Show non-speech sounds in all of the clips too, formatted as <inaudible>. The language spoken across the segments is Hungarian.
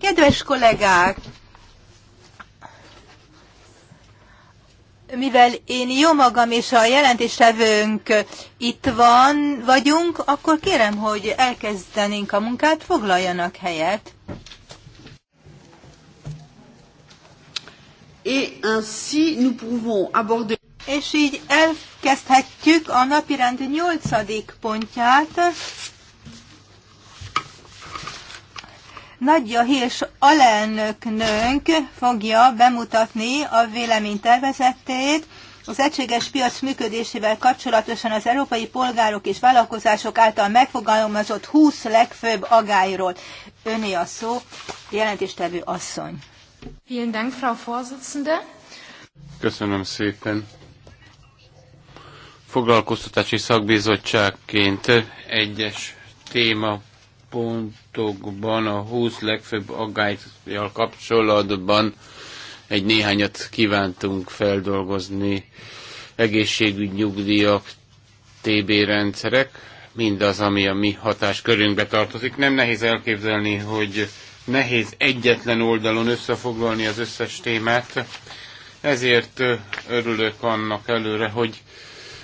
Kedves kollégák! Mivel én jó magam és a jelentéstevőnk itt van, vagyunk, akkor kérem, hogy elkezdenénk a munkát, foglaljanak helyet. Et ainsi nous pouvons aborder... És így elkezdhetjük a napirend nyolcadik pontját, Nagyja Hirs alelnöknőnk fogja bemutatni a véleménytervezetét az egységes piac működésével kapcsolatosan az európai polgárok és vállalkozások által megfogalmazott 20 legfőbb agályról. Öné a szó, jelentéstevő asszony. Köszönöm szépen. Foglalkoztatási szakbizottságként egyes téma pontokban a 20 legfőbb aggályjal kapcsolatban egy néhányat kívántunk feldolgozni. Egészségügy, nyugdíjak, TB rendszerek, mindaz, ami a mi hatáskörünkbe tartozik. Nem nehéz elképzelni, hogy nehéz egyetlen oldalon összefoglalni az összes témát. Ezért örülök annak előre, hogy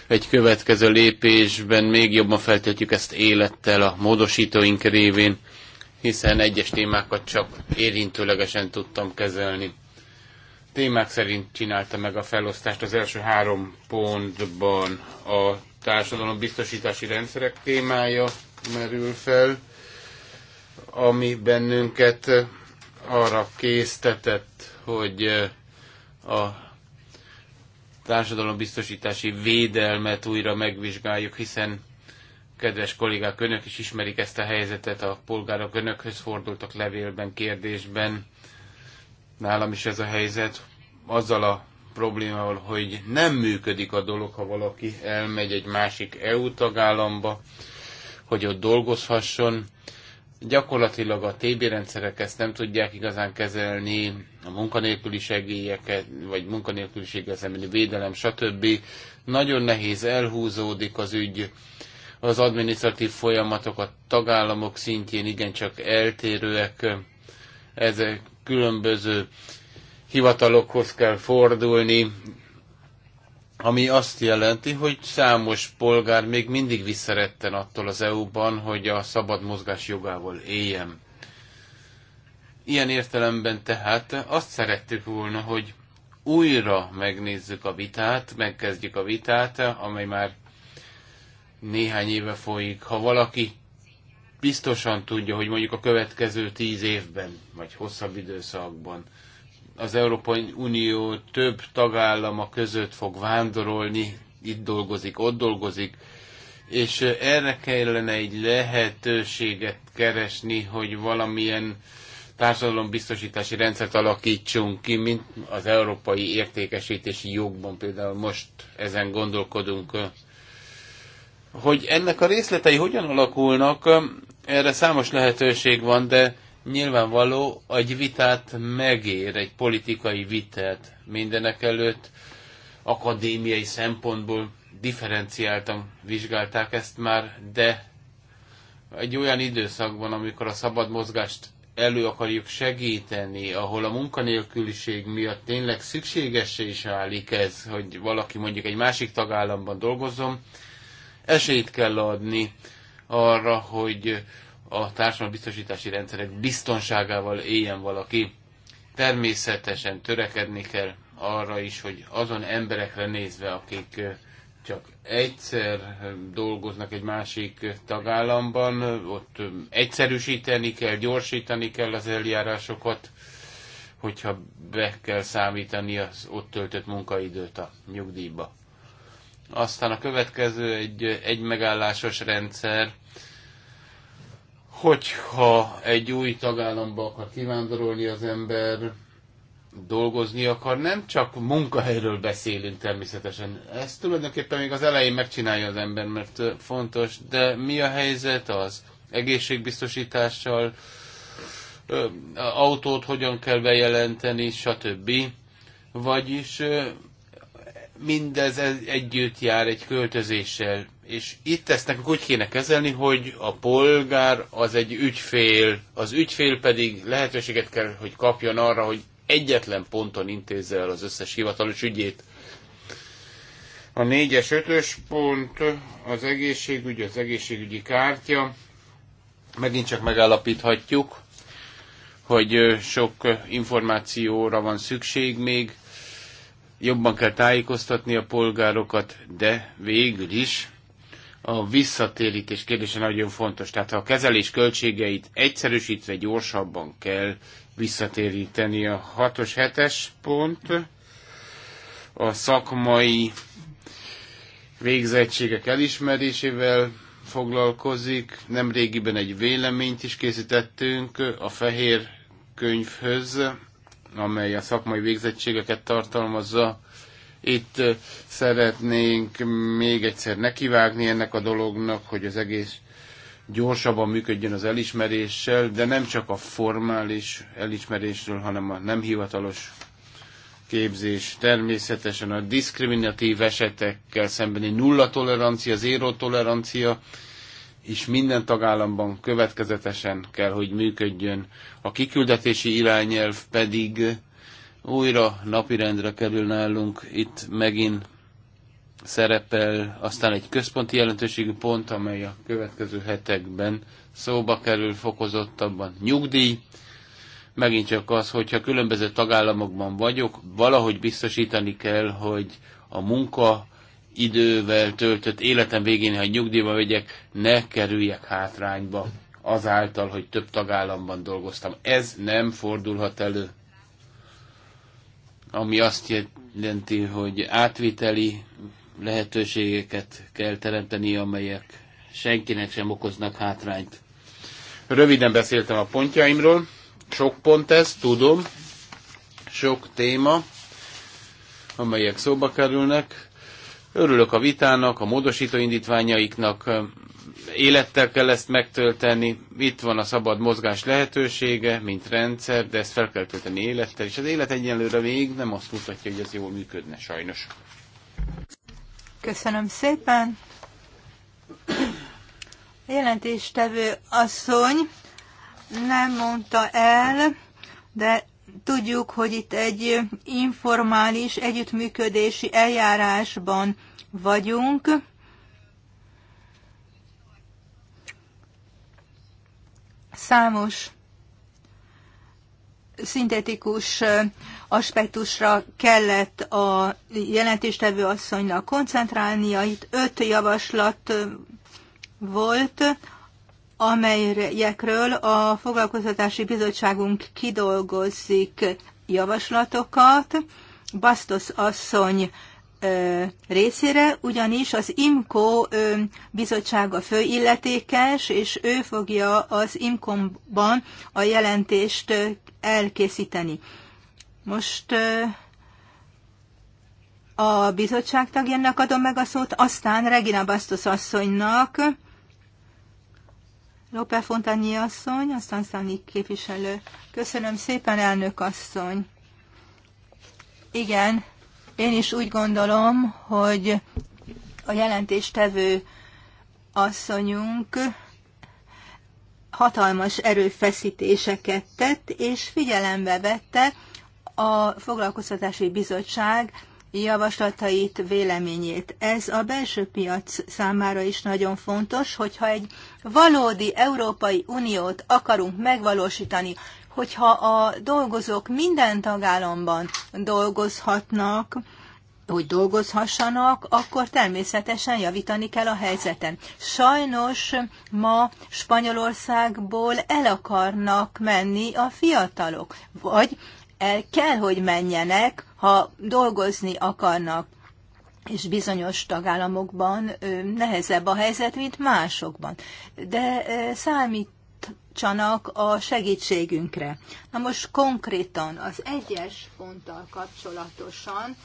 egy következő lépésben még jobban feltetjük ezt élettel a módosítóink révén, hiszen egyes témákat csak érintőlegesen tudtam kezelni. Témák szerint csinálta meg a felosztást az első három pontban a társadalom biztosítási rendszerek témája merül fel, ami bennünket arra késztetett, hogy a társadalombiztosítási védelmet újra megvizsgáljuk, hiszen kedves kollégák, önök is ismerik ezt a helyzetet, a polgárok önökhöz fordultak levélben, kérdésben. Nálam is ez a helyzet. Azzal a problémával, hogy nem működik a dolog, ha valaki elmegy egy másik EU tagállamba, hogy ott dolgozhasson, Gyakorlatilag a TB rendszerek ezt nem tudják igazán kezelni, a munkanélküli segélyeket, vagy munkanélküliséggel szembeni védelem, stb. Nagyon nehéz, elhúzódik az ügy, az adminisztratív folyamatok a tagállamok szintjén igencsak eltérőek, ezek különböző hivatalokhoz kell fordulni, ami azt jelenti, hogy számos polgár még mindig visszaretten attól az EU-ban, hogy a szabad mozgás jogával éljen. Ilyen értelemben tehát azt szerettük volna, hogy újra megnézzük a vitát, megkezdjük a vitát, amely már néhány éve folyik. Ha valaki biztosan tudja, hogy mondjuk a következő tíz évben, vagy hosszabb időszakban az Európai Unió több tagállama között fog vándorolni, itt dolgozik, ott dolgozik, és erre kellene egy lehetőséget keresni, hogy valamilyen társadalombiztosítási rendszert alakítsunk ki, mint az európai értékesítési jogban például most ezen gondolkodunk. Hogy ennek a részletei hogyan alakulnak, erre számos lehetőség van, de nyilvánvaló egy vitát megér, egy politikai vitát mindenek előtt akadémiai szempontból differenciáltan vizsgálták ezt már, de egy olyan időszakban, amikor a szabad mozgást elő akarjuk segíteni, ahol a munkanélküliség miatt tényleg szükségessé is állik ez, hogy valaki mondjuk egy másik tagállamban dolgozom, esélyt kell adni arra, hogy a társadalombiztosítási rendszerek biztonságával éljen valaki. Természetesen törekedni kell arra is, hogy azon emberekre nézve, akik csak egyszer dolgoznak egy másik tagállamban, ott egyszerűsíteni kell, gyorsítani kell az eljárásokat, hogyha be kell számítani az ott töltött munkaidőt a nyugdíjba. Aztán a következő egy, egy megállásos rendszer, hogyha egy új tagállamba akar kivándorolni az ember, dolgozni akar, nem csak munkahelyről beszélünk természetesen. Ezt tulajdonképpen még az elején megcsinálja az ember, mert fontos, de mi a helyzet az egészségbiztosítással, autót hogyan kell bejelenteni, stb. Vagyis mindez e-, együtt jár egy költözéssel. És itt ezt nekünk úgy kéne kezelni, hogy a polgár az egy ügyfél, az ügyfél pedig lehetőséget kell, hogy kapjon arra, hogy egyetlen ponton intézze el az összes hivatalos ügyét. A négyes, ötös pont az egészségügy, az egészségügyi kártya. Megint csak megállapíthatjuk, hogy sok információra van szükség még, jobban kell tájékoztatni a polgárokat, de végül is a visszatérítés kérdése nagyon fontos. Tehát a kezelés költségeit egyszerűsítve gyorsabban kell visszatéríteni. A 6-os, 7-es pont a szakmai végzettségek elismerésével foglalkozik. nem régiben egy véleményt is készítettünk a fehér könyvhöz, amely a szakmai végzettségeket tartalmazza. Itt szeretnénk még egyszer nekivágni ennek a dolognak, hogy az egész gyorsabban működjön az elismeréssel, de nem csak a formális elismerésről, hanem a nem hivatalos képzés. Természetesen a diszkriminatív esetekkel szembeni nulla tolerancia, zéró tolerancia is minden tagállamban következetesen kell, hogy működjön. A kiküldetési irányelv pedig újra napirendre kerül nálunk, itt megint szerepel, aztán egy központi jelentőségű pont, amely a következő hetekben szóba kerül fokozottabban. Nyugdíj, megint csak az, hogyha különböző tagállamokban vagyok, valahogy biztosítani kell, hogy a munka idővel töltött életem végén, ha nyugdíjba vegyek, ne kerüljek hátrányba azáltal, hogy több tagállamban dolgoztam. Ez nem fordulhat elő ami azt jelenti, hogy átviteli lehetőségeket kell teremteni, amelyek senkinek sem okoznak hátrányt. Röviden beszéltem a pontjaimról, sok pont ez, tudom, sok téma, amelyek szóba kerülnek. Örülök a vitának, a módosító indítványaiknak, élettel kell ezt megtölteni, itt van a szabad mozgás lehetősége, mint rendszer, de ezt fel kell tölteni élettel, és az élet egyenlőre még nem azt mutatja, hogy ez jól működne, sajnos. Köszönöm szépen! A jelentéstevő asszony nem mondta el, de tudjuk, hogy itt egy informális együttműködési eljárásban vagyunk számos szintetikus aspektusra kellett a jelentéstevő asszonynak koncentrálnia. Itt öt javaslat volt, amelyekről a foglalkoztatási bizottságunk kidolgozik javaslatokat. Bastos asszony részére, ugyanis az IMCO bizottság a főilletékes, és ő fogja az IMCO-ban a jelentést elkészíteni. Most a bizottság tagjának adom meg a szót, aztán Regina Bastos asszonynak, Lope Fontani asszony, aztán Szánik képviselő. Köszönöm szépen, elnök asszony. Igen, én is úgy gondolom, hogy a jelentéstevő asszonyunk hatalmas erőfeszítéseket tett, és figyelembe vette a foglalkoztatási bizottság javaslatait, véleményét. Ez a belső piac számára is nagyon fontos, hogyha egy valódi Európai Uniót akarunk megvalósítani, hogyha a dolgozók minden tagállamban dolgozhatnak, hogy dolgozhassanak, akkor természetesen javítani kell a helyzeten. Sajnos ma Spanyolországból el akarnak menni a fiatalok, vagy el kell, hogy menjenek, ha dolgozni akarnak és bizonyos tagállamokban nehezebb a helyzet, mint másokban. De számít számítsanak a segítségünkre. Na most konkrétan az egyes ponttal kapcsolatosan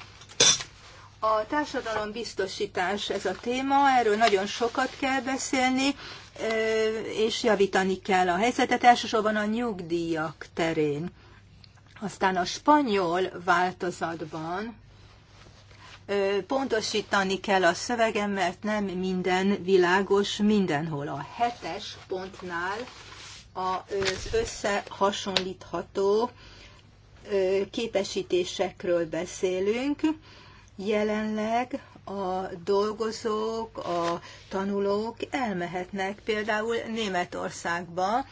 a társadalom biztosítás ez a téma, erről nagyon sokat kell beszélni, és javítani kell a helyzetet, elsősorban a nyugdíjak terén. Aztán a spanyol változatban pontosítani kell a szövegem, mert nem minden világos mindenhol. A hetes pontnál az összehasonlítható képesítésekről beszélünk. Jelenleg a dolgozók, a tanulók elmehetnek például Németországba,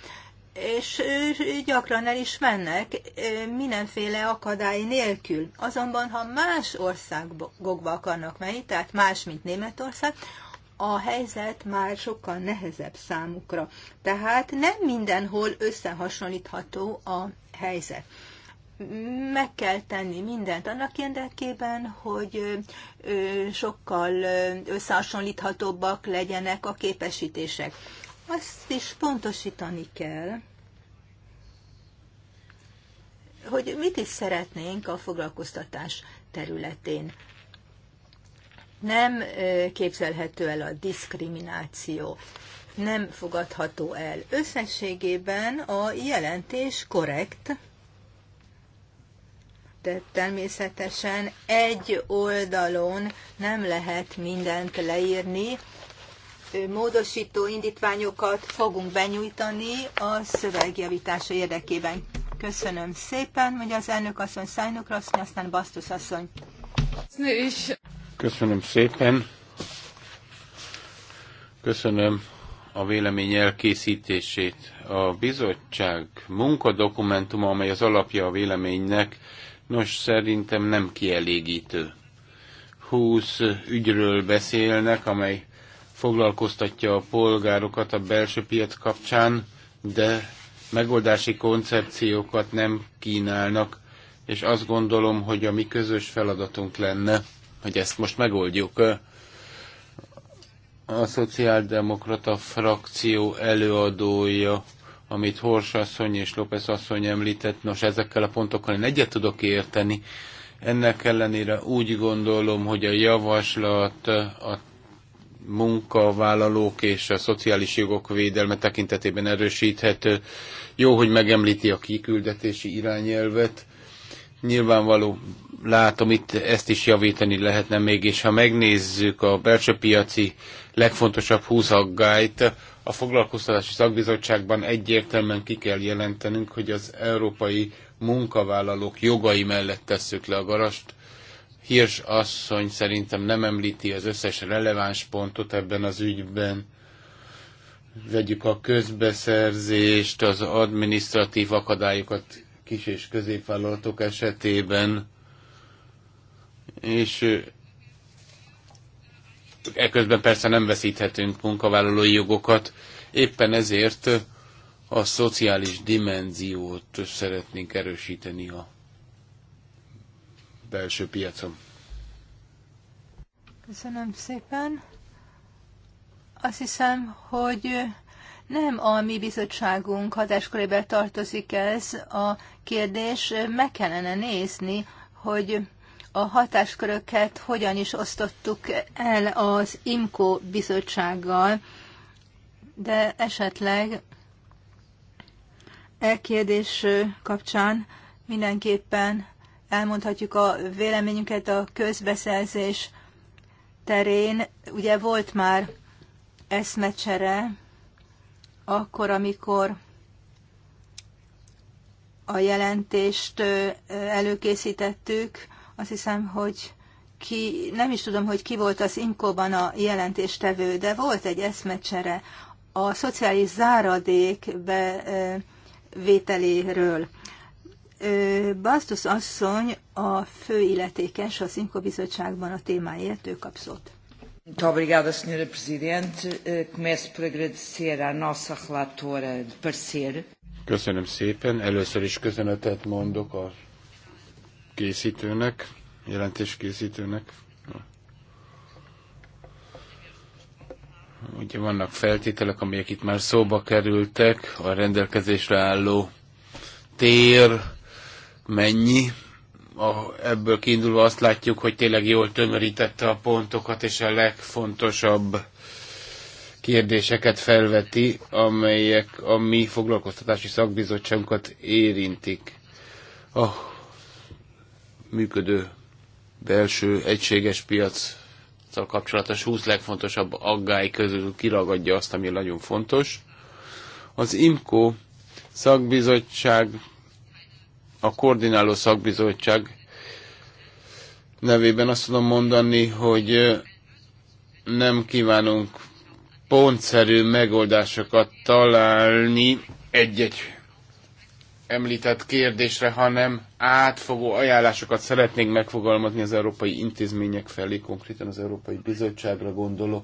és gyakran el is mennek mindenféle akadály nélkül. Azonban, ha más országokba akarnak menni, tehát más, mint Németország, a helyzet már sokkal nehezebb számukra. Tehát nem mindenhol összehasonlítható a helyzet. Meg kell tenni mindent annak érdekében, hogy sokkal összehasonlíthatóbbak legyenek a képesítések. Azt is pontosítani kell, hogy mit is szeretnénk a foglalkoztatás területén nem képzelhető el a diszkrimináció, nem fogadható el. Összességében a jelentés korrekt, de természetesen egy oldalon nem lehet mindent leírni. Módosító indítványokat fogunk benyújtani a szövegjavítása érdekében. Köszönöm szépen, hogy az elnök asszony szájnokra, aztán Basztus asszony. Köszönöm szépen. Köszönöm a vélemény elkészítését. A bizottság munkadokumentuma, amely az alapja a véleménynek, nos szerintem nem kielégítő. Húsz ügyről beszélnek, amely foglalkoztatja a polgárokat a belső piac kapcsán, de megoldási koncepciókat nem kínálnak, és azt gondolom, hogy a mi közös feladatunk lenne, hogy ezt most megoldjuk. A szociáldemokrata frakció előadója, amit Hors asszony és López asszony említett, nos ezekkel a pontokkal én egyet tudok érteni. Ennek ellenére úgy gondolom, hogy a javaslat a munkavállalók és a szociális jogok védelme tekintetében erősíthető. Jó, hogy megemlíti a kiküldetési irányelvet. Nyilvánvaló látom, itt ezt is javítani lehetne még, és ha megnézzük a belső piaci legfontosabb 20 aggályt, a foglalkoztatási szakbizottságban egyértelműen ki kell jelentenünk, hogy az európai munkavállalók jogai mellett tesszük le a garast. Hirs asszony szerintem nem említi az összes releváns pontot ebben az ügyben. Vegyük a közbeszerzést, az administratív akadályokat kis és középvállalatok esetében és ekközben persze nem veszíthetünk munkavállalói jogokat, éppen ezért a szociális dimenziót szeretnénk erősíteni a belső piacon. Köszönöm szépen. Azt hiszem, hogy nem a mi bizottságunk hatáskörébe tartozik ez a kérdés. Meg kellene nézni, hogy a hatásköröket hogyan is osztottuk el az IMCO bizottsággal, de esetleg e kérdés kapcsán mindenképpen elmondhatjuk a véleményünket a közbeszerzés terén. Ugye volt már eszmecsere, akkor, amikor a jelentést előkészítettük, azt hiszem, hogy ki, nem is tudom, hogy ki volt az Inkóban a jelentéstevő, de volt egy eszmecsere a szociális záradék bevételéről. Bastus asszony a fő illetékes az Inkó bizottságban a témáért, ő kapszott. Muito obrigada, Sra. Presidente. Eh, começo por agradecer à nossa relatora de parecer. Köszönöm szépen. Először is köszönetet mondok a készítőnek, jelentéskészítőnek. Ugye vannak feltételek, amelyek itt már szóba kerültek, a rendelkezésre álló tér mennyi, a, ebből kiindulva azt látjuk, hogy tényleg jól tömörítette a pontokat, és a legfontosabb kérdéseket felveti, amelyek a mi foglalkoztatási szakbizottságunkat érintik. A működő belső egységes piac kapcsolatos 20 legfontosabb aggály közül kiragadja azt, ami nagyon fontos. Az IMCO szakbizottság, a koordináló szakbizottság nevében azt tudom mondani, hogy nem kívánunk pontszerű megoldásokat találni egy-egy említett kérdésre, hanem átfogó ajánlásokat szeretnénk megfogalmazni az európai intézmények felé, konkrétan az Európai Bizottságra gondolok.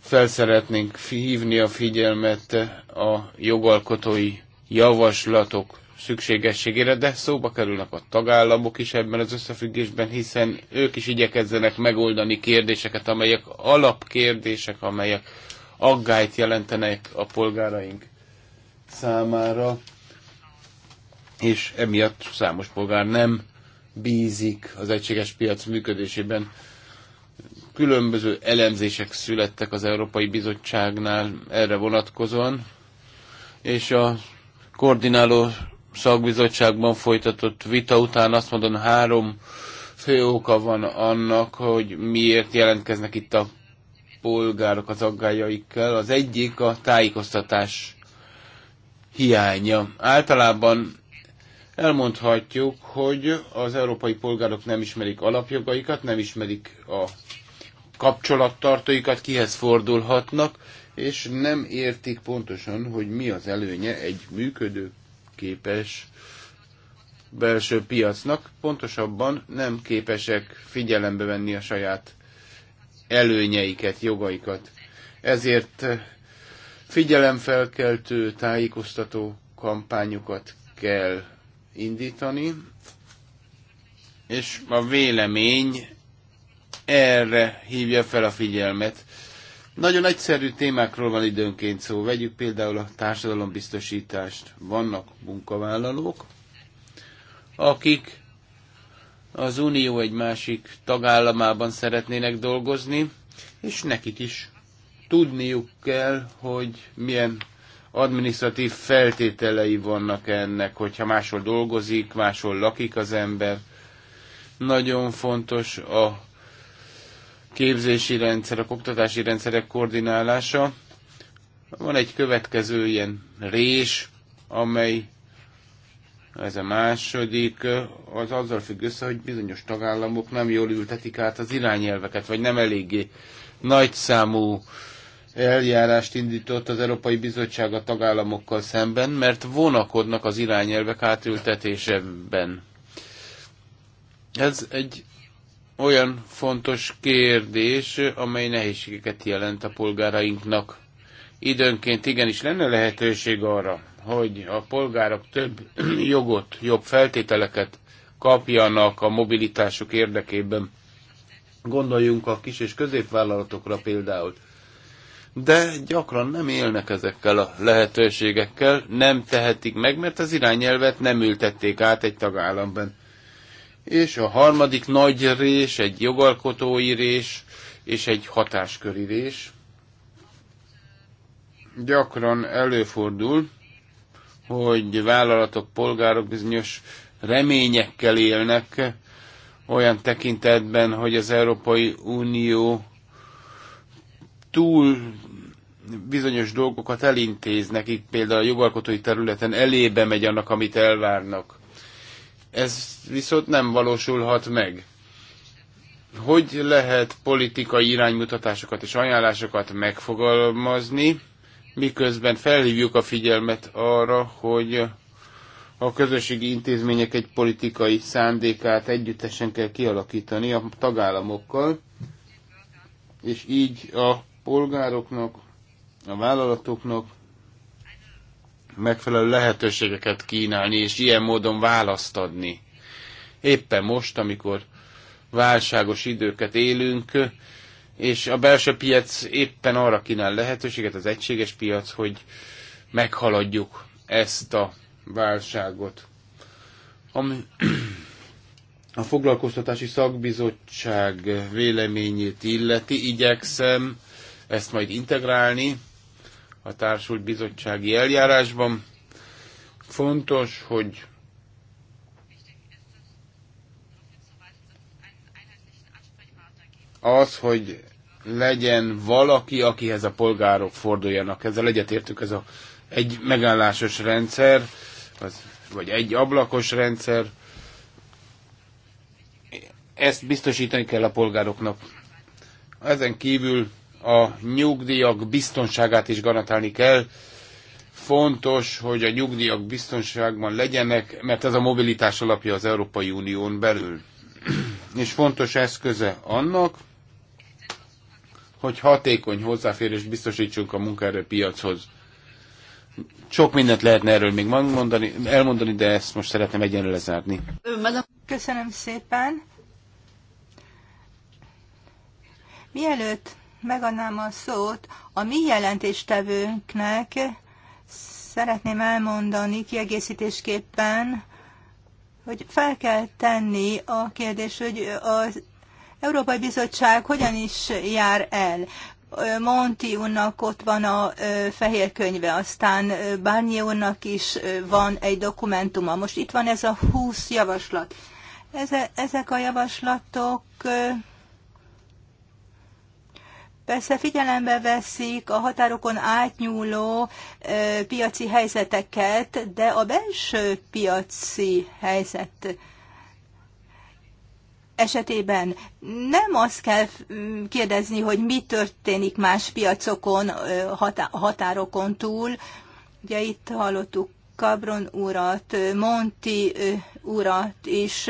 Fel szeretnénk hívni a figyelmet a jogalkotói javaslatok szükségességére, de szóba kerülnek a tagállamok is ebben az összefüggésben, hiszen ők is igyekezzenek megoldani kérdéseket, amelyek alapkérdések, amelyek aggályt jelentenek a polgáraink számára, és emiatt számos polgár nem bízik az egységes piac működésében. Különböző elemzések születtek az Európai Bizottságnál erre vonatkozóan, és a koordináló szakbizottságban folytatott vita után azt mondom, három fő oka van annak, hogy miért jelentkeznek itt a polgárok az aggájaikkal. Az egyik a tájékoztatás hiánya. Általában elmondhatjuk, hogy az európai polgárok nem ismerik alapjogaikat, nem ismerik a kapcsolattartóikat, kihez fordulhatnak, és nem értik pontosan, hogy mi az előnye egy működő képes belső piacnak, pontosabban nem képesek figyelembe venni a saját előnyeiket, jogaikat. Ezért Figyelemfelkeltő tájékoztató kampányokat kell indítani, és a vélemény erre hívja fel a figyelmet. Nagyon egyszerű témákról van időnként szó. Vegyük például a társadalombiztosítást. Vannak munkavállalók, akik az Unió egy másik tagállamában szeretnének dolgozni, és nekik is tudniuk kell, hogy milyen administratív feltételei vannak ennek, hogyha máshol dolgozik, máshol lakik az ember. Nagyon fontos a képzési rendszerek, oktatási rendszerek koordinálása. Van egy következő ilyen rés, amely ez a második, az azzal függ össze, hogy bizonyos tagállamok nem jól ültetik át az irányelveket, vagy nem eléggé nagyszámú számú eljárást indított az Európai Bizottság a tagállamokkal szemben, mert vonakodnak az irányelvek átültetésében. Ez egy olyan fontos kérdés, amely nehézségeket jelent a polgárainknak. Időnként igenis lenne lehetőség arra, hogy a polgárok több <clears throat> jogot, jobb feltételeket kapjanak a mobilitásuk érdekében. Gondoljunk a kis és középvállalatokra például de gyakran nem élnek ezekkel a lehetőségekkel, nem tehetik meg, mert az irányelvet nem ültették át egy tagállamban. És a harmadik nagy rés, egy jogalkotói rés, és egy hatásköri rés. Gyakran előfordul, hogy vállalatok, polgárok bizonyos reményekkel élnek, olyan tekintetben, hogy az Európai Unió túl bizonyos dolgokat elintéznek, itt például a jogalkotói területen elébe megy annak, amit elvárnak. Ez viszont nem valósulhat meg. Hogy lehet politikai iránymutatásokat és ajánlásokat megfogalmazni, miközben felhívjuk a figyelmet arra, hogy a közösségi intézmények egy politikai szándékát együttesen kell kialakítani a tagállamokkal, és így a polgároknak, a vállalatoknak megfelelő lehetőségeket kínálni, és ilyen módon választ adni. Éppen most, amikor válságos időket élünk, és a belső piac éppen arra kínál lehetőséget, az egységes piac, hogy meghaladjuk ezt a válságot. Ami a foglalkoztatási szakbizottság véleményét illeti, igyekszem ezt majd integrálni a társult bizottsági eljárásban. Fontos, hogy az, hogy legyen valaki, akihez a polgárok forduljanak. Ezzel egyetértük, ez a egy megállásos rendszer, az, vagy egy ablakos rendszer. Ezt biztosítani kell a polgároknak. Ezen kívül a nyugdíjak biztonságát is garantálni kell. Fontos, hogy a nyugdíjak biztonságban legyenek, mert ez a mobilitás alapja az Európai Unión belül. <clears throat> És fontos eszköze annak, hogy hatékony hozzáférést biztosítsunk a munkaerőpiachoz. Sok mindent lehetne erről még mondani, elmondani, de ezt most szeretném egyenlő lezárni. Köszönöm szépen. Mielőtt megadnám a szót a mi jelentéstevőnknek, szeretném elmondani kiegészítésképpen, hogy fel kell tenni a kérdés, hogy az Európai Bizottság hogyan is jár el. Monti úrnak ott van a fehér könyve, aztán Bárnyi úrnak is van egy dokumentuma. Most itt van ez a 20 javaslat. Ezek a javaslatok Persze figyelembe veszik a határokon átnyúló ö, piaci helyzeteket, de a belső piaci helyzet esetében nem azt kell mm, kérdezni, hogy mi történik más piacokon, határokon túl. Ugye itt hallottuk Cabron urat, Monti urat is,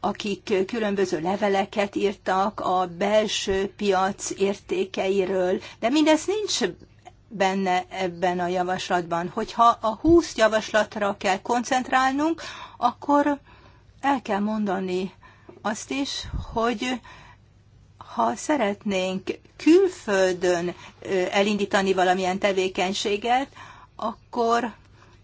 akik különböző leveleket írtak a belső piac értékeiről, de mindez nincs benne ebben a javaslatban. Hogyha a 20 javaslatra kell koncentrálnunk, akkor el kell mondani azt is, hogy ha szeretnénk külföldön elindítani valamilyen tevékenységet, akkor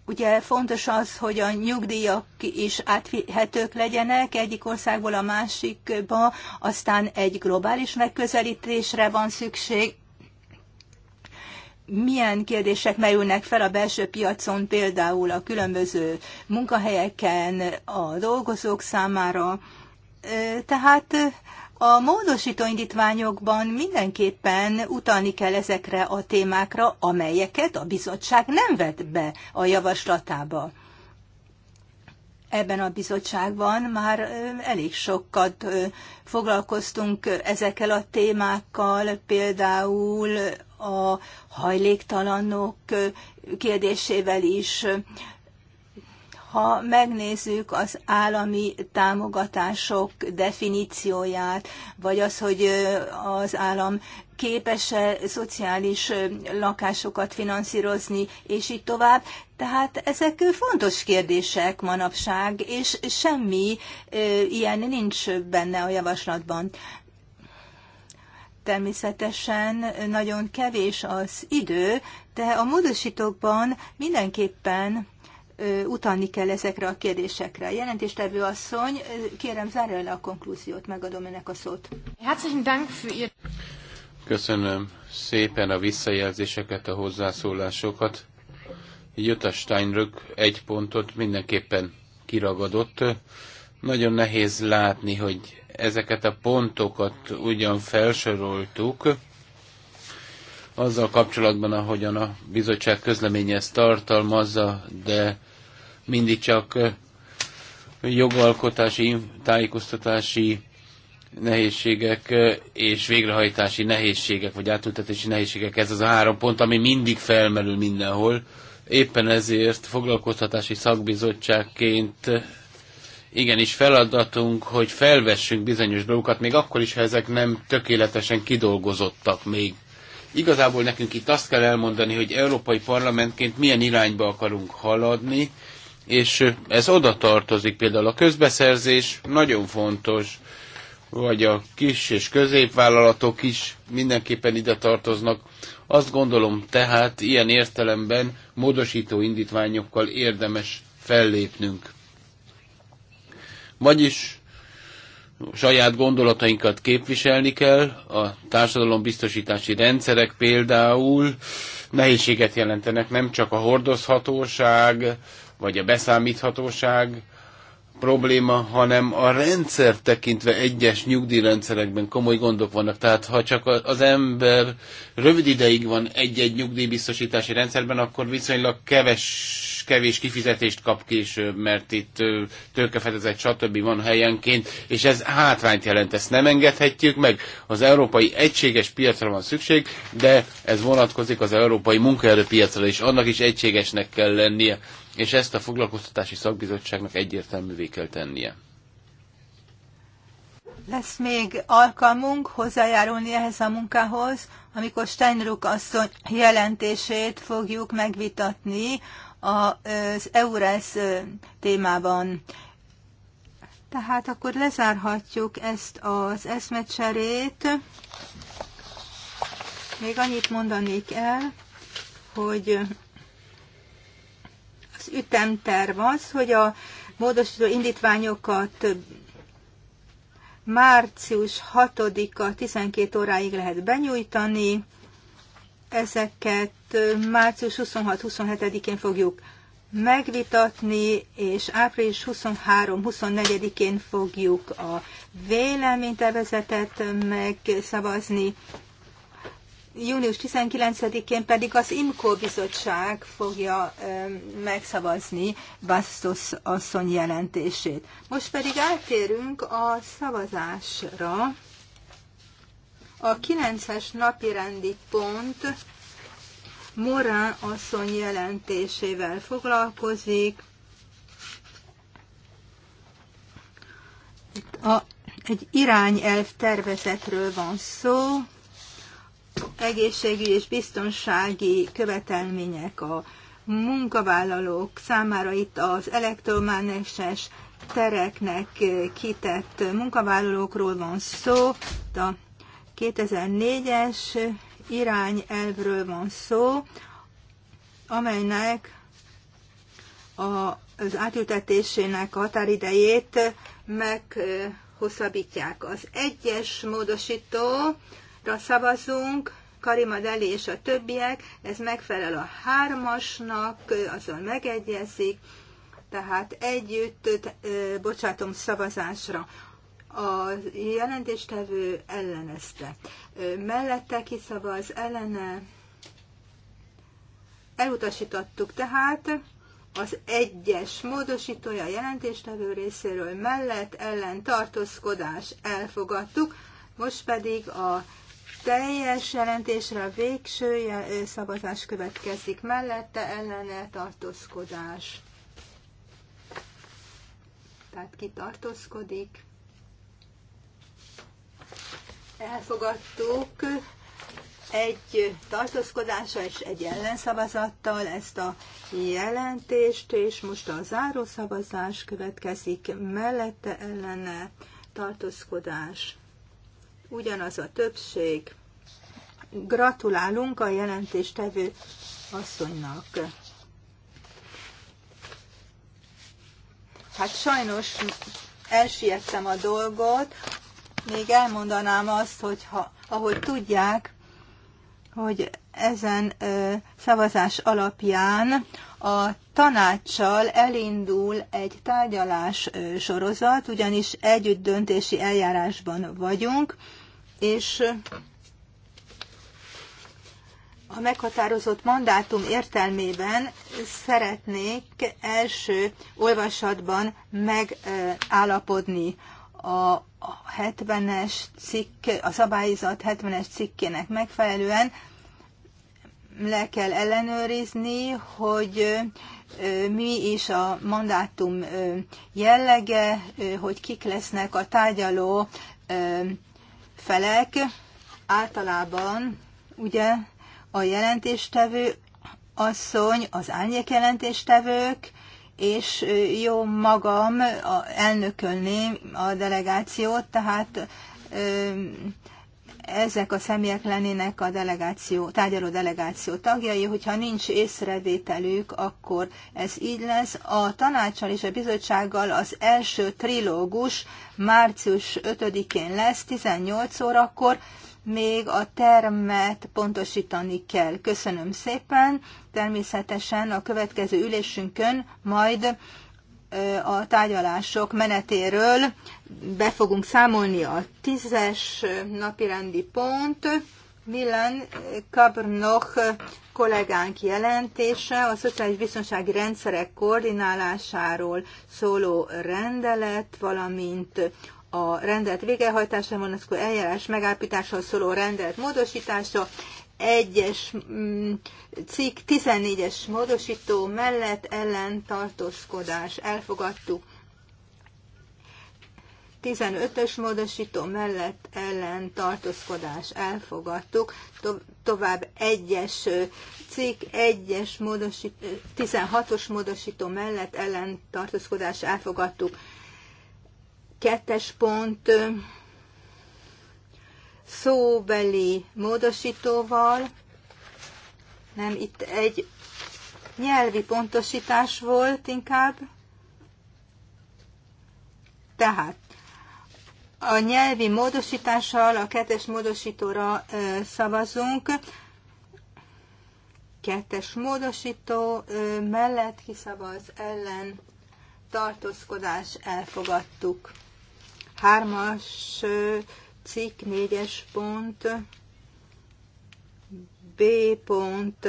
Ugye fontos az, hogy a nyugdíjak is átvihetők legyenek egyik országból a másikba, aztán egy globális megközelítésre van szükség. Milyen kérdések merülnek fel a belső piacon, például a különböző munkahelyeken, a dolgozók számára. Tehát a módosító indítványokban mindenképpen utalni kell ezekre a témákra, amelyeket a bizottság nem vett be a javaslatába. Ebben a bizottságban már elég sokat foglalkoztunk ezekkel a témákkal, például a hajléktalanok kérdésével is, ha megnézzük az állami támogatások definícióját, vagy az, hogy az állam képes-e szociális lakásokat finanszírozni, és így tovább. Tehát ezek fontos kérdések manapság, és semmi ilyen nincs benne a javaslatban. Természetesen nagyon kevés az idő, de a módosítókban mindenképpen utalni kell ezekre a kérdésekre. Jelentéstevő asszony, kérem zárja le a konklúziót, megadom önnek a szót. Köszönöm szépen a visszajelzéseket, a hozzászólásokat. Jutta Steinrück egy pontot mindenképpen kiragadott. Nagyon nehéz látni, hogy ezeket a pontokat ugyan felsoroltuk, azzal kapcsolatban, ahogyan a bizottság közleménye ezt tartalmazza, de mindig csak jogalkotási, tájékoztatási nehézségek és végrehajtási nehézségek, vagy átültetési nehézségek, ez az a három pont, ami mindig felmerül mindenhol. Éppen ezért foglalkoztatási szakbizottságként igenis feladatunk, hogy felvessünk bizonyos dolgokat, még akkor is, ha ezek nem tökéletesen kidolgozottak még Igazából nekünk itt azt kell elmondani, hogy Európai Parlamentként milyen irányba akarunk haladni, és ez oda tartozik például a közbeszerzés, nagyon fontos, vagy a kis és középvállalatok is mindenképpen ide tartoznak. Azt gondolom tehát ilyen értelemben módosító indítványokkal érdemes fellépnünk. Vagyis saját gondolatainkat képviselni kell, a társadalombiztosítási rendszerek például nehézséget jelentenek nem csak a hordozhatóság, vagy a beszámíthatóság probléma, hanem a rendszer tekintve egyes nyugdíjrendszerekben komoly gondok vannak. Tehát ha csak az ember rövid ideig van egy-egy nyugdíjbiztosítási rendszerben, akkor viszonylag keves, kevés kifizetést kap később, mert itt tőkefedezett, stb. van helyenként, és ez hátrányt jelent, ezt nem engedhetjük meg. Az európai egységes piacra van szükség, de ez vonatkozik az európai munkaerőpiacra, és annak is egységesnek kell lennie és ezt a foglalkoztatási szakbizottságnak egyértelművé kell tennie. Lesz még alkalmunk hozzájárulni ehhez a munkához, amikor Steinruck asszony jelentését fogjuk megvitatni az EURES témában. Tehát akkor lezárhatjuk ezt az eszmecserét. Még annyit mondanék el, hogy az ütemterv az, hogy a módosító indítványokat március 6-a 12 óráig lehet benyújtani, ezeket március 26-27-én fogjuk megvitatni, és április 23-24-én fogjuk a véleménytervezetet megszavazni június 19-én pedig az IMCO bizottság fogja megszavazni Bastos asszony jelentését. Most pedig átérünk a szavazásra. A 9-es napi rendi pont Morán asszony jelentésével foglalkozik. Itt a, egy irányelv tervezetről van szó egészségügyi és biztonsági követelmények a munkavállalók számára itt az elektromágneses tereknek kitett munkavállalókról van szó, a 2004-es irányelvről van szó, amelynek a, az átültetésének a határidejét meghosszabbítják. Az egyes módosító ha szavazunk, Karima Deli és a többiek, ez megfelel a hármasnak, azon megegyezik, tehát együtt bocsátom szavazásra. A jelentéstevő ellenezte. mellette kiszavaz, ellene elutasítottuk tehát az egyes módosítója a jelentéstevő részéről mellett ellen tartózkodás elfogadtuk, most pedig a teljes jelentésre a végső szavazás következik mellette, ellene tartózkodás. Tehát ki tartózkodik. Elfogadtuk egy tartózkodással és egy ellenszavazattal ezt a jelentést, és most a zárószavazás következik mellette ellene tartózkodás ugyanaz a többség. Gratulálunk a jelentéstevő asszonynak. Hát sajnos elsiettem a dolgot, még elmondanám azt, hogy ha, ahogy tudják, hogy ezen ö, szavazás alapján a tanácssal elindul egy tárgyalás sorozat, ugyanis együtt döntési eljárásban vagyunk, és a meghatározott mandátum értelmében szeretnék első olvasatban megállapodni a 70-es cikk, a szabályzat 70-es cikkének megfelelően le kell ellenőrizni, hogy mi is a mandátum jellege, hogy kik lesznek a tárgyaló felek. Általában ugye a jelentéstevő asszony, az árnyék jelentéstevők, és jó magam elnökölném a delegációt, tehát ezek a személyek lennének a delegáció, tárgyaló delegáció tagjai, hogyha nincs észrevételük, akkor ez így lesz. A tanácsal és a bizottsággal az első trilógus március 5-én lesz, 18 órakor, még a termet pontosítani kell. Köszönöm szépen, természetesen a következő ülésünkön majd a tárgyalások menetéről be fogunk számolni a tízes napirendi pont. Milan Kabrnok kollégánk jelentése a szociális biztonsági rendszerek koordinálásáról szóló rendelet, valamint a rendelet végrehajtása vonatkozó eljárás megállapításról szóló rendelet módosítása egyes mm, cikk 14-es módosító mellett ellen tartózkodás elfogadtuk. 15-ös módosító mellett ellen tartózkodás elfogadtuk, to- tovább 1-es cikk, 1-es módosító, 16-os módosító mellett ellen tartózkodás elfogadtuk, 2-es pont szóbeli módosítóval, nem itt egy nyelvi pontosítás volt inkább. Tehát a nyelvi módosítással a kettes módosítóra ö, szavazunk. Kettes módosító ö, mellett kiszavaz ellen tartózkodás elfogadtuk. Hármas ö, cikk, négyes pont, B pont,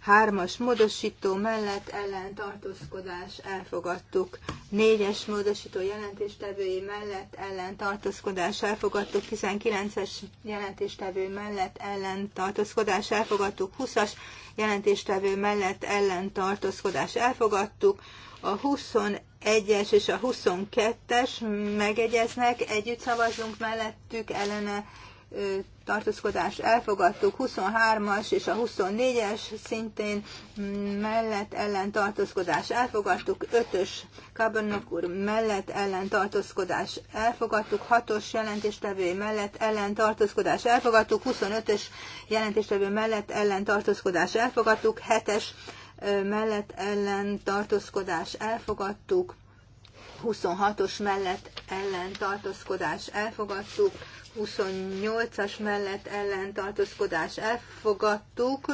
hármas módosító mellett ellen tartózkodás elfogadtuk. Négyes módosító jelentéstevői mellett ellen tartózkodás elfogadtuk. 19-es jelentéstevő mellett ellen tartózkodás elfogadtuk. 20-as jelentéstevő mellett ellen tartózkodás elfogadtuk. A 1-es és a 22-es megegyeznek, együtt szavazunk mellettük, ellene tartózkodás elfogadtuk, 23-as és a 24-es szintén mellett ellen tartózkodás elfogadtuk, 5-ös Kabernok úr mellett ellen tartózkodás elfogadtuk, 6-os jelentéstevő mellett ellen tartózkodás elfogadtuk, 25-ös jelentéstevő mellett ellen tartózkodás elfogadtuk, 7-es mellett ellen tartózkodás elfogadtuk, 26-os mellett ellen tartózkodás elfogadtuk, 28-as mellett ellen tartózkodás elfogadtuk,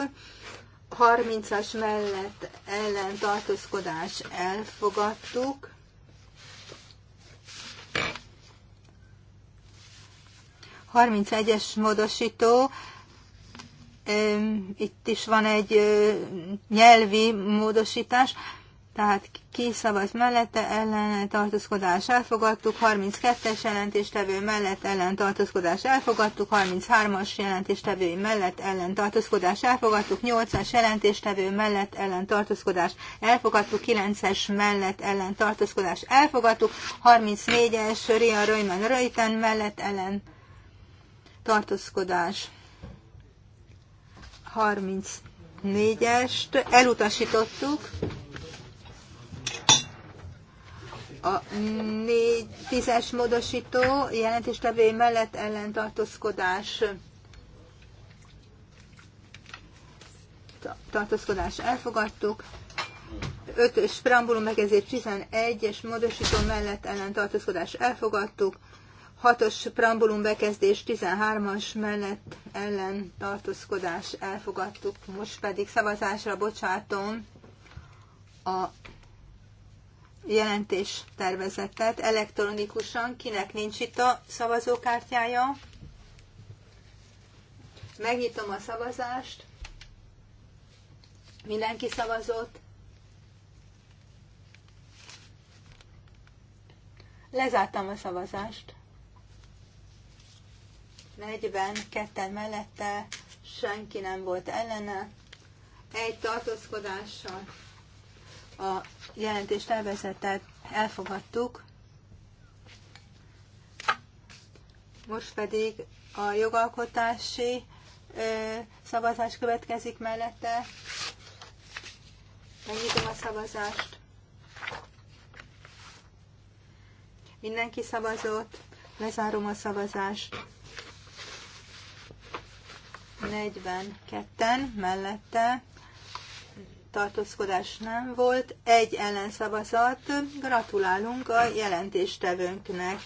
30-as mellett ellen tartózkodás elfogadtuk, Harmincegyes módosító itt is van egy nyelvi módosítás, tehát ki szavaz mellette, ellen tartózkodás elfogadtuk, 32-es jelentéstevő mellett ellen tartózkodás elfogadtuk, 33-as jelentéstevő mellett ellen tartózkodás elfogadtuk, 8-as jelentéstevő mellett ellen tartózkodás elfogadtuk, 9-es mellett ellen tartózkodás elfogadtuk, 34-es Ria Röjmen Röjten mellett ellen tartózkodás 34-est elutasítottuk. A 10-es módosító jelentéstevé mellett ellentartózkodás tartózkodás elfogadtuk. 5-ös preambulum megezés 11-es módosító mellett ellentartózkodás elfogadtuk. 6-os prambulum bekezdés 13-as mellett ellen tartózkodás elfogadtuk, most pedig szavazásra bocsátom a jelentés tervezetet elektronikusan, kinek nincs itt a szavazókártyája. Megnyitom a szavazást. Mindenki szavazott. Lezártam a szavazást ketten mellette, senki nem volt ellene, egy tartózkodással a jelentést elvezetett, elfogadtuk. Most pedig a jogalkotási ö, szavazás következik mellette. Megnyitom a szavazást. Mindenki szavazott. Lezárom a szavazást. 42-en mellette tartózkodás nem volt, egy ellenszavazat. Gratulálunk a jelentéstevőnknek.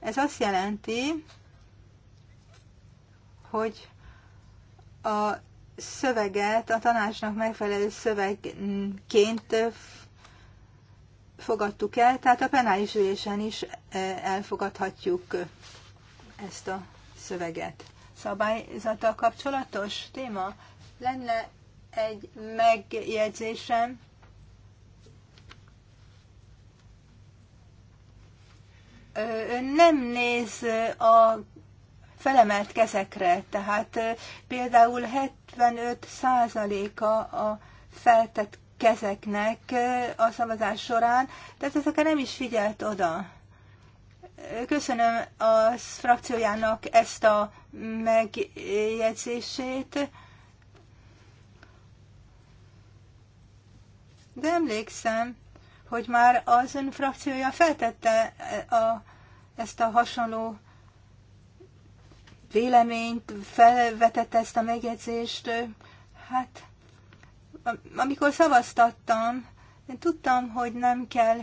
Ez azt jelenti, hogy a szöveget a tanácsnak megfelelő szövegként fogadtuk el, tehát a penális ülésen is e, elfogadhatjuk ezt a szöveget. Szabályzattal kapcsolatos téma? Lenne egy megjegyzésem. Ön nem néz a felemelt kezekre, tehát például 75%-a a feltett kezeknek a szavazás során, tehát ezekre nem is figyelt oda. Köszönöm a frakciójának ezt a megjegyzését. De emlékszem, hogy már az ön frakciója feltette a, ezt a hasonló véleményt, felvetette ezt a megjegyzést. Hát amikor szavaztattam, én tudtam, hogy nem kell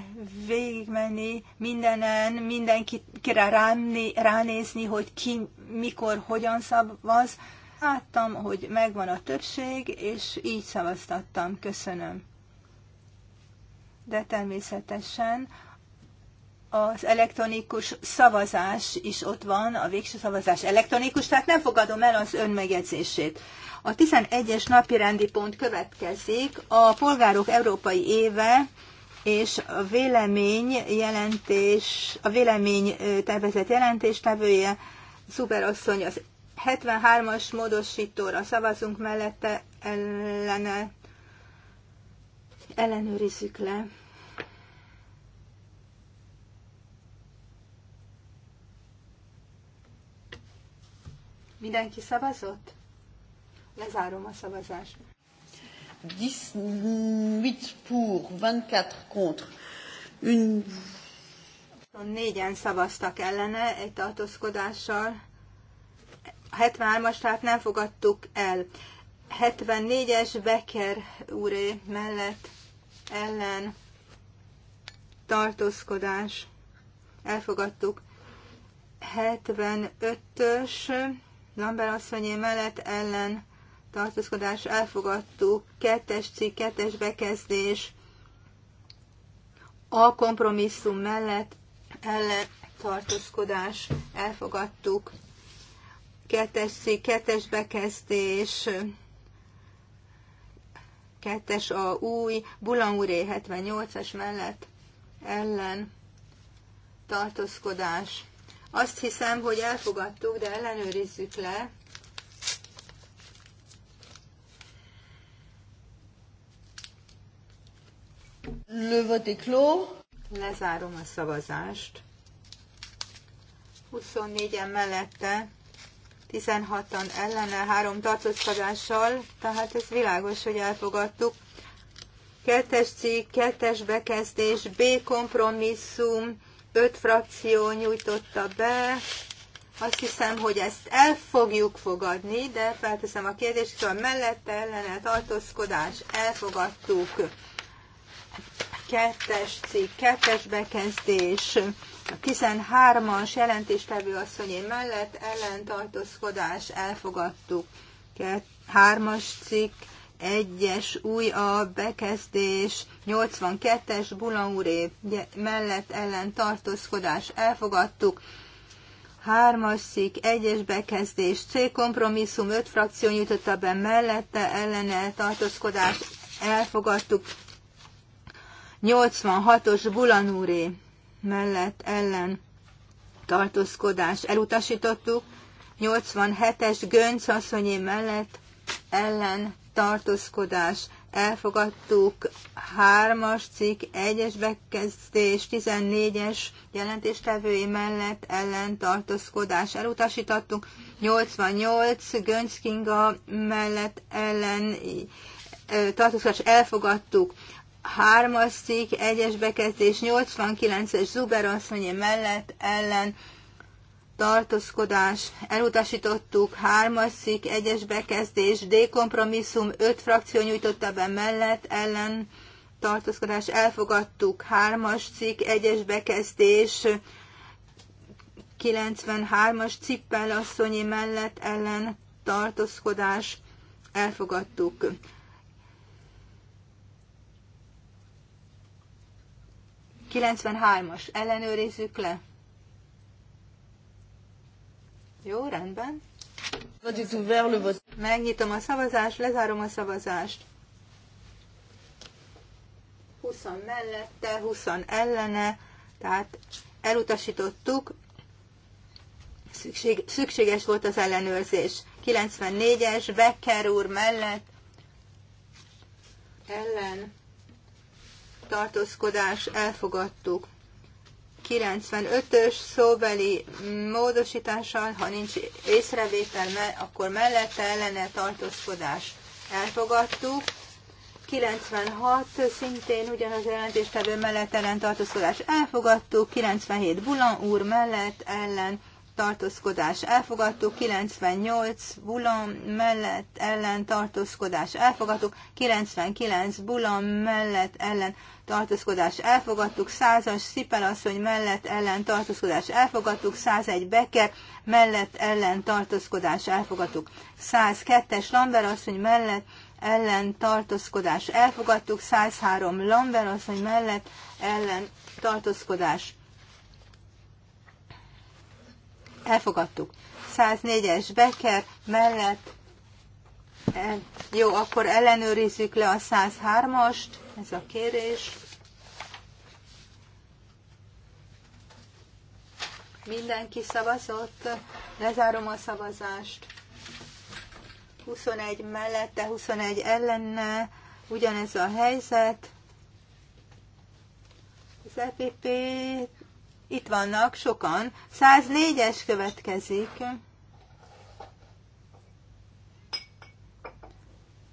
végigmenni mindenen, mindenkire rámni, ránézni, hogy ki, mikor, hogyan szavaz. Láttam, hogy megvan a többség, és így szavaztattam. Köszönöm. De természetesen az elektronikus szavazás is ott van, a végső szavazás elektronikus, tehát nem fogadom el az ön megjegyzését. A 11-es napirendi pont következik, a Polgárok Európai Éve és a vélemény jelentés, a vélemény tervezett jelentéstevője, szuperasszony az 73-as módosítóra szavazunk mellette ellene ellenőrizzük le. Mindenki szavazott? Lezárom a szavazást. 18 pour, 24 contre. Une... Négyen szavaztak ellene egy tartózkodással. 73-as, tehát nem fogadtuk el. 74-es Becker úré mellett ellen tartózkodás. Elfogadtuk. 75-ös Lambert asszonyé mellett ellen tartózkodás elfogadtuk, kettes cikk, kettes bekezdés, a kompromisszum mellett ellen tartózkodás elfogadtuk, kettes cikk, kettes bekezdés, kettes a új Bulanuré 78-as mellett ellen tartózkodás azt hiszem, hogy elfogadtuk, de ellenőrizzük le. Le vote est clos. Lezárom a szavazást. 24-en mellette, 16-an ellene, három tartózkodással, tehát ez világos, hogy elfogadtuk. Kettes cikk, kettes bekezdés, B kompromisszum, öt frakció nyújtotta be. Azt hiszem, hogy ezt el fogjuk fogadni, de felteszem a kérdést, hogy a mellette ellene tartózkodás elfogadtuk. Kettes cikk, kettes bekezdés, a 13-as jelentéstevő asszonyé mellett ellentartózkodás elfogadtuk. Kett, hármas cikk, 1-es új a bekezdés, 82-es Bulauré mellett ellen tartózkodás elfogadtuk, 3-as szik, 1-es bekezdés, C kompromisszum, 5 frakció nyújtotta be mellette ellen tartózkodás elfogadtuk, 86-os Bulan mellett ellen tartózkodás elutasítottuk, 87-es Gönc asszonyé mellett ellen tartózkodás elfogadtuk, 3-as cikk, 1-es bekezdés, 14-es jelentéstevői mellett ellen tartózkodás elutasítottuk, 88 Gönckinga mellett ellen tartózkodás elfogadtuk, 3-as cikk, 1-es bekezdés, 89-es Zuberasszonyi mellett ellen tartózkodás, elutasítottuk, hármas szik, egyes bekezdés, D kompromisszum, öt frakció nyújtotta be mellett, ellen tartózkodás, elfogadtuk, hármas cikk, egyes bekezdés, 93-as cippel asszonyi mellett ellen tartózkodás, elfogadtuk. Kilencvenhármas ellenőrizzük le. Jó, rendben. Megnyitom a szavazást, lezárom a szavazást. 20 mellette, 20 ellene, tehát elutasítottuk, Szükség, szükséges volt az ellenőrzés. 94-es, Becker úr mellett, ellen tartózkodás elfogadtuk. 95-ös szóbeli módosítással, ha nincs észrevétel, akkor mellette ellene tartózkodás elfogadtuk. 96 szintén ugyanaz a jelentéstevő mellett ellen tartózkodás elfogadtuk, 97 Bulan úr mellett ellen tartózkodás elfogadtuk, 98 bulam mellett ellen tartózkodás elfogadtuk, 99 bulam mellett ellen tartózkodás elfogadtuk, 100-as Szipelasszony mellett ellen tartózkodás elfogadtuk, 101 beker mellett ellen tartózkodás elfogadtuk, 102-es Lamberasszony mellett ellen tartózkodás elfogadtuk, 103 Lamberasszony mellett ellen tartózkodás elfogadtuk. 104-es Becker mellett, jó, akkor ellenőrizzük le a 103-ast, ez a kérés. Mindenki szavazott, lezárom a szavazást. 21 mellette, 21 ellenne, ugyanez a helyzet. Az EPP itt vannak sokan. 104-es következik.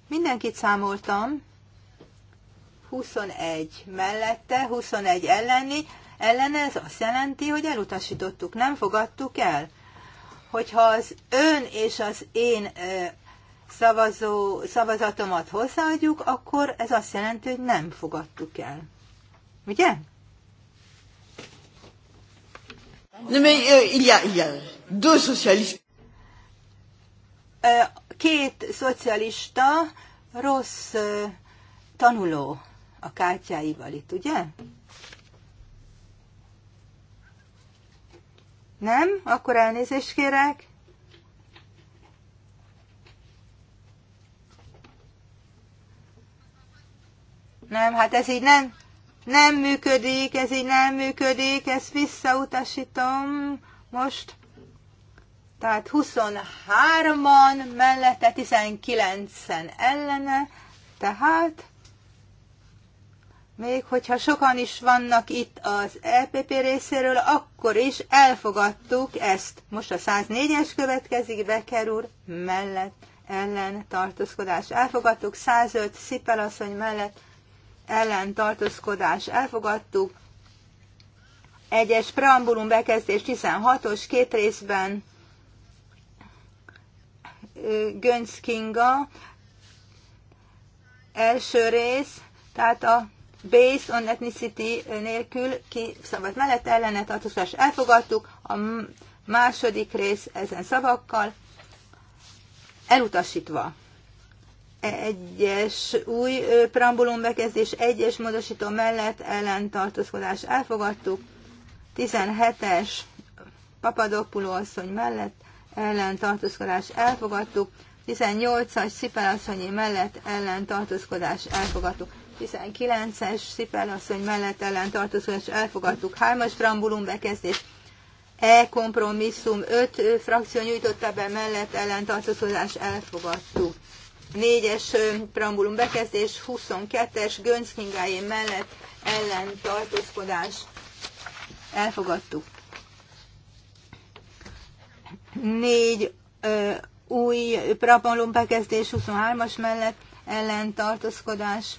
Mindenkit számoltam. 21 mellette, 21 elleni. Ellene ez azt jelenti, hogy elutasítottuk, nem fogadtuk el. Hogyha az ön és az én szavazó, szavazatomat hozzáadjuk, akkor ez azt jelenti, hogy nem fogadtuk el. Ugye? Nem, euh, Két szocialista rossz tanuló a kártyáival itt, ugye? Nem? Akkor elnézést kérek. Nem, hát ez így nem, nem működik, ez így nem működik, ezt visszautasítom most. Tehát 23-an mellette, 19-en ellene, tehát még hogyha sokan is vannak itt az EPP részéről, akkor is elfogadtuk ezt. Most a 104-es következik, Becker úr mellett ellen tartózkodás. Elfogadtuk 105 Szipelasszony mellett ellen tartózkodás elfogadtuk. Egyes preambulum bekezdés 16-os két részben Gönc Kinga első rész, tehát a based on ethnicity nélkül szabad mellett ellene tartozás elfogadtuk, a második rész ezen szavakkal elutasítva egyes új preambulum bekezdés egyes módosító mellett ellentartózkodás elfogadtuk, 17-es Papadopulo asszony mellett ellentartózkodás elfogadtuk, 18-as Szipelasszonyi mellett ellentartózkodás elfogadtuk. 19-es Szipelasszony mellett ellentartózkodás elfogadtuk. 3-as preambulum bekezdés E kompromisszum 5 frakció nyújtotta be mellett ellentartózkodás elfogadtuk. 4-es preambulum bekezdés, 22-es Gönc Kingáé mellett ellen tartózkodás. Elfogadtuk. 4 ö, új preambulum bekezdés 23-as mellett ellen tartózkodás.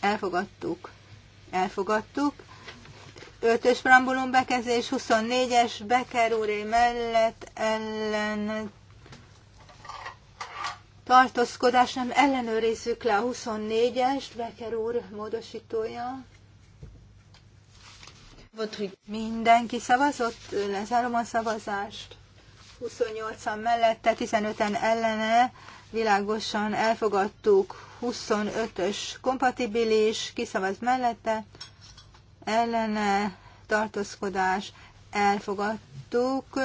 Elfogadtuk. Elfogadtuk. 5-ös preambulum bekezdés 24-es Becker úré mellett ellen tartózkodás nem ellenőrizzük le a 24-est, Becker úr módosítója. Mindenki szavazott, lezárom a szavazást. 28-an mellette, 15-en ellene, világosan elfogadtuk 25-ös kompatibilis, kiszavaz mellette, ellene, tartózkodás, elfogadtuk.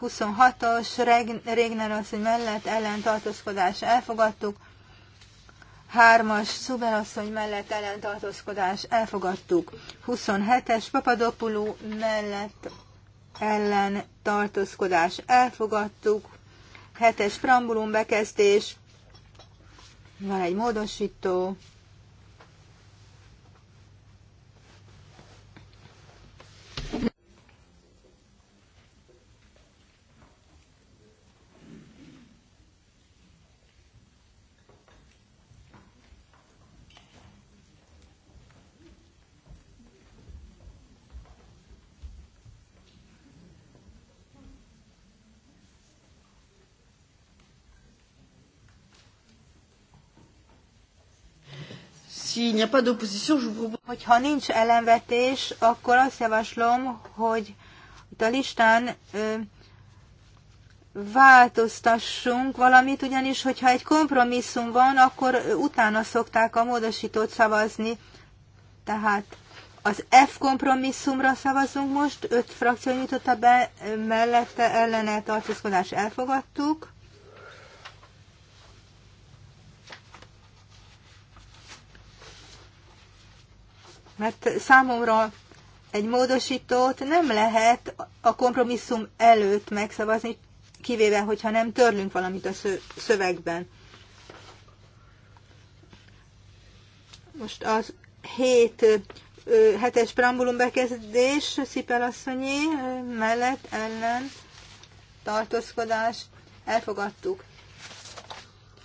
26-os Régner asszony mellett ellentartózkodás elfogadtuk. 3-as asszony mellett ellentartózkodás elfogadtuk. 27-es Papadopulú mellett ellentartózkodás elfogadtuk. 7-es Prambulum bekezdés. Van egy módosító. Hogyha nincs ellenvetés, akkor azt javaslom, hogy a listán ö, változtassunk valamit, ugyanis hogyha egy kompromisszum van, akkor utána szokták a módosítót szavazni. Tehát az F kompromisszumra szavazunk most, öt frakció nyitotta be, mellette ellene tartózkodás elfogadtuk. Mert számomra egy módosítót nem lehet a kompromisszum előtt megszavazni, kivéve, hogyha nem törlünk valamit a szövegben. Most az 7 hetes preambulum bekezdés, Szipel asszonyi, mellett, ellen, tartózkodás, elfogadtuk.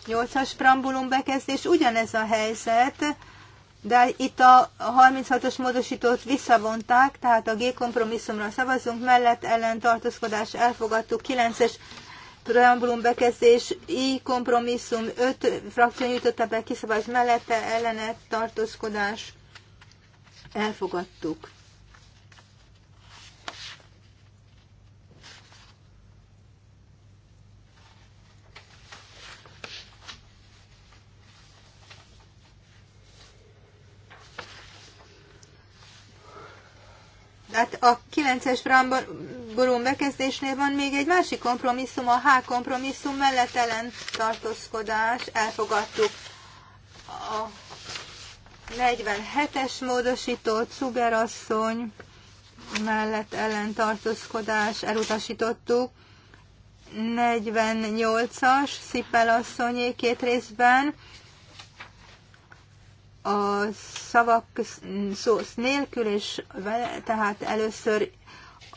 8-as preambulum bekezdés, ugyanez a helyzet, de itt a 36-os módosítót visszavonták, tehát a G kompromisszumra szavazunk, mellett ellen tartózkodás elfogadtuk, 9-es preambulum bekezdés, I kompromisszum, 5 frakció nyújtotta be kiszavaz mellette ellene tartózkodás elfogadtuk. hát a 9-es preambulum bekezdésnél van még egy másik kompromisszum, a H kompromisszum mellett ellen tartózkodás, elfogadtuk a 47-es módosított szugerasszony mellett ellen tartózkodás elutasítottuk. 48-as szipelasszonyé két részben, a szavak szó nélkül, és vele, tehát először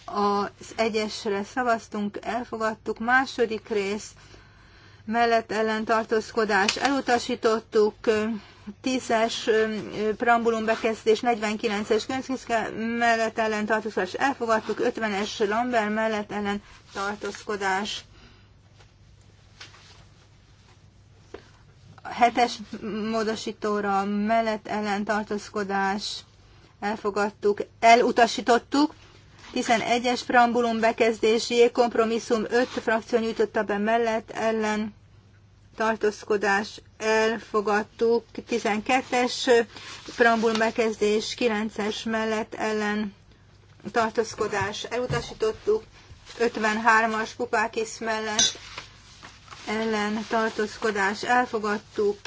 az egyesre szavaztunk, elfogadtuk, második rész mellett ellen elutasítottuk, 10-es preambulum bekezdés, 49-es Gönczkiszke mellett ellen elfogadtuk, 50-es Lambert mellett ellen tartózkodás hetes módosítóra mellett ellen tartózkodás elfogadtuk, elutasítottuk. 11-es preambulum bekezdési kompromisszum 5 frakció nyújtotta be mellett ellen tartózkodás elfogadtuk. 12-es preambulum bekezdés 9-es mellett ellen tartózkodás elutasítottuk. 53-as pupákis mellett ellen tartózkodás elfogadtuk.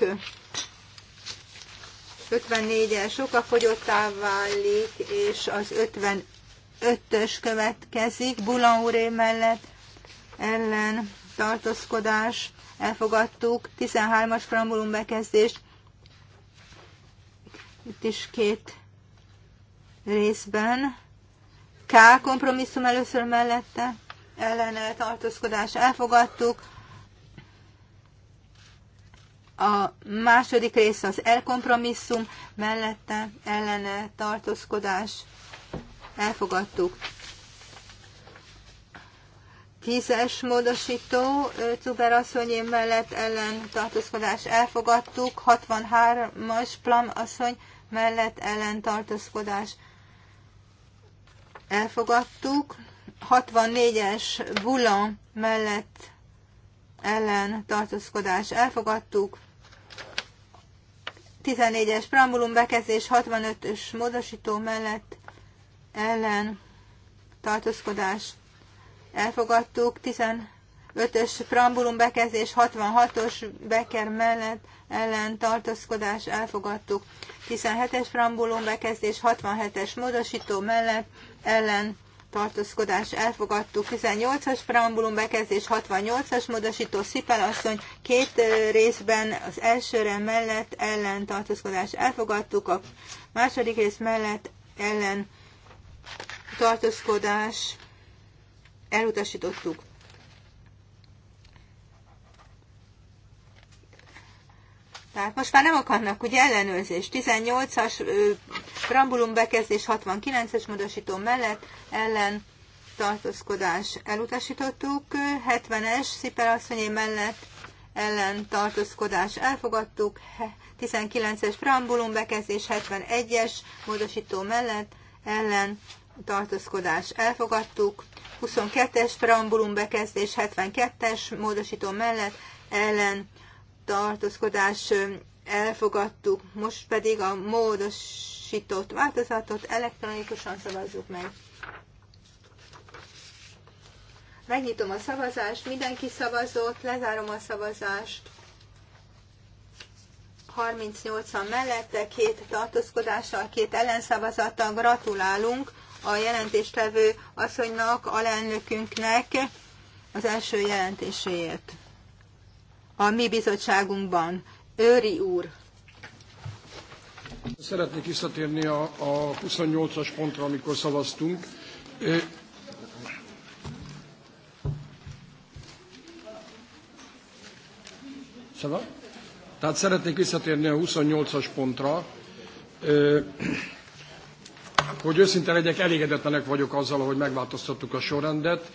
54-es fogyottá válik, és az 55-ös következik, úré mellett ellen tartózkodás elfogadtuk, 13-as frambulum bekezdést itt is két részben, K kompromisszum először mellette, ellen tartózkodás elfogadtuk, a második rész az elkompromisszum, mellette ellene tartózkodás. Elfogadtuk. Tízes módosító, Cuber asszonyé mellett ellen tartózkodás elfogadtuk, 63-as Plam asszony mellett ellen tartózkodás elfogadtuk, 64-es Bulan mellett ellen tartózkodás elfogadtuk, 14-es preambulum bekezdés 65-ös módosító mellett ellen tartózkodás elfogadtuk, 15-ös preambulum bekezdés 66-os beker mellett ellen tartózkodás elfogadtuk, 17-es preambulum bekezdés 67-es módosító mellett ellen tartózkodás elfogadtuk. 18-as preambulum bekezdés, 68-as módosító Szipel asszony két részben az elsőre mellett ellen tartózkodás elfogadtuk, a második rész mellett ellen tartózkodás elutasítottuk. Tehát most már nem akarnak ugye ellenőrzés. 18-as prambulum bekezdés 69-es módosító mellett ellen tartózkodás elutasítottuk, 70-es sziperasszonyé mellett ellen tartózkodás elfogadtuk, 19-es preambulum bekezdés 71-es módosító mellett ellen tartózkodás elfogadtuk, 22-es preambulum bekezdés 72-es módosító mellett ellen tartózkodás elfogadtuk, most pedig a módosított változatot elektronikusan szavazzuk meg. Megnyitom a szavazást, mindenki szavazott, lezárom a szavazást. 38-an mellette, két tartózkodással, két ellenszavazattal gratulálunk a jelentéstevő asszonynak, alelnökünknek az első jelentéséért a mi bizottságunkban. Őri úr! Szeretnék visszatérni a, a 28-as pontra, amikor szavaztunk. Szava? Tehát szeretnék visszatérni a 28-as pontra, hogy őszinte legyek, elégedetlenek vagyok azzal, hogy megváltoztattuk a sorrendet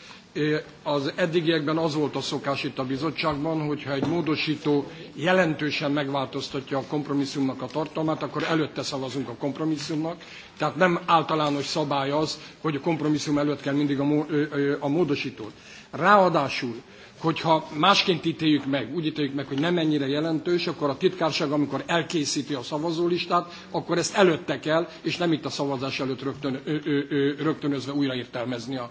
az eddigiekben az volt a szokás itt a bizottságban, hogyha egy módosító jelentősen megváltoztatja a kompromisszumnak a tartalmát, akkor előtte szavazunk a kompromisszumnak. Tehát nem általános szabály az, hogy a kompromisszum előtt kell mindig a módosítót. Ráadásul hogyha másként ítéljük meg, úgy ítéljük meg, hogy nem ennyire jelentős, akkor a titkárság, amikor elkészíti a szavazólistát, akkor ezt előtte kell, és nem itt a szavazás előtt rögtön, ö, ö, ö, rögtönözve újraértelmezni a,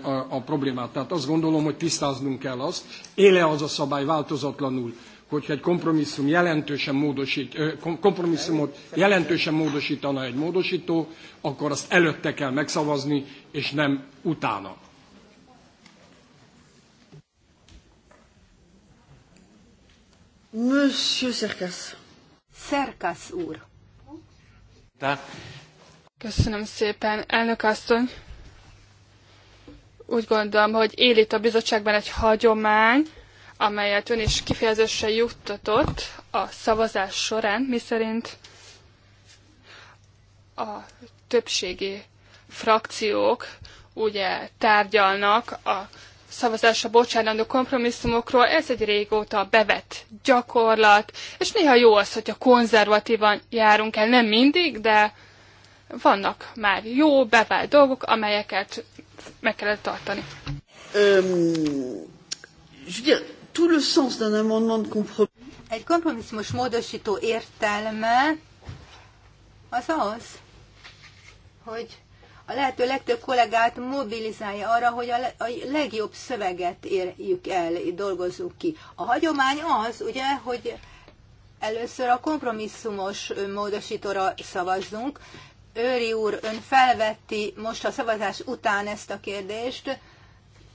a, a problémát. Tehát azt gondolom, hogy tisztáznunk kell azt, éle az a szabály változatlanul, hogyha egy kompromisszum jelentősen módosít, kompromisszumot jelentősen módosítana egy módosító, akkor azt előtte kell megszavazni, és nem utána. Monsieur Szerkasz. Szerkasz úr. De. Köszönöm szépen, elnök asszony úgy gondolom, hogy él itt a bizottságban egy hagyomány, amelyet ön is kifejezésre juttatott a szavazás során, miszerint a többségi frakciók ugye tárgyalnak a szavazásra bocsánandó kompromisszumokról, ez egy régóta bevett gyakorlat, és néha jó az, hogyha konzervatívan járunk el, nem mindig, de vannak már jó, bevált dolgok, amelyeket meg kellett tartani. Egy kompromisszumos módosító értelme az az, hogy a lehető legtöbb kollégát mobilizálja arra, hogy a, a legjobb szöveget érjük el, dolgozzuk ki. A hagyomány az, ugye, hogy először a kompromisszumos módosítóra szavazzunk, Őri úr, ön felvetti most a szavazás után ezt a kérdést,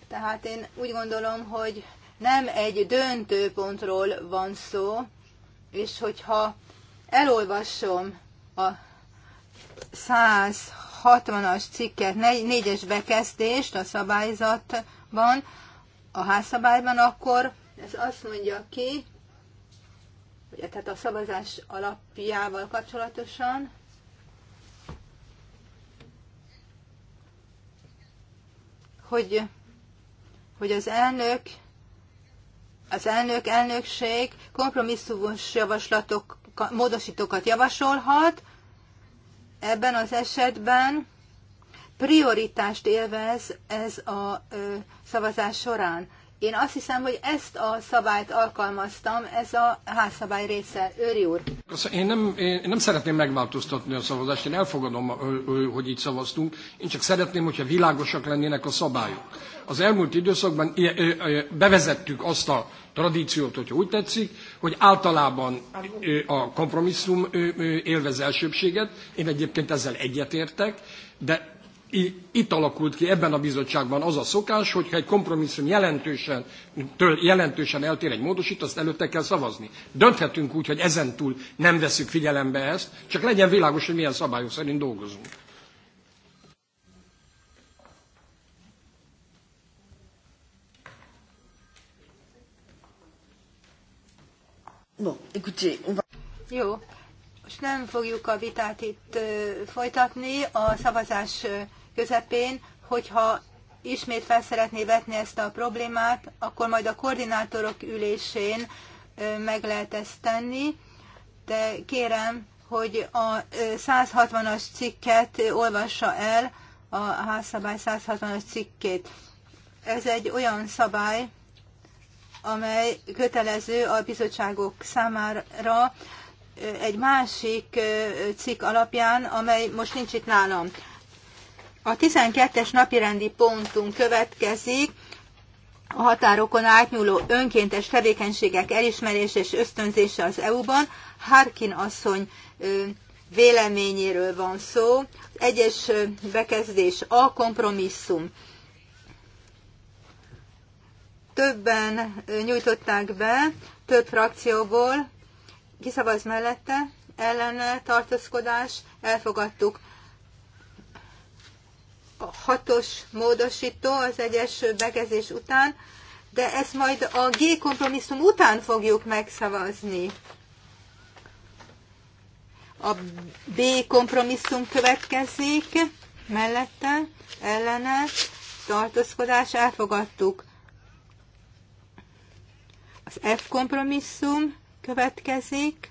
tehát én úgy gondolom, hogy nem egy döntőpontról van szó, és hogyha elolvasom a 160-as cikket, 4-es bekezdést a szabályzatban, a házszabályban, akkor ez azt mondja ki, ugye, tehát a szavazás alapjával kapcsolatosan, hogy, hogy az elnök az elnök elnökség kompromisszumos javaslatok, módosítókat javasolhat, ebben az esetben prioritást élvez ez a szavazás során. Én azt hiszem, hogy ezt a szabályt alkalmaztam, ez a házszabály része. Őri úr. Én nem, én nem szeretném megváltoztatni a szavazást, én elfogadom, hogy így szavaztunk, én csak szeretném, hogyha világosak lennének a szabályok. Az elmúlt időszakban bevezettük azt a tradíciót, hogyha úgy tetszik, hogy általában a kompromisszum élvez elsőbséget, én egyébként ezzel egyetértek, de itt alakult ki ebben a bizottságban az a szokás, hogyha egy kompromisszum jelentősen, től jelentősen eltér egy módosít, azt előtte kell szavazni. Dönthetünk úgy, hogy ezentúl nem veszük figyelembe ezt, csak legyen világos, hogy milyen szabályok szerint dolgozunk. Jó, most nem fogjuk a vitát itt folytatni, a szavazás közepén, hogyha ismét fel szeretné vetni ezt a problémát, akkor majd a koordinátorok ülésén meg lehet ezt tenni, de kérem, hogy a 160-as cikket olvassa el, a házszabály 160-as cikkét. Ez egy olyan szabály, amely kötelező a bizottságok számára egy másik cikk alapján, amely most nincs itt nálam. A 12-es napirendi pontunk következik, a határokon átnyúló önkéntes tevékenységek elismerése és ösztönzése az EU-ban. Harkin asszony véleményéről van szó. Egyes bekezdés a kompromisszum. Többen nyújtották be, több frakcióból. Kiszavaz mellette, ellene tartózkodás, elfogadtuk a hatos módosító az egyes bekezés után, de ezt majd a G kompromisszum után fogjuk megszavazni. A B kompromisszum következik, mellette, ellene, tartózkodás, elfogadtuk. Az F kompromisszum következik,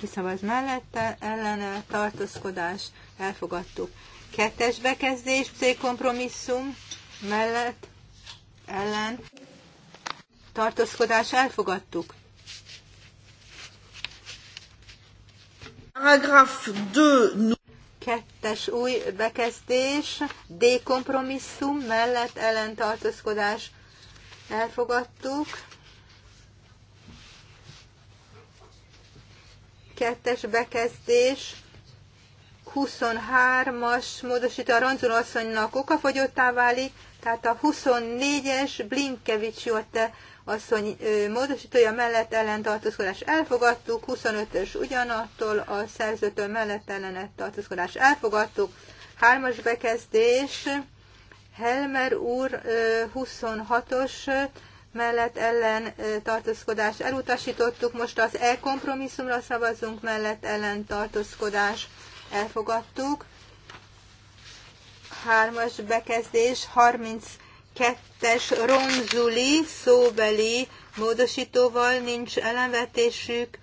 kiszavaz mellette, ellene, tartózkodás, elfogadtuk. Kettes bekezdés, C kompromisszum mellett ellen tartózkodás elfogadtuk. Paragraf 2. Kettes új bekezdés, D kompromisszum mellett ellentartózkodás elfogadtuk. Kettes bekezdés, 23-as módosító a Ranzul asszonynak okafogyottá válik, tehát a 24-es Blinkevics Jotte asszony módosítója mellett ellentartózkodás elfogadtuk, 25-ös ugyanattól a szerzőtől mellett ellentartózkodás elfogadtuk, 3-as bekezdés, Helmer úr 26-os mellett ellen tartózkodás elutasítottuk, most az e-kompromisszumra szavazunk mellett ellen tartózkodás elfogadtuk. Hármas bekezdés, 32-es ronzuli szóbeli módosítóval nincs ellenvetésük,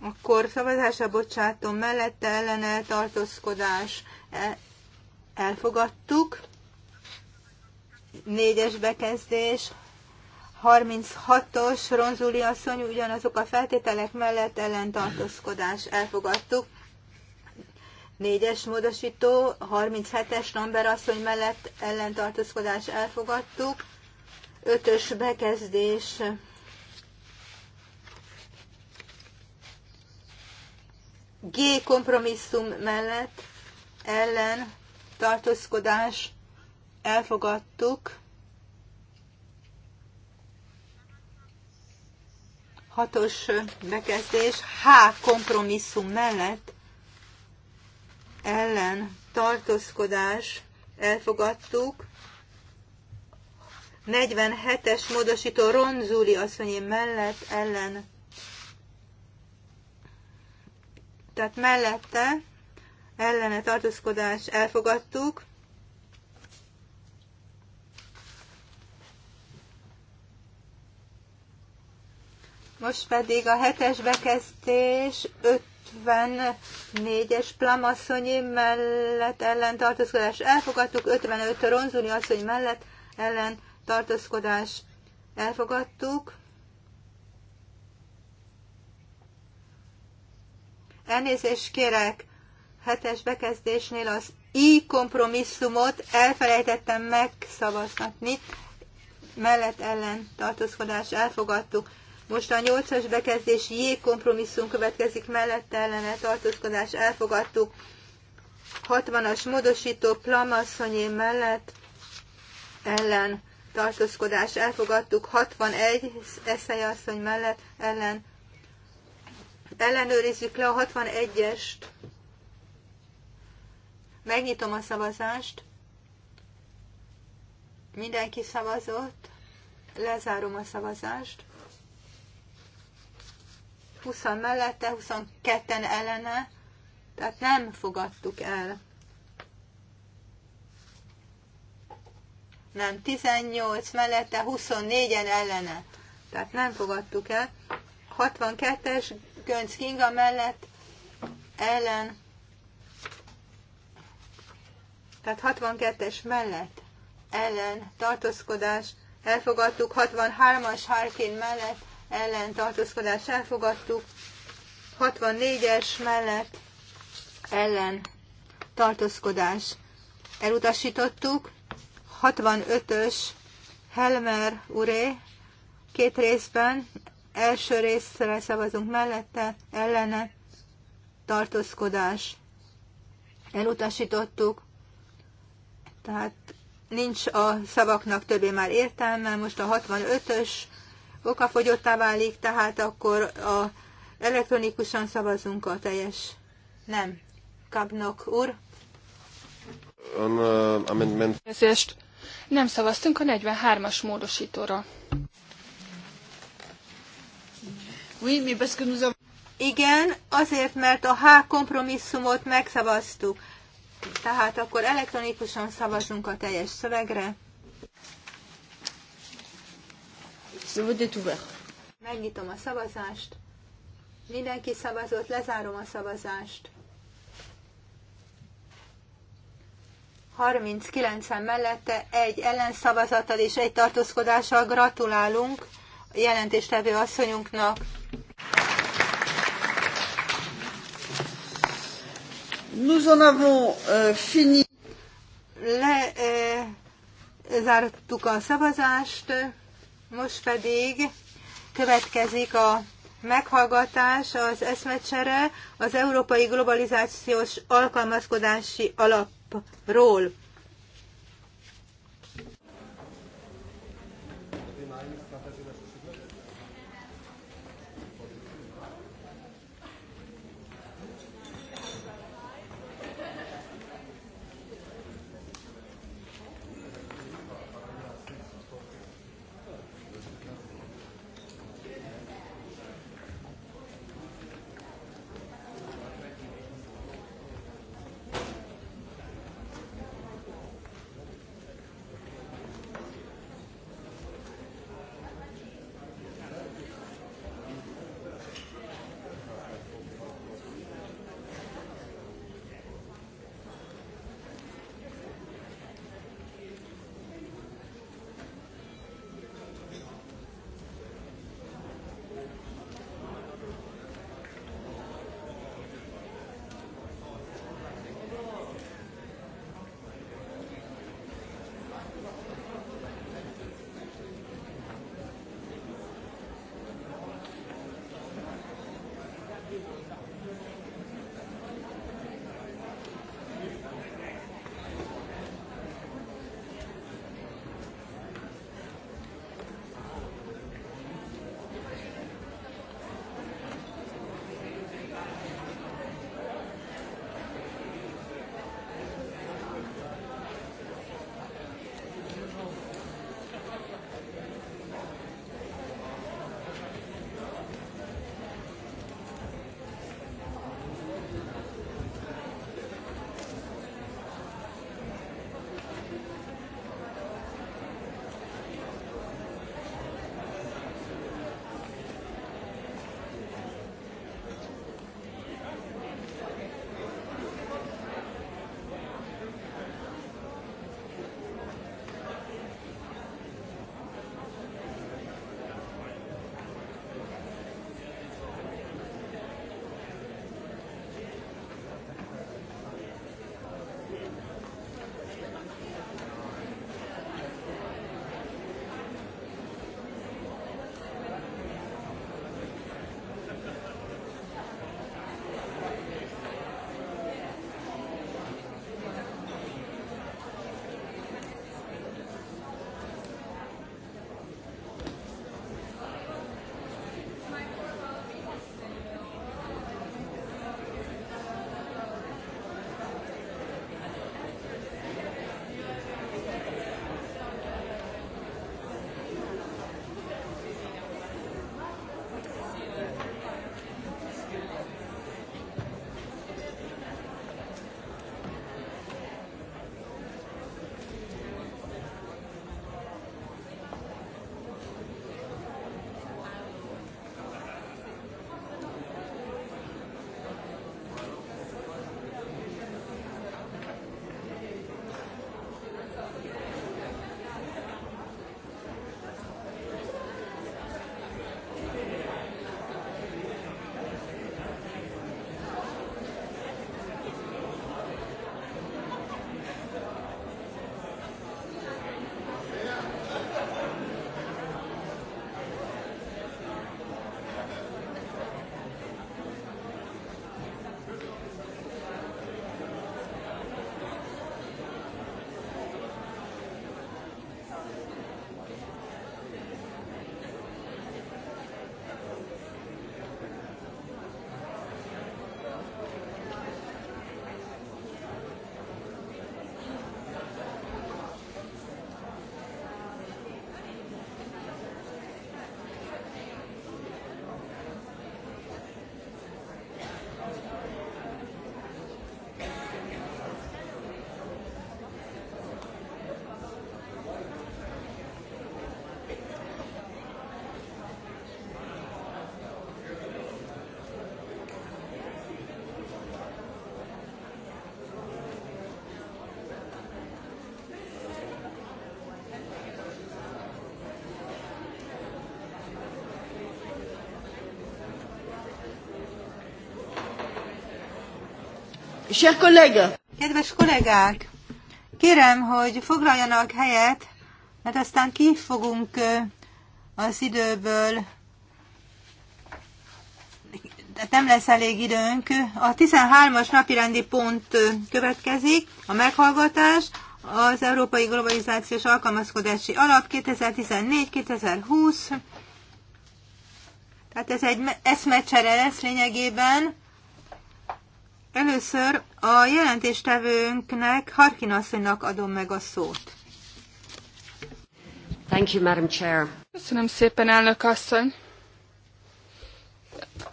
akkor szavazásra bocsátom mellette ellene tartózkodás e- elfogadtuk. Négyes bekezdés, 36-os Ronzuli asszony ugyanazok a feltételek mellett ellentartózkodás elfogadtuk. Négyes módosító, 37-es Lambert asszony mellett ellentartózkodás elfogadtuk. Ötös bekezdés. G kompromisszum mellett ellen tartózkodás elfogadtuk. Hatos bekezdés H kompromisszum mellett ellen tartózkodás elfogadtuk. 47-es módosító Ronzuli asszonyi mellett ellen. Tehát mellette ellene tartózkodás elfogadtuk. Most pedig a hetes bekezdés öt 54-es Plam mellett ellen tartózkodás elfogadtuk, 55 Ronzuli asszony mellett ellen tartózkodás elfogadtuk. Elnézést kérek, hetes bekezdésnél az i kompromisszumot elfelejtettem megszavazatni, mellett ellen tartózkodás elfogadtuk. Most a nyolcas bekezdés jégkompromisszum következik mellette ellene tartózkodás elfogadtuk. 60-as módosító plamasszonyé mellett ellen tartózkodás elfogadtuk. 61 eszelyasszony mellett ellen ellenőrizzük le a 61-est. Megnyitom a szavazást. Mindenki szavazott. Lezárom a szavazást. 20 mellette, 22-en ellene, tehát nem fogadtuk el. Nem, 18 mellette, 24-en ellene, tehát nem fogadtuk el. 62-es Gönc Kinga mellett ellen, tehát 62-es mellett ellen tartózkodás, elfogadtuk 63-as Harkin mellett ellen tartózkodás elfogadtuk, 64-es mellett ellen tartózkodás elutasítottuk, 65-ös Helmer uré két részben, első részre szavazunk mellette, ellene tartózkodás elutasítottuk, tehát nincs a szavaknak többé már értelme, most a 65-ös okafogyottá válik, tehát akkor a elektronikusan szavazunk a teljes. Nem. Kapnok úr. On, uh, amendment. Ezért nem szavaztunk a 43-as módosítóra. Oui, Igen, azért, mert a H kompromisszumot megszavaztuk. Tehát akkor elektronikusan szavazunk a teljes szövegre. Le vote est ouvert. Megnyitom a szavazást. Mindenki szavazott, lezárom a szavazást. 39 mellette egy ellenszavazattal és egy tartózkodással gratulálunk a jelentéstevő asszonyunknak. Nous en avons euh, fini. Le, euh, a szavazást. Most pedig következik a meghallgatás, az eszmecsere az Európai Globalizációs Alkalmazkodási Alapról. Kedves kollégák, kérem, hogy foglaljanak helyet, mert aztán ki fogunk az időből, nem lesz elég időnk. A 13-as napirendi pont következik, a meghallgatás, az Európai Globalizációs Alkalmazkodási Alap 2014-2020. Tehát ez egy eszmecsere lesz lényegében Először a jelentéstevőnknek, Harkin asszonynak adom meg a szót. Thank you, Madam Chair. Köszönöm szépen, elnök asszony.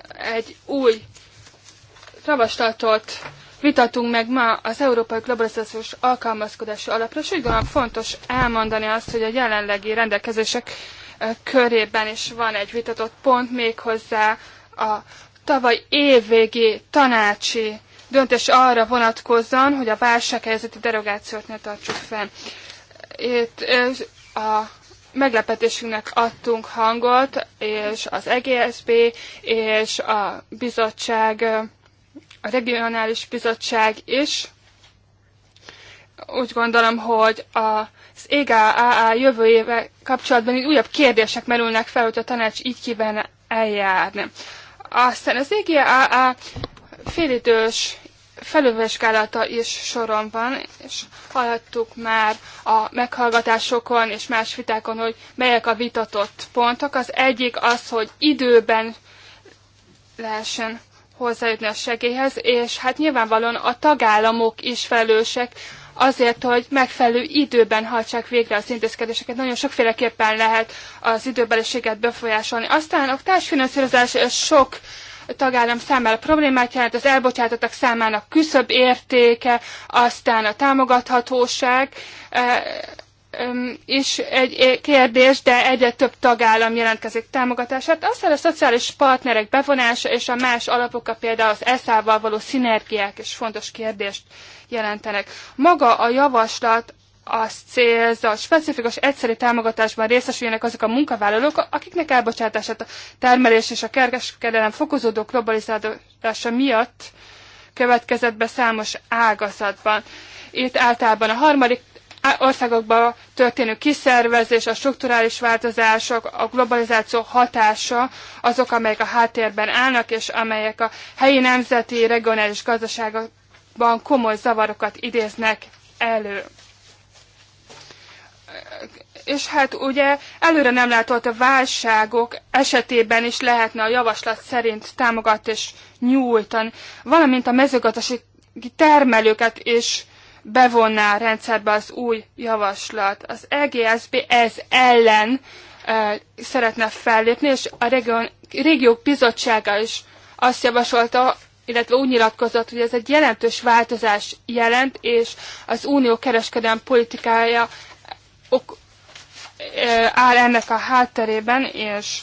Egy új javaslatot vitatunk meg ma az Európai Globalizációs Alkalmazkodási Alapra, és úgy gondolom fontos elmondani azt, hogy a jelenlegi rendelkezések eh, körében is van egy vitatott pont, méghozzá a tavaly évvégi tanácsi döntés arra vonatkozzon, hogy a válsághelyzeti derogációt ne tartsuk fenn. Itt a meglepetésünknek adtunk hangot, és az EGSB és a bizottság, a regionális bizottság is. Úgy gondolom, hogy e a az EGAA jövő éve kapcsolatban így újabb kérdések merülnek fel, hogy a tanács így kíván eljárni. Aztán az EGAA félidős felülvizsgálata is soron van, és hallhattuk már a meghallgatásokon és más vitákon, hogy melyek a vitatott pontok. Az egyik az, hogy időben lehessen hozzájutni a segélyhez, és hát nyilvánvalóan a tagállamok is felelősek azért, hogy megfelelő időben hajtsák végre az intézkedéseket. Nagyon sokféleképpen lehet az időbeliséget befolyásolni. Aztán a társfinanszírozás sok tagállam számára problémát jelent, az elbocsátottak számának küszöbb értéke, aztán a támogathatóság, e, is egy kérdés, de egyre több tagállam jelentkezik támogatását. Aztán a szociális partnerek bevonása és a más alapok, a például az eszá val való szinergiák is fontos kérdést jelentenek. Maga a javaslat azt célzza, hogy specifikus egyszerű támogatásban részesüljenek azok a munkavállalók, akiknek elbocsátását a termelés és a kereskedelem fokozódó globalizálása miatt következett be számos ágazatban. Itt általában a harmadik országokban történő kiszervezés, a strukturális változások, a globalizáció hatása azok, amelyek a háttérben állnak, és amelyek a helyi nemzeti, regionális gazdaságokban komoly zavarokat idéznek elő és hát ugye előre nem látott a válságok esetében is lehetne a javaslat szerint támogat és nyújtani, valamint a mezőgazdasági termelőket is bevonná a rendszerbe az új javaslat. Az EGSB ez ellen e, szeretne fellépni, és a region, régiók bizottsága is azt javasolta, illetve úgy nyilatkozott, hogy ez egy jelentős változás jelent, és az unió kereskedelmi politikája ok, áll ennek a hátterében, és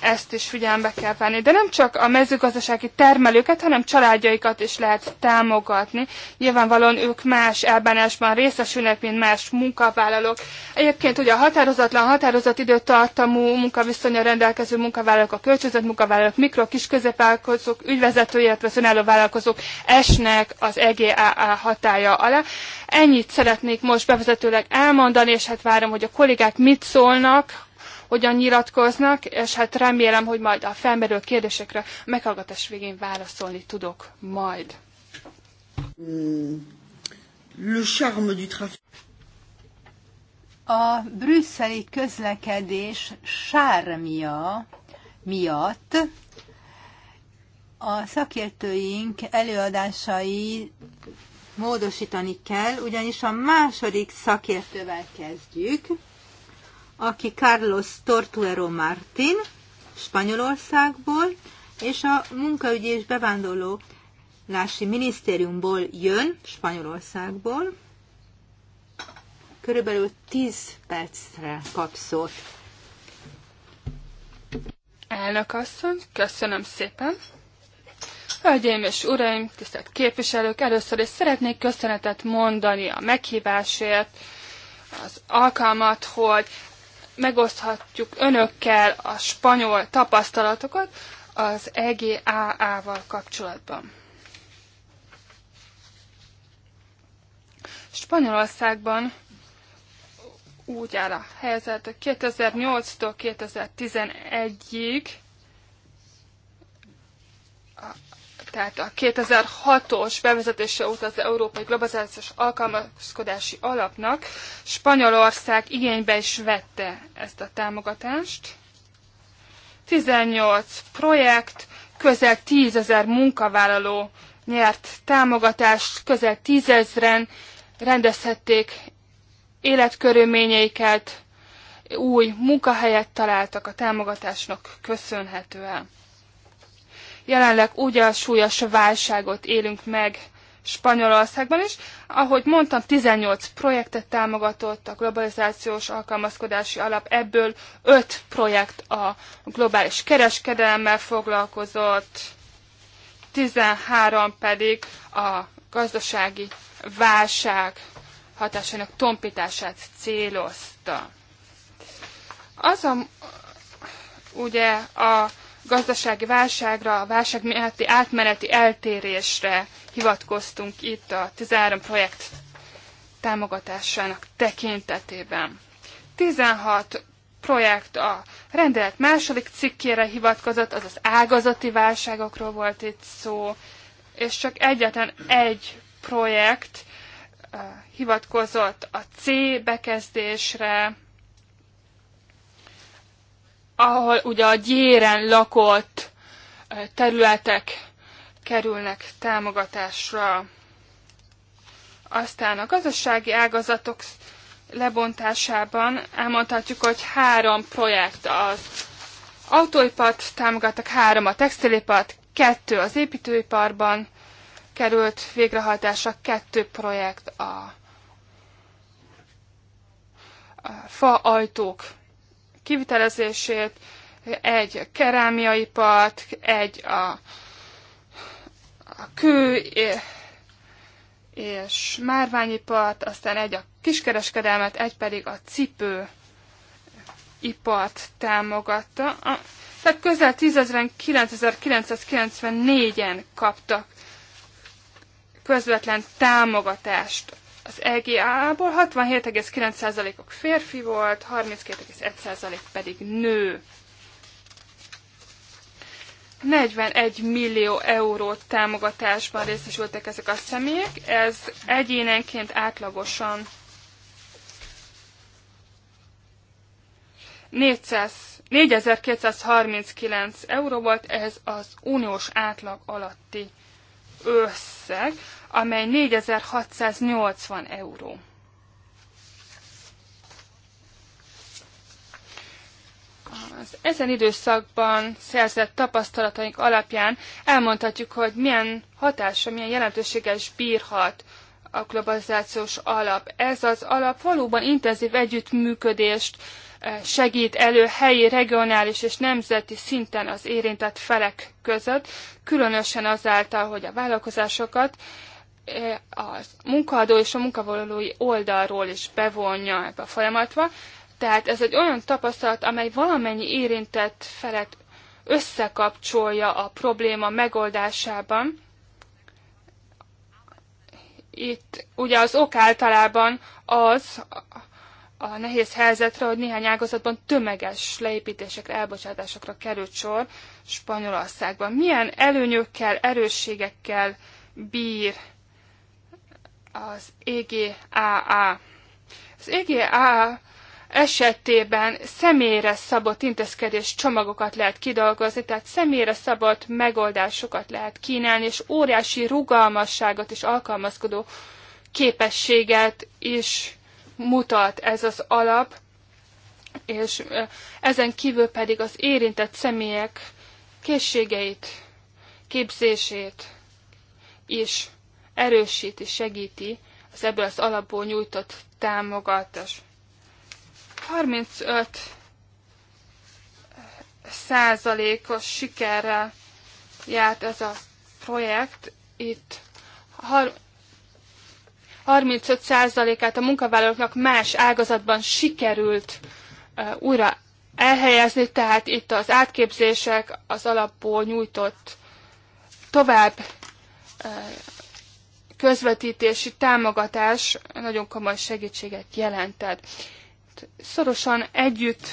ezt is figyelembe kell venni. De nem csak a mezőgazdasági termelőket, hanem családjaikat is lehet támogatni. Nyilvánvalóan ők más elbánásban részesülnek, mint más munkavállalók. Egyébként ugye a határozatlan, határozat időtartamú munkaviszonya rendelkező munkavállalók, a kölcsönzött munkavállalók, mikro, kis középvállalkozók, ügyvezető, illetve önálló vállalkozók esnek az EGAA hatája alá. Ennyit szeretnék most bevezetőleg elmondani, és hát várom, hogy a kollégák mit szólnak, hogyan nyilatkoznak, és hát remélem, hogy majd a felmerülő kérdésekre a meghallgatás végén válaszolni tudok majd. Hmm. A brüsszeli közlekedés sármia miatt a szakértőink előadásai módosítani kell, ugyanis a második szakértővel kezdjük aki Carlos Tortuero Martin, Spanyolországból, és a munkaügyi és bevándorlási minisztériumból jön, Spanyolországból. Körülbelül 10 percre kap szót. Elnök asszony, köszönöm szépen! Hölgyeim és uraim, tisztelt képviselők, először is szeretnék köszönetet mondani a meghívásért, az alkalmat, hogy megoszthatjuk önökkel a spanyol tapasztalatokat az EGAA-val kapcsolatban. Spanyolországban úgy áll a helyzet, hogy 2008-tól 2011-ig tehát a 2006-os bevezetése óta az Európai Globalizációs Alkalmazkodási Alapnak Spanyolország igénybe is vette ezt a támogatást. 18 projekt, közel 10 ezer munkavállaló nyert támogatást, közel 10 ezeren rendezhették életkörülményeiket, új munkahelyet találtak a támogatásnak köszönhetően jelenleg úgy a súlyos válságot élünk meg Spanyolországban is. Ahogy mondtam, 18 projektet támogatott a globalizációs alkalmazkodási alap, ebből 5 projekt a globális kereskedelemmel foglalkozott, 13 pedig a gazdasági válság hatásának tompítását célozta. Az a, ugye a gazdasági válságra, a válság miatti átmeneti eltérésre hivatkoztunk itt a 13 projekt támogatásának tekintetében. 16 projekt a rendelet második cikkére hivatkozott, azaz ágazati válságokról volt itt szó, és csak egyetlen egy projekt eh, hivatkozott a C bekezdésre, ahol ugye a gyéren lakott területek kerülnek támogatásra. Aztán a gazdasági ágazatok lebontásában elmondhatjuk, hogy három projekt az autóipart támogattak, három a textilipart, kettő az építőiparban került végrehajtásra, kettő projekt a, a faajtók kivitelezését, egy kerámiaipart, egy a, a kő és márványipart, aztán egy a kiskereskedelmet, egy pedig a cipő ipart támogatta. A, tehát közel 10000 en kaptak közvetlen támogatást az EGA-ból 67,9%-ok férfi volt, 32,1% pedig nő. 41 millió eurót támogatásban részesültek ezek a személyek, ez egyénenként átlagosan 400, 4239 euró volt, ez az uniós átlag alatti összeg amely 4680 euró. Az ezen időszakban szerzett tapasztalataink alapján elmondhatjuk, hogy milyen hatása, milyen jelentőséges bírhat a globalizációs alap. Ez az alap valóban intenzív együttműködést eh, segít elő helyi, regionális és nemzeti szinten az érintett felek között, különösen azáltal, hogy a vállalkozásokat a munkaadó és a munkavállalói oldalról is bevonja ebbe a folyamatba. Tehát ez egy olyan tapasztalat, amely valamennyi érintett felet összekapcsolja a probléma megoldásában. Itt ugye az ok általában az a nehéz helyzetre, hogy néhány ágazatban tömeges leépítésekre, elbocsátásokra került sor Spanyolországban. Milyen előnyökkel, erősségekkel bír az EGAA. Az EGAA esetében személyre szabott intézkedés csomagokat lehet kidolgozni, tehát személyre szabott megoldásokat lehet kínálni, és óriási rugalmasságot és alkalmazkodó képességet is mutat ez az alap, és ezen kívül pedig az érintett személyek készségeit, képzését is erősíti, segíti az ebből az alapból nyújtott támogatás. 35 százalékos sikerrel járt ez a projekt. Itt 35 százalékát a munkavállalóknak más ágazatban sikerült újra elhelyezni, tehát itt az átképzések az alapból nyújtott tovább közvetítési támogatás nagyon komoly segítséget jelentett. Szorosan együtt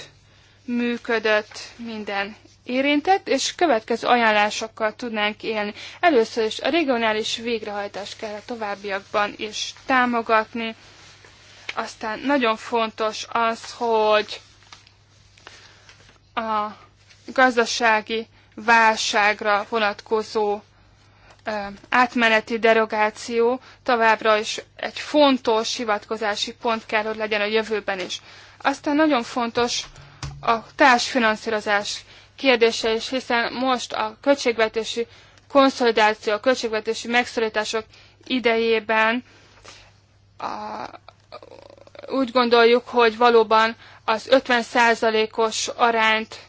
működött minden érintett, és következő ajánlásokkal tudnánk élni. Először is a regionális végrehajtást kell a továbbiakban is támogatni. Aztán nagyon fontos az, hogy a gazdasági válságra vonatkozó átmeneti derogáció továbbra is egy fontos hivatkozási pont kell, hogy legyen a jövőben is. Aztán nagyon fontos a társfinanszírozás kérdése is, hiszen most a költségvetési konszolidáció, a költségvetési megszorítások idejében a, úgy gondoljuk, hogy valóban az 50%-os arányt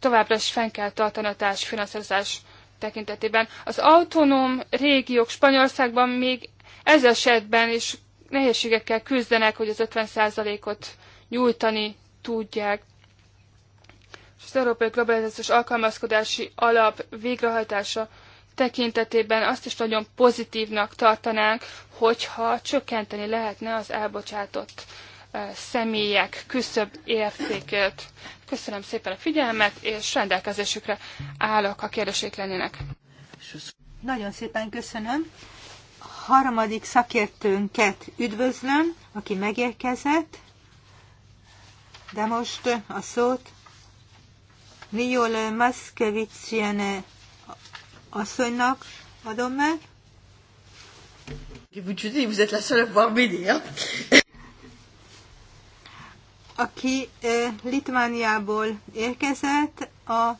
továbbra is fenn kell tartani a társfinanszírozás tekintetében. Az autonóm régiók Spanyolországban még ez esetben is nehézségekkel küzdenek, hogy az 50%-ot nyújtani tudják. És az Európai Globalizációs Alkalmazkodási Alap végrehajtása tekintetében azt is nagyon pozitívnak tartanánk, hogyha csökkenteni lehetne az elbocsátott személyek küszöbb értékét. Köszönöm szépen a figyelmet, és rendelkezésükre állok, ha kérdésék lennének. Nagyon szépen köszönöm. Harmadik szakértőnket üdvözlöm, aki megérkezett, de most a szót Niol Maszkevicsiene asszonynak adom meg. Vous, êtes la seule à m'aider. Hein? aki Litvániából érkezett, a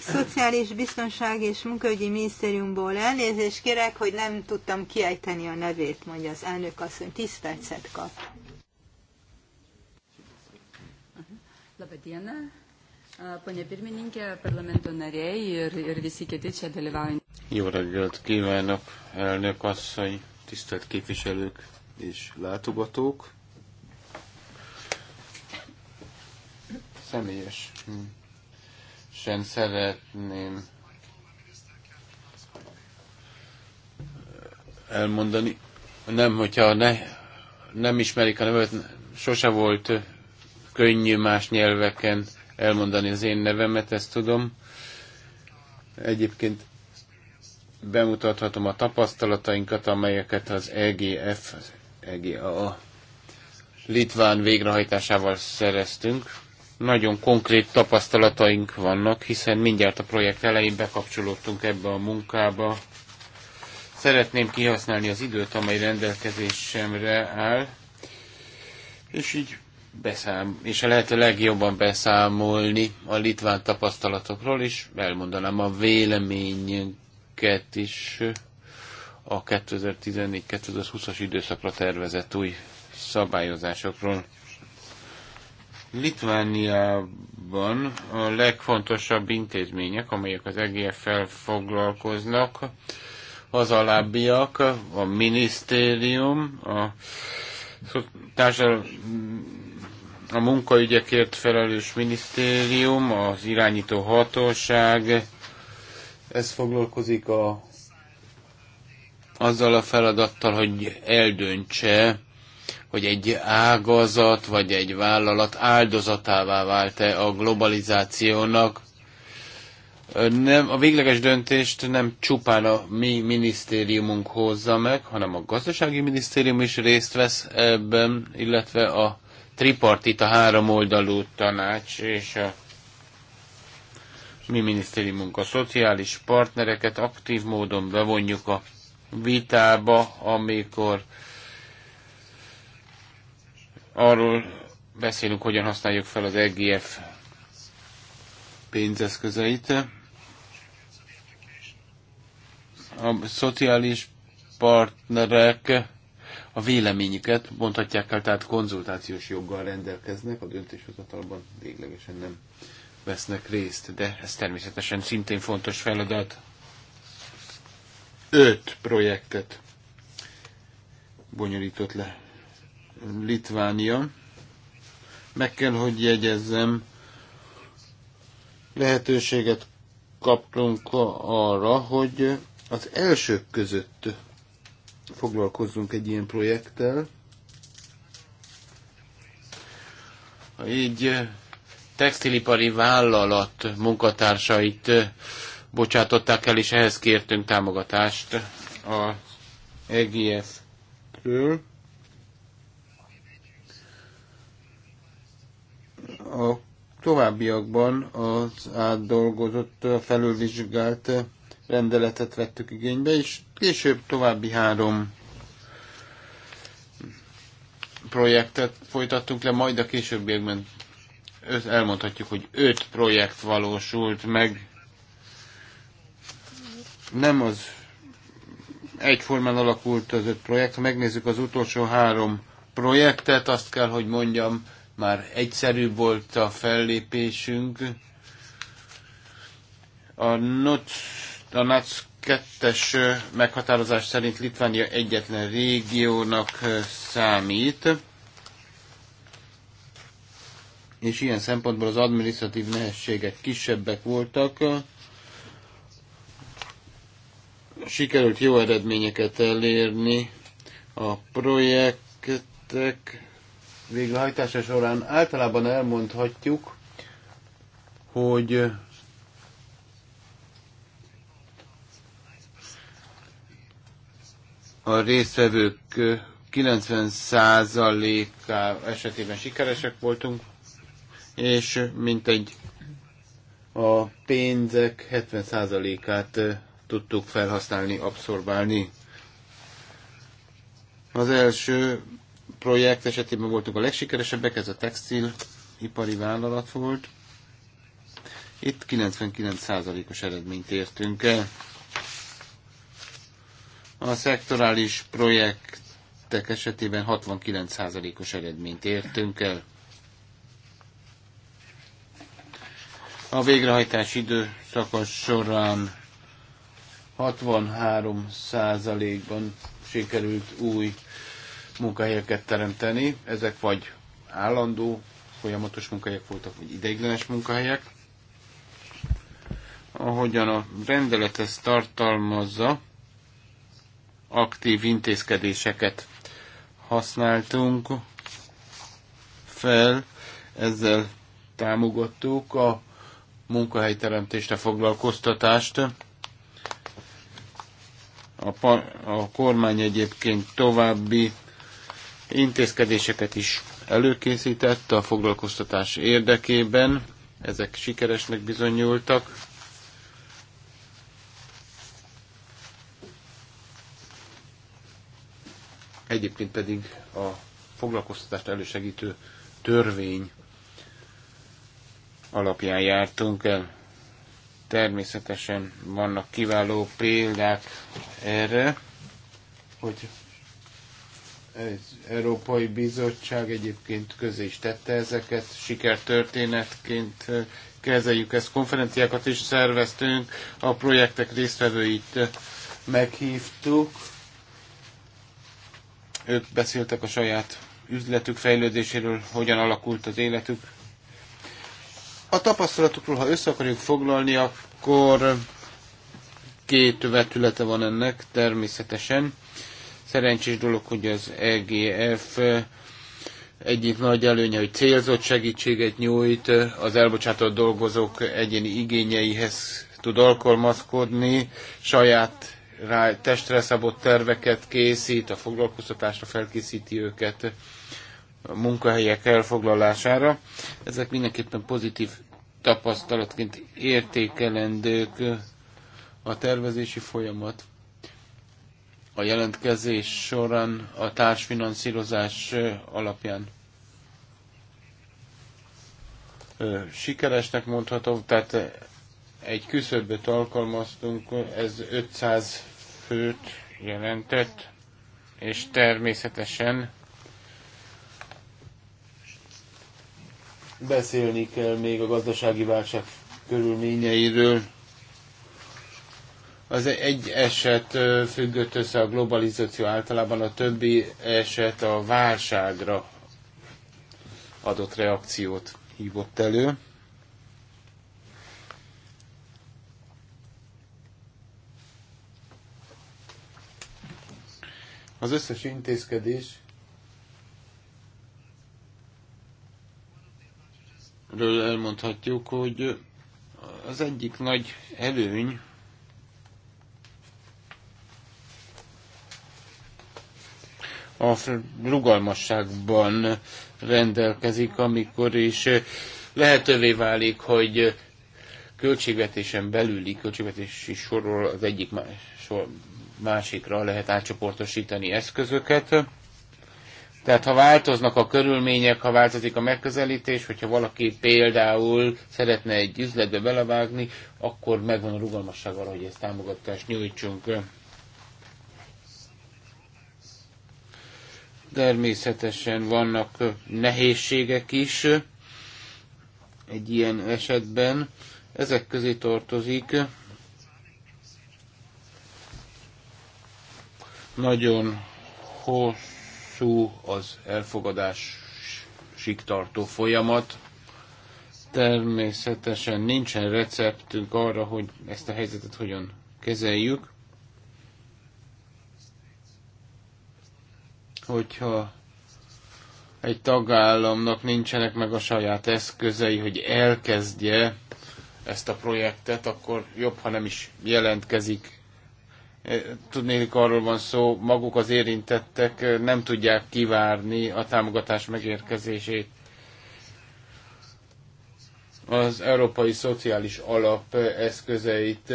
Szociális Biztonság és Munkaügyi Minisztériumból elnézést kérek, hogy nem tudtam kiejteni a nevét, mondja az elnök asszony. Tíz percet kap. Jó reggelt kívánok, elnök asszony, tisztelt képviselők és látogatók. személyes hm, sem szeretném elmondani. Nem, hogyha ne, nem ismerik a nevet, sose volt könnyű más nyelveken elmondani az én nevemet, ezt tudom. Egyébként bemutathatom a tapasztalatainkat, amelyeket az EGF, az EGA litván végrehajtásával szereztünk nagyon konkrét tapasztalataink vannak, hiszen mindjárt a projekt elején bekapcsolódtunk ebbe a munkába. Szeretném kihasználni az időt, amely rendelkezésemre áll, és így beszám, és a lehető legjobban beszámolni a litván tapasztalatokról, és elmondanám a véleményünket is a 2014-2020-as időszakra tervezett új szabályozásokról. Litvániában a legfontosabb intézmények, amelyek az EGF-fel foglalkoznak, az alábbiak, a minisztérium, a, társadal, a munkaügyekért felelős minisztérium, az irányító hatóság, ez foglalkozik a, azzal a feladattal, hogy eldöntse, hogy egy ágazat vagy egy vállalat áldozatává vált-e a globalizációnak. Nem, a végleges döntést nem csupán a mi minisztériumunk hozza meg, hanem a gazdasági minisztérium is részt vesz ebben, illetve a tripartit, a háromoldalú tanács és a mi minisztériumunk a szociális partnereket aktív módon bevonjuk a vitába, amikor Arról beszélünk, hogyan használjuk fel az EGF pénzeszközeit. A szociális partnerek a véleményüket mondhatják el, tehát konzultációs joggal rendelkeznek, a döntéshozatalban véglegesen nem vesznek részt, de ez természetesen szintén fontos feladat. Öt projektet bonyolított le Litvánia. Meg kell, hogy jegyezzem, lehetőséget kaptunk arra, hogy az elsők között foglalkozzunk egy ilyen projekttel. Így eh, textilipari vállalat munkatársait eh, bocsátották el, és ehhez kértünk támogatást a EGF-ről. a továbbiakban az átdolgozott, felülvizsgált rendeletet vettük igénybe, és később további három projektet folytattunk le, majd a későbbiekben elmondhatjuk, hogy öt projekt valósult meg. Nem az egyformán alakult az öt projekt. Ha megnézzük az utolsó három projektet, azt kell, hogy mondjam, már egyszerűbb volt a fellépésünk. A NOC, a NAC 2-es meghatározás szerint Litvánia egyetlen régiónak számít, és ilyen szempontból az administratív nehézségek kisebbek voltak. Sikerült jó eredményeket elérni a projektek végrehajtása során általában elmondhatjuk, hogy a résztvevők 90%-a esetében sikeresek voltunk, és mint egy a pénzek 70%-át tudtuk felhasználni, abszorbálni. Az első projekt esetében voltunk a legsikeresebbek, ez a textilipari vállalat volt. Itt 99%-os eredményt értünk el. A szektorális projektek esetében 69%-os eredményt értünk el. A végrehajtás időszakos során 63%-ban sikerült új munkahelyeket teremteni. Ezek vagy állandó, folyamatos munkahelyek voltak, vagy ideiglenes munkahelyek. Ahogyan a rendelet ezt tartalmazza, aktív intézkedéseket használtunk fel, ezzel támogattuk a munkahelyteremtést, a foglalkoztatást. A, par, a kormány egyébként további intézkedéseket is előkészített a foglalkoztatás érdekében. Ezek sikeresnek bizonyultak. Egyébként pedig a foglalkoztatást elősegítő törvény alapján jártunk el. Természetesen vannak kiváló példák erre, hogy ez Európai Bizottság egyébként közé is tette ezeket, sikertörténetként kezeljük ezt, konferenciákat is szerveztünk, a projektek résztvevőit meghívtuk, ők beszéltek a saját üzletük fejlődéséről, hogyan alakult az életük. A tapasztalatukról, ha össze akarjuk foglalni, akkor két vetülete van ennek természetesen szerencsés dolog, hogy az EGF egyik nagy előnye, hogy célzott segítséget nyújt, az elbocsátott dolgozók egyéni igényeihez tud alkalmazkodni, saját rá, testre szabott terveket készít, a foglalkoztatásra felkészíti őket, a munkahelyek elfoglalására. Ezek mindenképpen pozitív tapasztalatként értékelendők a tervezési folyamat a jelentkezés során a társfinanszírozás alapján sikeresnek mondhatom, tehát egy küszöböt alkalmaztunk, ez 500 főt jelentett, és természetesen beszélni kell még a gazdasági válság körülményeiről, az egy eset függött össze a globalizáció általában, a többi eset a válságra adott reakciót hívott elő. Az összes intézkedés ről elmondhatjuk, hogy az egyik nagy előny a rugalmasságban rendelkezik, amikor is eh, lehetővé válik, hogy költségvetésen belüli költségvetési sorról az egyik más, sor, másikra lehet átcsoportosítani eszközöket. Tehát ha változnak a körülmények, ha változik a megközelítés, hogyha valaki például szeretne egy üzletbe belevágni, akkor megvan a rugalmasság arra, hogy ezt támogatást nyújtsunk. Természetesen vannak nehézségek is egy ilyen esetben. Ezek közé tartozik nagyon hosszú az elfogadásig tartó folyamat. Természetesen nincsen receptünk arra, hogy ezt a helyzetet hogyan kezeljük. hogyha egy tagállamnak nincsenek meg a saját eszközei, hogy elkezdje ezt a projektet, akkor jobb, ha nem is jelentkezik. E, tudnélik, arról van szó, maguk az érintettek e, nem tudják kivárni a támogatás megérkezését. Az Európai Szociális Alap e, eszközeit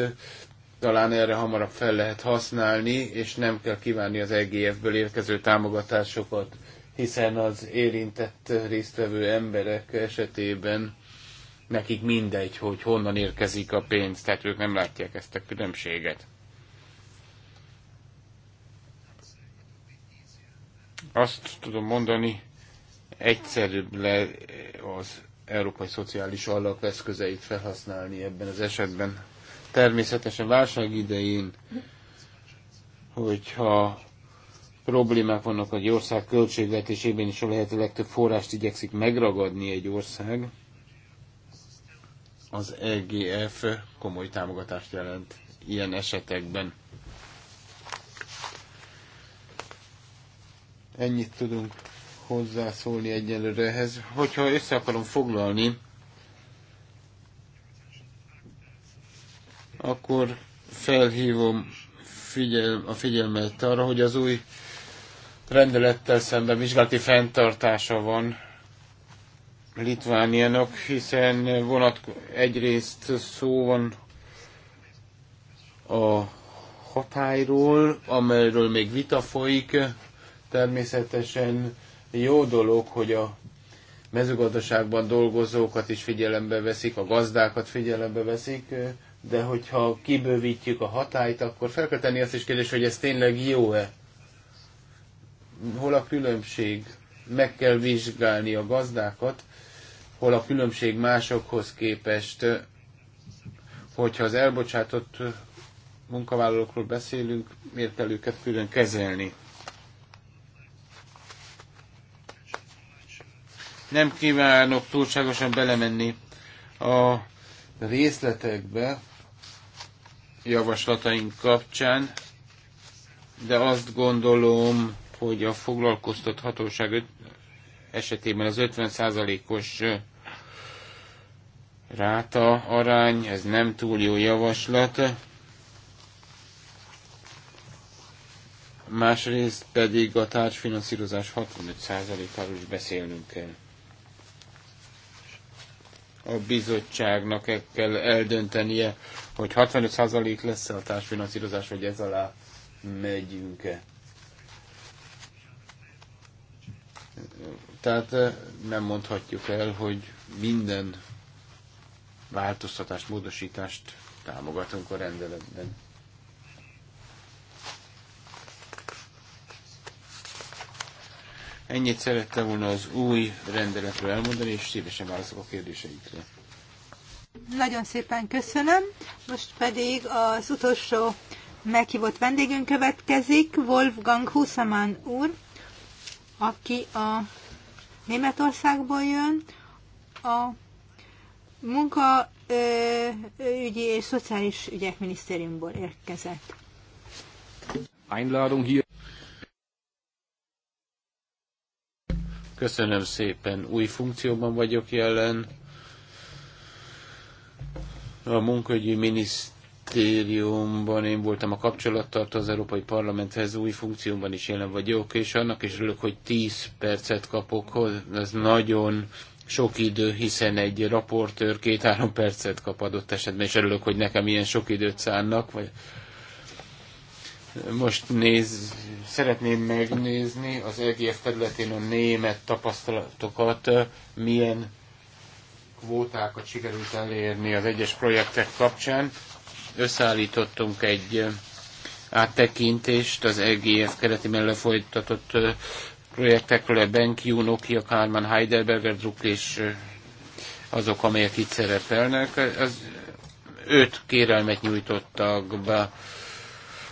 talán erre hamarabb fel lehet használni, és nem kell kívánni az EGF-ből érkező támogatásokat, hiszen az érintett résztvevő emberek esetében nekik mindegy, hogy honnan érkezik a pénz, tehát ők nem látják ezt a különbséget. Azt tudom mondani, egyszerűbb le az európai szociális alap eszközeit felhasználni ebben az esetben. Természetesen válság idején, hogyha problémák vannak egy ország költségvetésében, és a lehető legtöbb forrást igyekszik megragadni egy ország, az EGF komoly támogatást jelent ilyen esetekben. Ennyit tudunk hozzászólni egyelőre ehhez. Hogyha össze akarom foglalni, akkor felhívom figyel, a figyelmet arra, hogy az új rendelettel szemben vizsgálati fenntartása van Litvániának, hiszen vonatko- egyrészt szó van a hatályról, amelyről még vita folyik. Természetesen jó dolog, hogy a mezőgazdaságban dolgozókat is figyelembe veszik, a gazdákat figyelembe veszik, de hogyha kibővítjük a hatályt, akkor fel kell tenni azt is kérdés, hogy ez tényleg jó-e? Hol a különbség? Meg kell vizsgálni a gazdákat, hol a különbség másokhoz képest, hogyha az elbocsátott munkavállalókról beszélünk, miért kell őket külön kezelni? Nem kívánok túlságosan belemenni a részletekbe, javaslataink kapcsán, de azt gondolom, hogy a foglalkoztathatóság esetében az 50%-os ráta arány, ez nem túl jó javaslat. Másrészt pedig a társfinanszírozás 65%-áról is beszélnünk kell. A bizottságnak e- kell eldöntenie, hogy 65% lesz a társfinanszírozás, hogy ez alá megyünk-e. Tehát nem mondhatjuk el, hogy minden változtatást, módosítást támogatunk a rendeletben. Ennyit szerettem volna az új rendeletről elmondani, és szívesen válaszok a kérdéseikre. Nagyon szépen köszönöm. Most pedig az utolsó meghívott vendégünk következik, Wolfgang Hussamann úr, aki a Németországból jön, a munkaügyi és szociális ügyek minisztériumból érkezett. Einladung hier. Köszönöm szépen, új funkcióban vagyok jelen a munkaügyi minisztériumban én voltam a kapcsolattartó az Európai Parlamenthez, új funkciómban is jelen vagyok, és annak is örülök, hogy 10 percet kapok, ez nagyon sok idő, hiszen egy raportőr két-három percet kap adott esetben, és örülök, hogy nekem ilyen sok időt szánnak, vagy most néz, szeretném megnézni az EGF területén a német tapasztalatokat, milyen kvótákat sikerült elérni az egyes projektek kapcsán. Összeállítottunk egy áttekintést az EGF kereti mellett folytatott projektekről, a BenQ, Nokia, Kármán, Heidelberger, Druck és azok, amelyek itt szerepelnek. Az öt kérelmet nyújtottak be.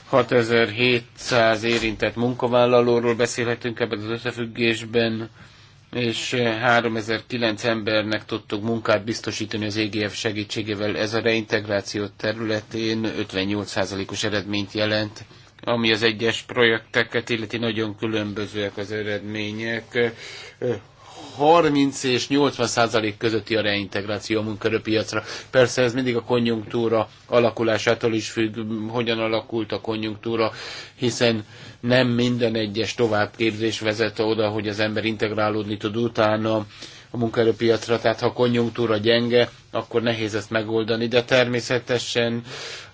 6700 érintett munkavállalóról beszélhetünk ebben az összefüggésben és 3009 eh, embernek tudtuk munkát biztosítani az EGF segítségével. Ez a reintegráció területén 58%-os eredményt jelent, ami az egyes projekteket illeti nagyon különbözőek az eredmények. Eh, 30 és 80 százalék közötti a reintegráció a munkerőpiacra. Persze ez mindig a konjunktúra alakulásától is függ, hogyan alakult a konjunktúra, hiszen nem minden egyes továbbképzés vezet oda, hogy az ember integrálódni tud utána a munkaerőpiacra, tehát ha a konjunktúra gyenge, akkor nehéz ezt megoldani, de természetesen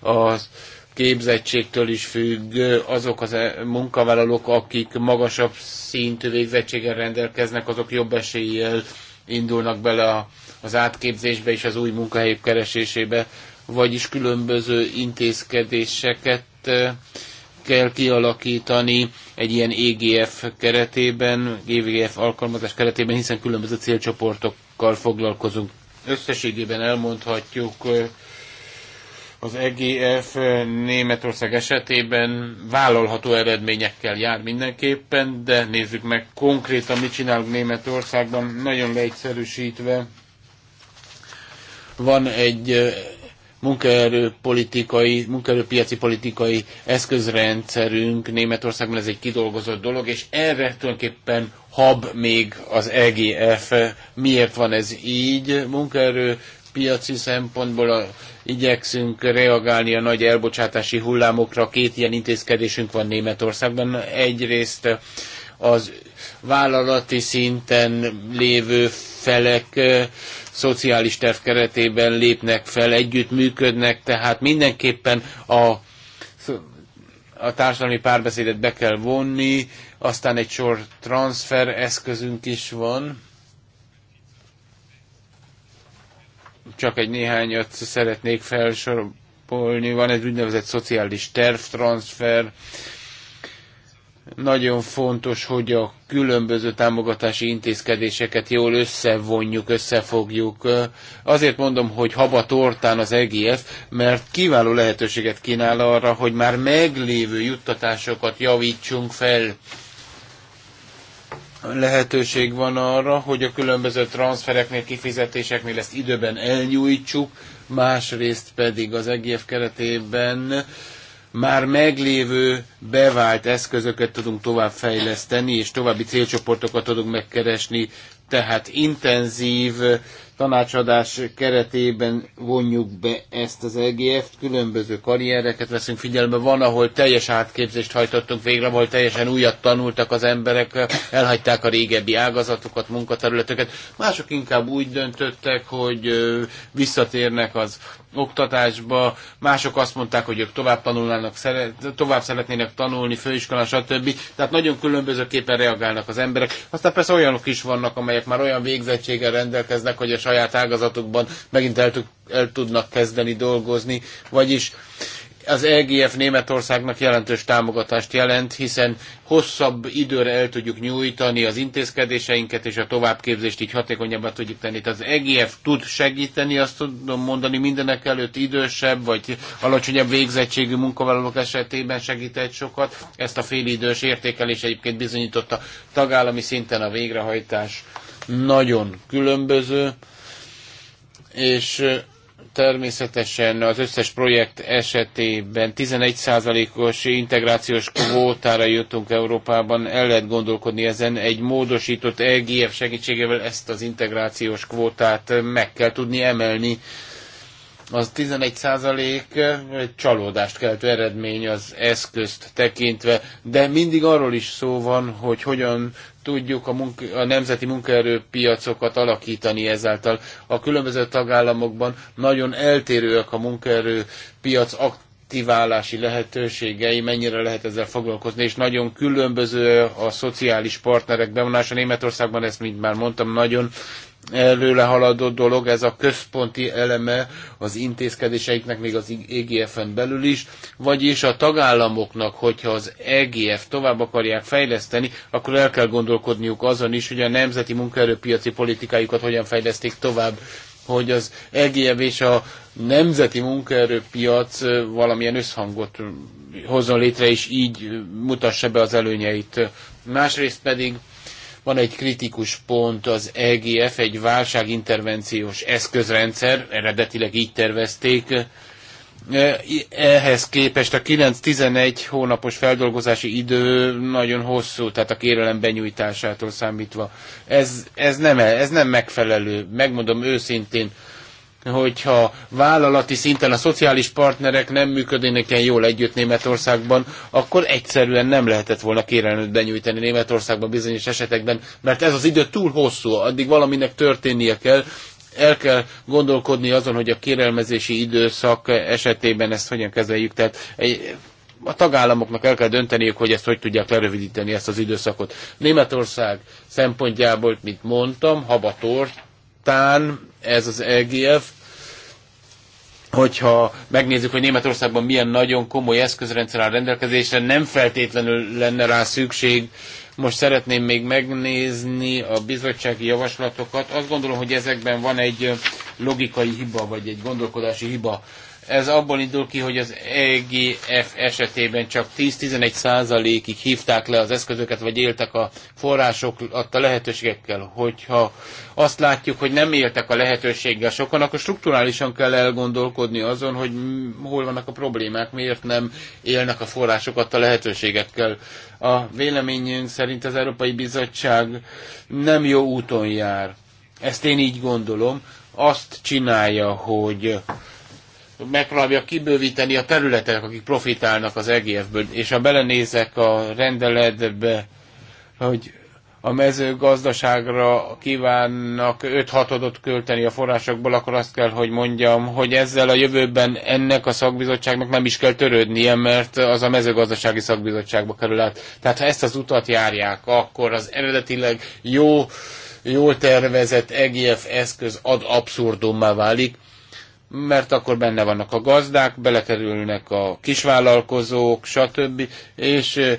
az képzettségtől is függ, azok az eh, munkavállalók, akik magasabb szintű végzettséggel rendelkeznek, azok jobb eséllyel indulnak bele az átképzésbe és az új munkahelyek keresésébe, vagyis különböző intézkedéseket eh, kell kialakítani egy ilyen EGF keretében, EGF alkalmazás keretében, hiszen különböző célcsoportokkal foglalkozunk. Összességében elmondhatjuk, eh, az EGF eh, Németország esetében vállalható eredményekkel jár mindenképpen, de nézzük meg konkrétan, mit csinálunk Németországban, nagyon leegyszerűsítve. Van egy eh, munkaerőpolitikai, munkaerőpiaci politikai eszközrendszerünk Németországban, ez egy kidolgozott dolog, és erre tulajdonképpen hab még az EGF. Miért van ez így? Munkaerő piaci szempontból a, igyekszünk reagálni a nagy elbocsátási hullámokra. Két ilyen intézkedésünk van Németországban. Egyrészt az vállalati szinten lévő felek szociális terv keretében lépnek fel, együttműködnek, tehát mindenképpen a, a társadalmi párbeszédet be kell vonni, aztán egy sor transfer eszközünk is van, csak egy néhányat szeretnék felsorolni. Van egy úgynevezett szociális tervtranszfer. Nagyon fontos, hogy a különböző támogatási intézkedéseket jól összevonjuk, összefogjuk. Azért mondom, hogy haba tortán az EGF, mert kiváló lehetőséget kínál arra, hogy már meglévő juttatásokat javítsunk fel lehetőség van arra, hogy a különböző transfereknél, kifizetéseknél ezt időben elnyújtsuk, másrészt pedig az EGF keretében már meglévő bevált eszközöket tudunk továbbfejleszteni, és további célcsoportokat tudunk megkeresni, tehát intenzív tanácsadás keretében vonjuk be ezt az EGF-t, különböző karriereket veszünk figyelme. Van, ahol teljes átképzést hajtottunk végre, ahol teljesen újat tanultak az emberek, elhagyták a régebbi ágazatokat, munkaterületeket. Mások inkább úgy döntöttek, hogy visszatérnek az oktatásba, mások azt mondták, hogy ők tovább tanulnának, szeret, tovább szeretnének tanulni, főiskolán, stb. Tehát nagyon különbözőképpen reagálnak az emberek. Aztán persze olyanok is vannak, amelyek már olyan végzettséggel rendelkeznek, hogy a saját ágazatukban megint el, el tudnak kezdeni dolgozni. Vagyis az EGF Németországnak jelentős támogatást jelent, hiszen hosszabb időre el tudjuk nyújtani az intézkedéseinket, és a továbbképzést így hatékonyabbá tudjuk tenni. Tehát az EGF tud segíteni, azt tudom mondani mindenek előtt idősebb, vagy alacsonyabb végzettségű munkavállalók esetében segített sokat. Ezt a félidős értékelés egyébként bizonyította tagállami szinten a végrehajtás nagyon különböző, és Természetesen az összes projekt esetében 11%-os integrációs kvótára jutunk Európában. El lehet gondolkodni ezen egy módosított EGF segítségével ezt az integrációs kvótát meg kell tudni emelni. Az 11% egy csalódást keltő eredmény az eszközt tekintve, de mindig arról is szó van, hogy hogyan tudjuk a, munka, a nemzeti munkaerőpiacokat alakítani ezáltal. A különböző tagállamokban nagyon eltérőek a munkaerőpiac aktiválási lehetőségei, mennyire lehet ezzel foglalkozni, és nagyon különböző a szociális partnerek bevonása. Németországban ezt, mint már mondtam, nagyon előre haladó dolog, ez a központi eleme az intézkedéseiknek még az EGF-en belül is, vagyis a tagállamoknak, hogyha az EGF tovább akarják fejleszteni, akkor el kell gondolkodniuk azon is, hogy a nemzeti munkaerőpiaci politikájukat hogyan fejleszték tovább, hogy az EGF és a nemzeti munkaerőpiac valamilyen összhangot hozzon létre, és így mutassa be az előnyeit. Másrészt pedig van egy kritikus pont, az EGF egy válságintervenciós eszközrendszer, eredetileg így tervezték, e, ehhez képest a 9-11 hónapos feldolgozási idő nagyon hosszú, tehát a kérelem benyújtásától számítva. Ez, ez, nem, e, ez nem megfelelő, megmondom őszintén hogyha vállalati szinten a szociális partnerek nem működnének ilyen jól együtt Németországban, akkor egyszerűen nem lehetett volna kérelmet benyújtani Németországban bizonyos esetekben, mert ez az idő túl hosszú, addig valaminek történnie kell, el kell gondolkodni azon, hogy a kérelmezési időszak esetében ezt hogyan kezeljük. Tehát egy, a tagállamoknak el kell dönteniük, hogy ezt hogy tudják lerövidíteni ezt az időszakot. Németország szempontjából, mint mondtam, habatort után ez az EGF, hogyha megnézzük, hogy Németországban milyen nagyon komoly eszközrendszer áll rendelkezésre, nem feltétlenül lenne rá szükség. Most szeretném még megnézni a bizottsági javaslatokat. Azt gondolom, hogy ezekben van egy logikai hiba, vagy egy gondolkodási hiba. Ez abból indul ki, hogy az EGF esetében csak 10-11 százalékig hívták le az eszközöket, vagy éltek a források adta lehetőségekkel. Hogyha azt látjuk, hogy nem éltek a lehetőséggel sokan, akkor strukturálisan kell elgondolkodni azon, hogy hol vannak a problémák, miért nem élnek a források adta lehetőségekkel. A véleményünk szerint az Európai Bizottság nem jó úton jár. Ezt én így gondolom. Azt csinálja, hogy megpróbálja kibővíteni a területek, akik profitálnak az EGF-ből. És ha belenézek a rendeletbe, hogy a mezőgazdaságra kívánnak 5 6 költeni a forrásokból, akkor azt kell, hogy mondjam, hogy ezzel a jövőben ennek a szakbizottságnak nem is kell törődnie, mert az a mezőgazdasági szakbizottságba kerül át. Tehát ha ezt az utat járják, akkor az eredetileg jó, jól tervezett EGF eszköz ad abszurdummá válik, mert akkor benne vannak a gazdák, belekerülnek a kisvállalkozók, stb. És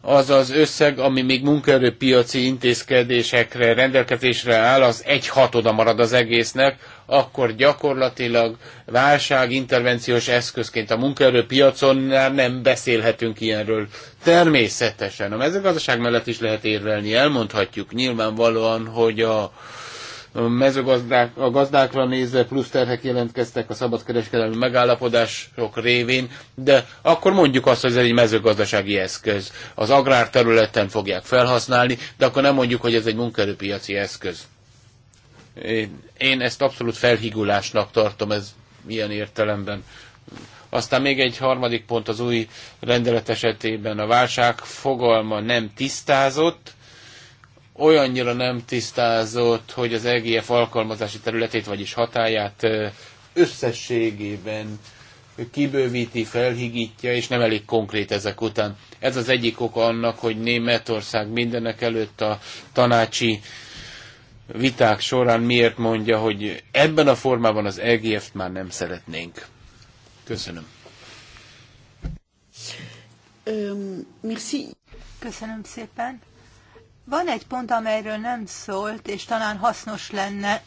az az összeg, ami még munkaerőpiaci intézkedésekre, rendelkezésre áll, az egy hatoda marad az egésznek, akkor gyakorlatilag válságintervenciós eszközként a munkaerőpiacon már nem beszélhetünk ilyenről. Természetesen a mezőgazdaság mellett is lehet érvelni, elmondhatjuk nyilvánvalóan, hogy a mezőgazdák, a gazdákra nézve plusz terhek jelentkeztek a szabadkereskedelmi megállapodások révén, de akkor mondjuk azt, hogy ez egy mezőgazdasági eszköz. Az agrárterületen fogják felhasználni, de akkor nem mondjuk, hogy ez egy munkaerőpiaci eszköz. Én, én ezt abszolút felhigulásnak tartom, ez ilyen értelemben. Aztán még egy harmadik pont az új rendelet esetében a válság fogalma nem tisztázott, olyannyira nem tisztázott, hogy az EGF alkalmazási területét, vagyis hatáját összességében kibővíti, felhigítja, és nem elég konkrét ezek után. Ez az egyik oka annak, hogy Németország mindenek előtt a tanácsi viták során miért mondja, hogy ebben a formában az EGF-t már nem szeretnénk. Köszönöm. Köszönöm szépen. Van egy pont, amelyről nem szólt, és talán hasznos lenne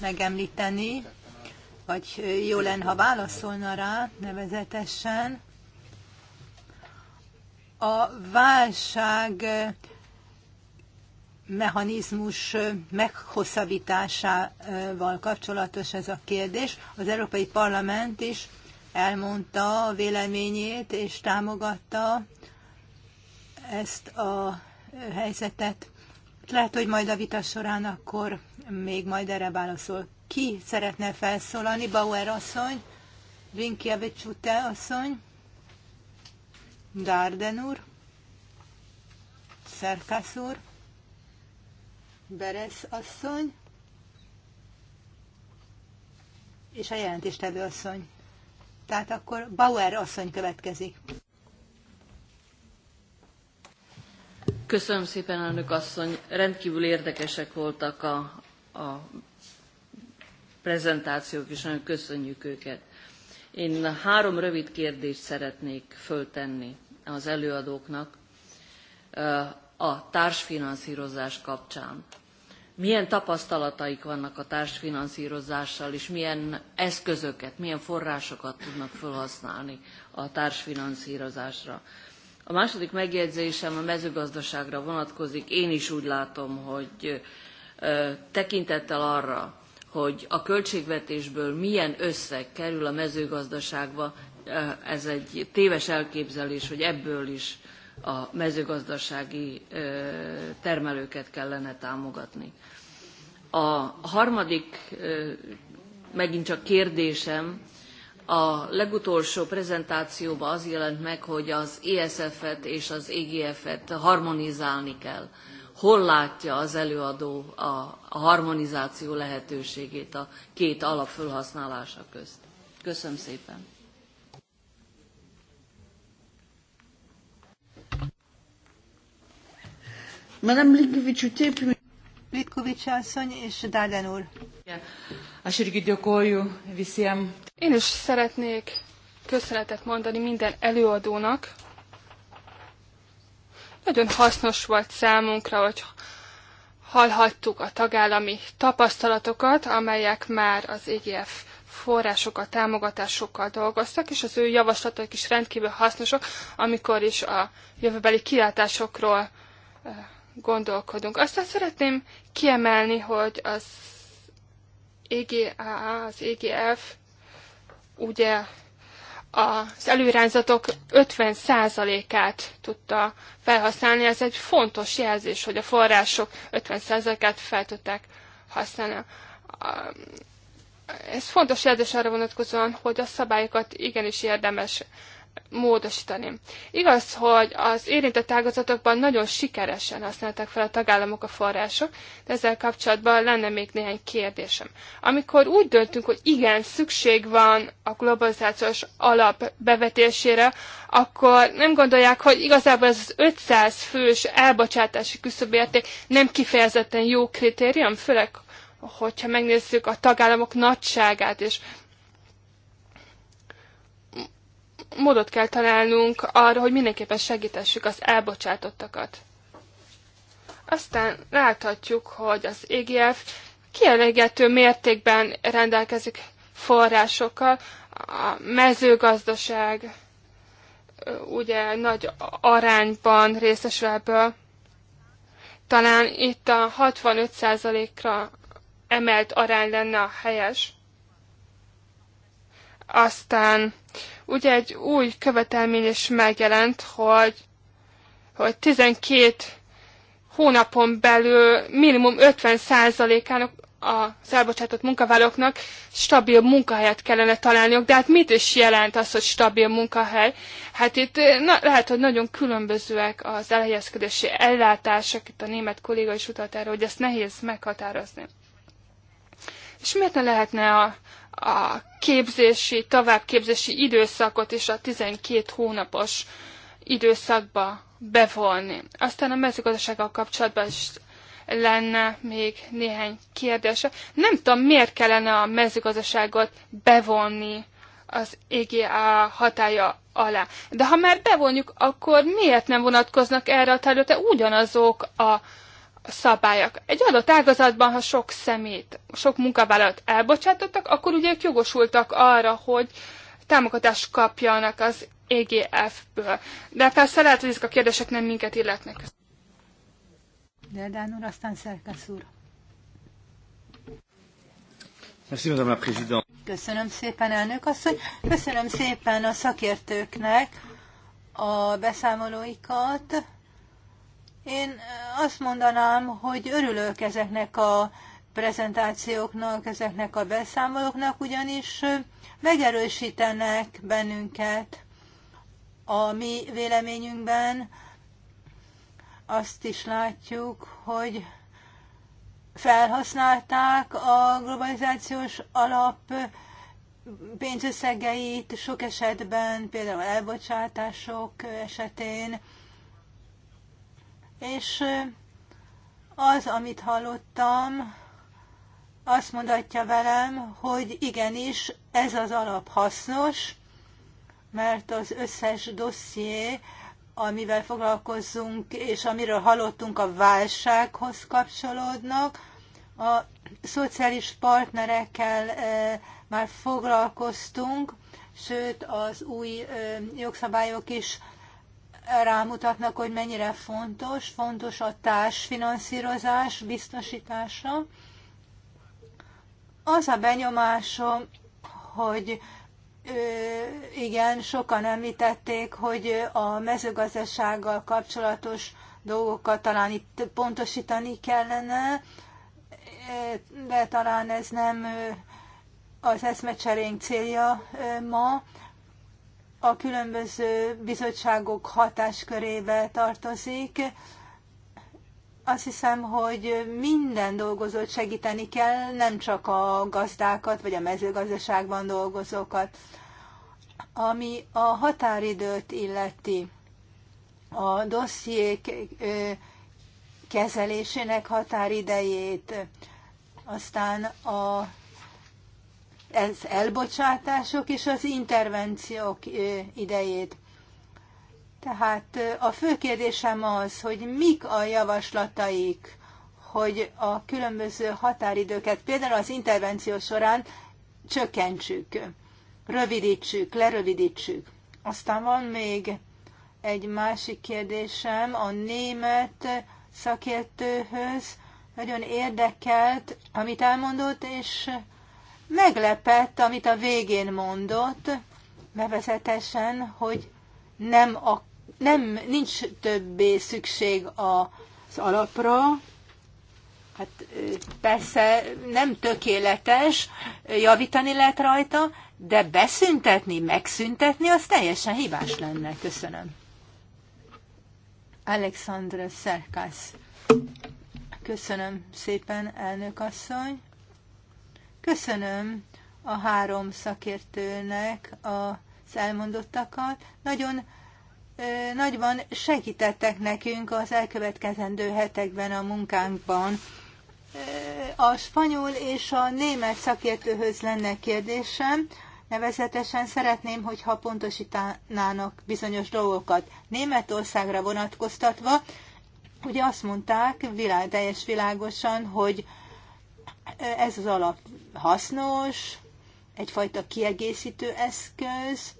megemlíteni, vagy jó lenne, ha válaszolna rá nevezetesen. A válság mechanizmus meghosszabbításával kapcsolatos ez a kérdés. Az Európai Parlament is elmondta a véleményét és támogatta ezt a helyzetet. Lehet, hogy majd a vita során akkor még majd erre válaszol. Ki szeretne felszólalni? Bauer asszony, Rinkjevics Ute asszony, Darden úr, Szerkász úr, Beresz asszony, és a jelentéstevő asszony. Tehát akkor Bauer asszony következik. Köszönöm szépen, elnök asszony. Rendkívül érdekesek voltak a, a prezentációk, és nagyon köszönjük őket. Én három rövid kérdést szeretnék föltenni az előadóknak a társfinanszírozás kapcsán. Milyen tapasztalataik vannak a társfinanszírozással, és milyen eszközöket, milyen forrásokat tudnak felhasználni a társfinanszírozásra? A második megjegyzésem a mezőgazdaságra vonatkozik. Én is úgy látom, hogy tekintettel arra, hogy a költségvetésből milyen összeg kerül a mezőgazdaságba, ez egy téves elképzelés, hogy ebből is a mezőgazdasági termelőket kellene támogatni. A harmadik, megint csak kérdésem, a legutolsó prezentációban az jelent meg, hogy az ESF-et és az EGF-et harmonizálni kell. Hol látja az előadó a, a harmonizáció lehetőségét a két alap felhasználása közt? Köszönöm szépen! Madame Litkovics asszony és Dáden úr. Aš én is szeretnék köszönetet mondani minden előadónak. Nagyon hasznos volt számunkra, hogy hallhattuk a tagállami tapasztalatokat, amelyek már az EGF forrásokkal, támogatásokkal dolgoztak, és az ő javaslataik is rendkívül hasznosak, amikor is a jövőbeli kilátásokról eh, gondolkodunk. Aztán szeretném kiemelni, hogy az EGA, az EGF ugye az előirányzatok 50%-át tudta felhasználni. Ez egy fontos jelzés, hogy a források 50%-át fel tudták használni. Ez fontos jelzés arra vonatkozóan, hogy a szabályokat igenis érdemes módosítani. Igaz, hogy az érintett ágazatokban nagyon sikeresen használták fel a tagállamok a források, de ezzel kapcsolatban lenne még néhány kérdésem. Amikor úgy döntünk, hogy igen, szükség van a globalizációs alap bevetésére, akkor nem gondolják, hogy igazából ez az 500 fős elbocsátási küszöbérték nem kifejezetten jó kritérium, főleg hogyha megnézzük a tagállamok nagyságát és módot kell találnunk arra, hogy mindenképpen segítessük az elbocsátottakat. Aztán láthatjuk, hogy az EGF kielégető mértékben rendelkezik forrásokkal, a mezőgazdaság ugye nagy arányban részesül ebből. Talán itt a 65%-ra emelt arány lenne a helyes. Aztán ugye egy új követelmény is megjelent, hogy, hogy 12 hónapon belül minimum 50%-ának az elbocsátott munkavállalóknak stabil munkahelyet kellene találniuk, de hát mit is jelent az, hogy stabil munkahely? Hát itt eh, na, lehet, hogy nagyon különbözőek az elhelyezkedési ellátások, itt a német kolléga is utalt erre, hogy ezt nehéz meghatározni. És miért ne lehetne a, a képzési, továbbképzési időszakot is a 12 hónapos időszakba bevonni. Aztán a mezőgazdasággal kapcsolatban is lenne még néhány kérdése. Nem tudom, miért kellene a mezőgazdaságot bevonni az EGA hatája alá. De ha már bevonjuk, akkor miért nem vonatkoznak erre a területre ugyanazok a szabályok. Egy adott ágazatban, ha sok szemét, sok munkavállalat elbocsátottak, akkor ugye ők jogosultak arra, hogy támogatást kapjanak az EGF-ből. De persze lehet, hogy ezek a kérdések nem minket illetnek. Deldán úr, aztán Szerkesz úr. Köszönöm szépen, elnök asszony. Köszönöm szépen a szakértőknek a beszámolóikat. Én azt mondanám, hogy örülök ezeknek a prezentációknak, ezeknek a beszámolóknak, ugyanis megerősítenek bennünket a mi véleményünkben. Azt is látjuk, hogy felhasználták a globalizációs alap pénzösszegeit sok esetben, például elbocsátások esetén, és az, amit hallottam, azt mondatja velem, hogy igenis ez az alap hasznos, mert az összes dosszié, amivel foglalkozzunk, és amiről hallottunk, a válsághoz kapcsolódnak. A szociális partnerekkel már foglalkoztunk, sőt az új jogszabályok is rámutatnak, hogy mennyire fontos, fontos a társfinanszírozás biztosítása. Az a benyomásom, hogy igen, sokan említették, hogy a mezőgazdasággal kapcsolatos dolgokat talán itt pontosítani kellene, de talán ez nem az eszmecserénk célja ma a különböző bizottságok hatáskörébe tartozik. Azt hiszem, hogy minden dolgozót segíteni kell, nem csak a gazdákat, vagy a mezőgazdaságban dolgozókat. Ami a határidőt illeti, a dossziék kezelésének határidejét, aztán a az elbocsátások és az intervenciók idejét. Tehát a fő kérdésem az, hogy mik a javaslataik, hogy a különböző határidőket például az intervenció során csökkentsük, rövidítsük, lerövidítsük. Aztán van még egy másik kérdésem a német szakértőhöz. Nagyon érdekelt, amit elmondott, és meglepett, amit a végén mondott, nevezetesen, hogy nem, a, nem nincs többé szükség az alapra, hát persze nem tökéletes, javítani lehet rajta, de beszüntetni, megszüntetni, az teljesen hibás lenne. Köszönöm. Alexandra Szerkász. Köszönöm szépen, elnök asszony. Köszönöm a három szakértőnek az elmondottakat. Nagyon nagyban segítettek nekünk az elkövetkezendő hetekben a munkánkban. A spanyol és a német szakértőhöz lenne kérdésem. Nevezetesen szeretném, hogyha pontosítanának bizonyos dolgokat. Németországra vonatkoztatva, ugye azt mondták világ, teljes világosan, hogy ez az alap hasznos, egyfajta kiegészítő eszköz,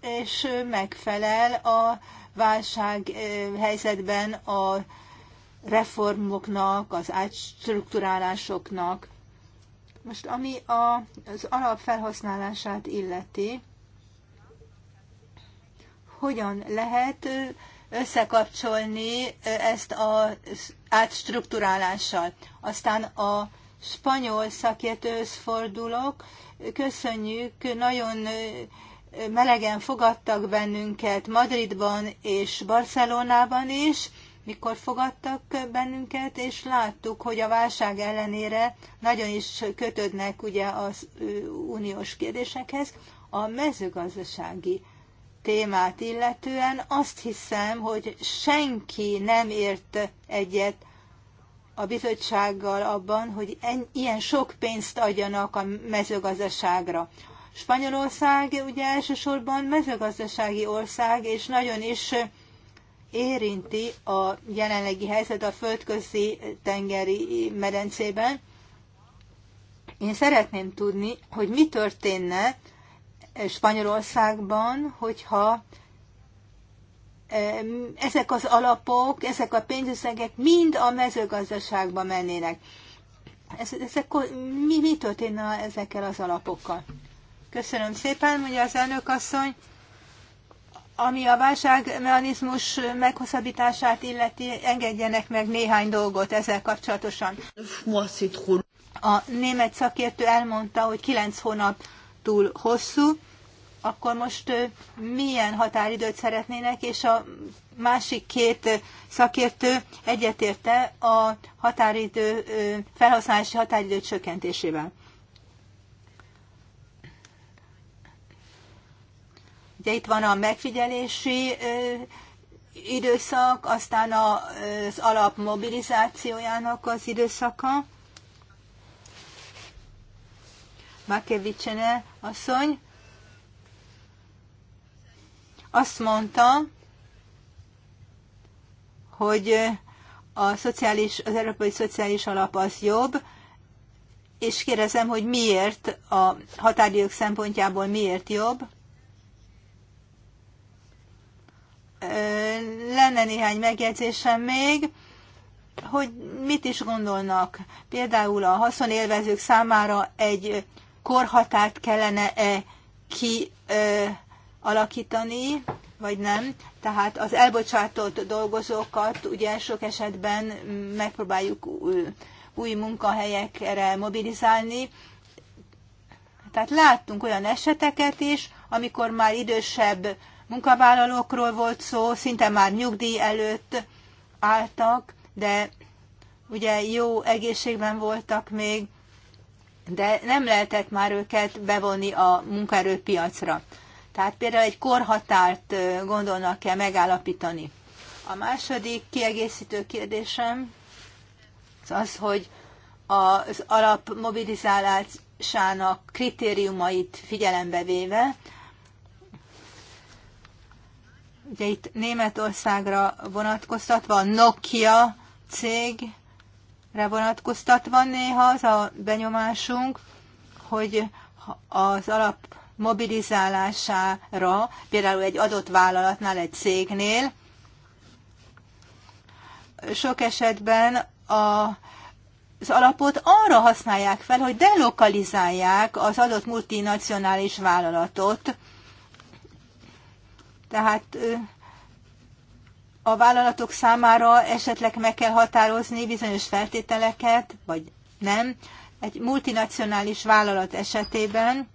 és megfelel a válság helyzetben a reformoknak, az átstruktúrálásoknak. Most ami a, az alap felhasználását illeti, hogyan lehet összekapcsolni ezt az átstruktúrálással. Aztán a spanyol szakértőhöz fordulok. Köszönjük, nagyon melegen fogadtak bennünket Madridban és Barcelonában is, mikor fogadtak bennünket, és láttuk, hogy a válság ellenére nagyon is kötődnek ugye az uniós kérdésekhez. A mezőgazdasági témát illetően azt hiszem, hogy senki nem ért egyet a bizottsággal abban, hogy en, ilyen sok pénzt adjanak a mezőgazdaságra. Spanyolország ugye elsősorban mezőgazdasági ország, és nagyon is érinti a jelenlegi helyzet a földközi tengeri medencében. Én szeretném tudni, hogy mi történne, Spanyolországban, hogyha ezek az alapok, ezek a pénzösszegek mind a mezőgazdaságba mennének. Ezek, mi, mi történne ezekkel az alapokkal? Köszönöm szépen, mondja az elnök asszony. Ami a válságmechanizmus meghosszabbítását illeti, engedjenek meg néhány dolgot ezzel kapcsolatosan. A német szakértő elmondta, hogy kilenc hónap túl hosszú, akkor most milyen határidőt szeretnének, és a másik két szakértő egyetérte a határidő, felhasználási határidő csökkentésével. Ugye itt van a megfigyelési időszak, aztán az alap mobilizációjának az időszaka. Makevicsene asszony azt mondta, hogy a szociális, az Európai Szociális Alap az jobb, és kérdezem, hogy miért a határidők szempontjából miért jobb. Lenne néhány megjegyzésem még, hogy mit is gondolnak. Például a haszonélvezők számára egy korhatárt kellene-e kialakítani, vagy nem. Tehát az elbocsátott dolgozókat ugye sok esetben megpróbáljuk új munkahelyekre mobilizálni. Tehát láttunk olyan eseteket is, amikor már idősebb munkavállalókról volt szó, szinte már nyugdíj előtt álltak, de ugye jó egészségben voltak még, de nem lehetett már őket bevonni a munkaerőpiacra. Tehát például egy korhatárt gondolnak-e megállapítani. A második kiegészítő kérdésem az az, hogy az alapmobilizálásának kritériumait figyelembe véve, ugye itt Németországra vonatkoztatva a Nokia cég vonatkoztatva néha az a benyomásunk, hogy az alap mobilizálására, például egy adott vállalatnál, egy cégnél, sok esetben a, az alapot arra használják fel, hogy delokalizálják az adott multinacionális vállalatot. Tehát a vállalatok számára esetleg meg kell határozni bizonyos feltételeket, vagy nem. Egy multinacionális vállalat esetében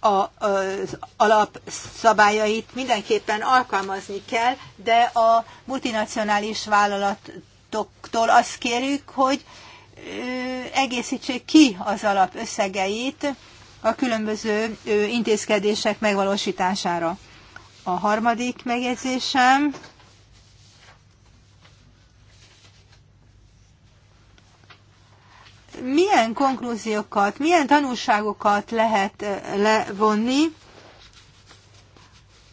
a, az alapszabályait mindenképpen alkalmazni kell, de a multinacionális vállalatoktól azt kérjük, hogy egészítsék ki az alapösszegeit, a különböző intézkedések megvalósítására. A harmadik megjegyzésem milyen konklúziókat, milyen tanulságokat lehet levonni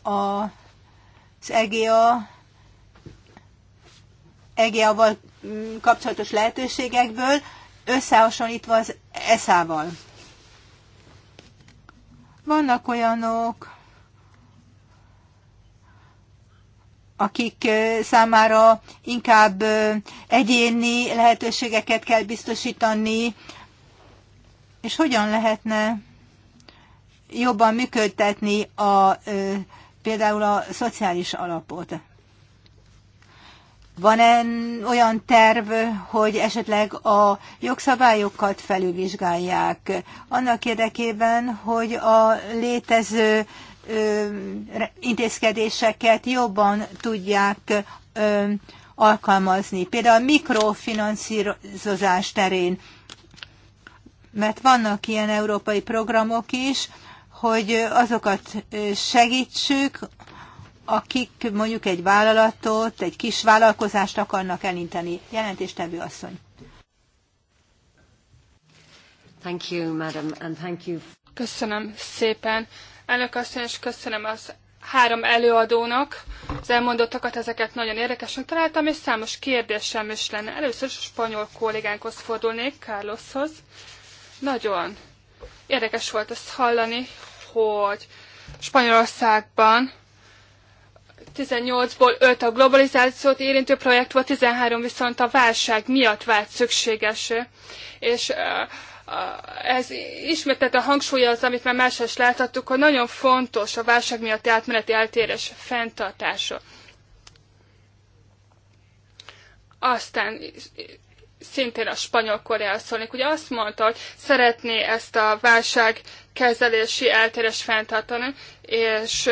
az EGA EGA-val kapcsolatos lehetőségekből, összehasonlítva az ESZÁ-val. Vannak olyanok, akik számára inkább egyéni lehetőségeket kell biztosítani, és hogyan lehetne jobban működtetni a, például a szociális alapot. Van-e olyan terv, hogy esetleg a jogszabályokat felülvizsgálják annak érdekében, hogy a létező intézkedéseket jobban tudják alkalmazni, például a mikrofinanszírozás terén, mert vannak ilyen európai programok is, hogy azokat segítsük, akik mondjuk egy vállalatot, egy kis vállalkozást akarnak elinteni. Jelentéstevő asszony. Thank you, madam, and thank you. Köszönöm szépen. Elnök asszony, és köszönöm az három előadónak az elmondottakat, ezeket nagyon érdekesen találtam, és számos kérdésem is lenne. Először is a spanyol kollégánkhoz fordulnék, Carloshoz. Nagyon érdekes volt ezt hallani, hogy Spanyolországban 18-ból 5 a globalizációt érintő projekt volt, 13 viszont a válság miatt vált szükséges. És ez ismételt a hangsúly az, amit már máshol is láthattuk, hogy nagyon fontos a válság miatt átmeneti eltérés fenntartása. Aztán szintén a spanyol koreához szólnék. Ugye azt mondta, hogy szeretné ezt a válság kezelési eltérés fenntartani, és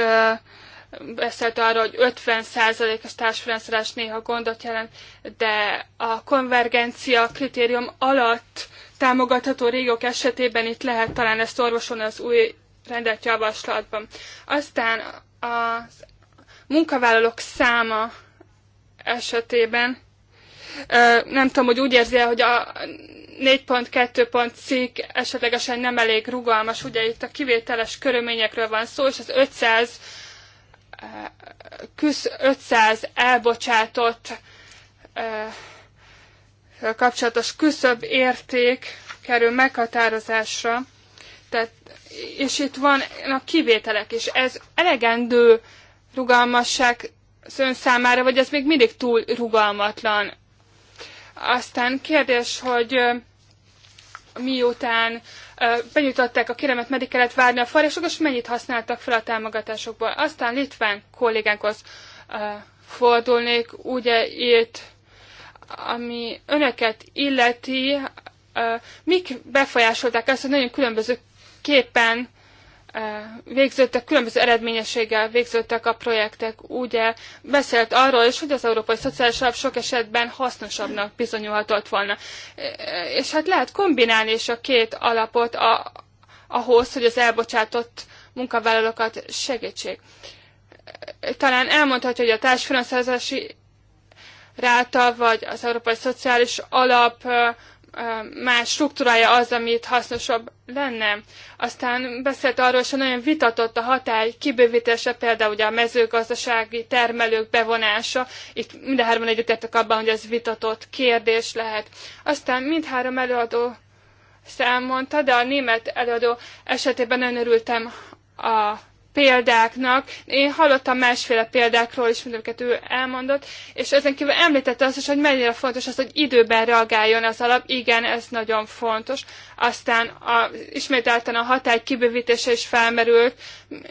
beszélt arról, hogy 50%-os társfinanszírozás néha gondot jelent, de a konvergencia kritérium alatt támogatható régiók esetében itt lehet talán ezt orvosolni az új rendelt javaslatban. Aztán a munkavállalók száma esetében nem tudom, hogy úgy érzi hogy a 4.2 pont cikk esetlegesen nem elég rugalmas, ugye itt a kivételes körülményekről van szó, és az 500 küsz 500 elbocsátott kapcsolatos küszöbb érték kerül meghatározásra, tehát, és itt van a kivételek, is. ez elegendő rugalmasság az ön számára, vagy ez még mindig túl rugalmatlan. Aztán kérdés, hogy miután benyújtották a kéremet, meddig kellett várni a források, és mennyit használtak fel a támogatásokból. Aztán litván kollégánkhoz fordulnék, ugye itt, ami önöket illeti, mik befolyásolták ezt? hogy nagyon különböző képen végződtek, különböző eredményességgel végződtek a projektek. Ugye beszélt arról is, hogy az Európai Szociális Alap sok esetben hasznosabbnak bizonyulhatott volna. És hát lehet kombinálni is a két alapot a, ahhoz, hogy az elbocsátott munkavállalókat segítség. Talán elmondhatja, hogy a társfinanszírozási ráta, vagy az Európai Szociális Alap más struktúrája az, amit hasznosabb lenne. Aztán beszélt arról, hogy nagyon vitatott a hatály kibővítése, például ugye a mezőgazdasági termelők bevonása. Itt mindhárman egyetértek abban, hogy ez vitatott kérdés lehet. Aztán mindhárom előadó elmondta, de a német előadó esetében nagyon örültem a példáknak. Én hallottam másféle példákról is, mint amiket ő elmondott, és ezen kívül említette azt is, hogy mennyire fontos az, hogy időben reagáljon az alap. Igen, ez nagyon fontos. Aztán a, ismételten a hatály kibővítése is felmerült.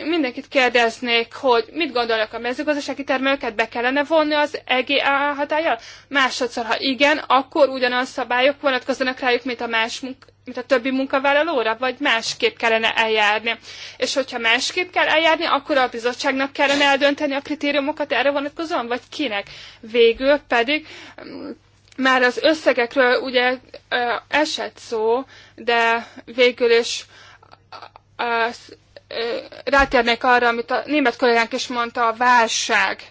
Mindenkit kérdeznék, hogy mit gondolnak a mezőgazdasági termelőket, be kellene vonni az EGA hatája? Másodszor, ha igen, akkor ugyanaz szabályok vonatkoznak rájuk, mint a más munk mint a többi munkavállalóra, vagy másképp kellene eljárni. És hogyha másképp kell eljárni, akkor a bizottságnak kellene eldönteni a kritériumokat erre vonatkozóan, vagy kinek. Végül pedig mm, már az összegekről ugye esett szó, de végül is rátérnék arra, amit a német kollégánk is mondta, a válság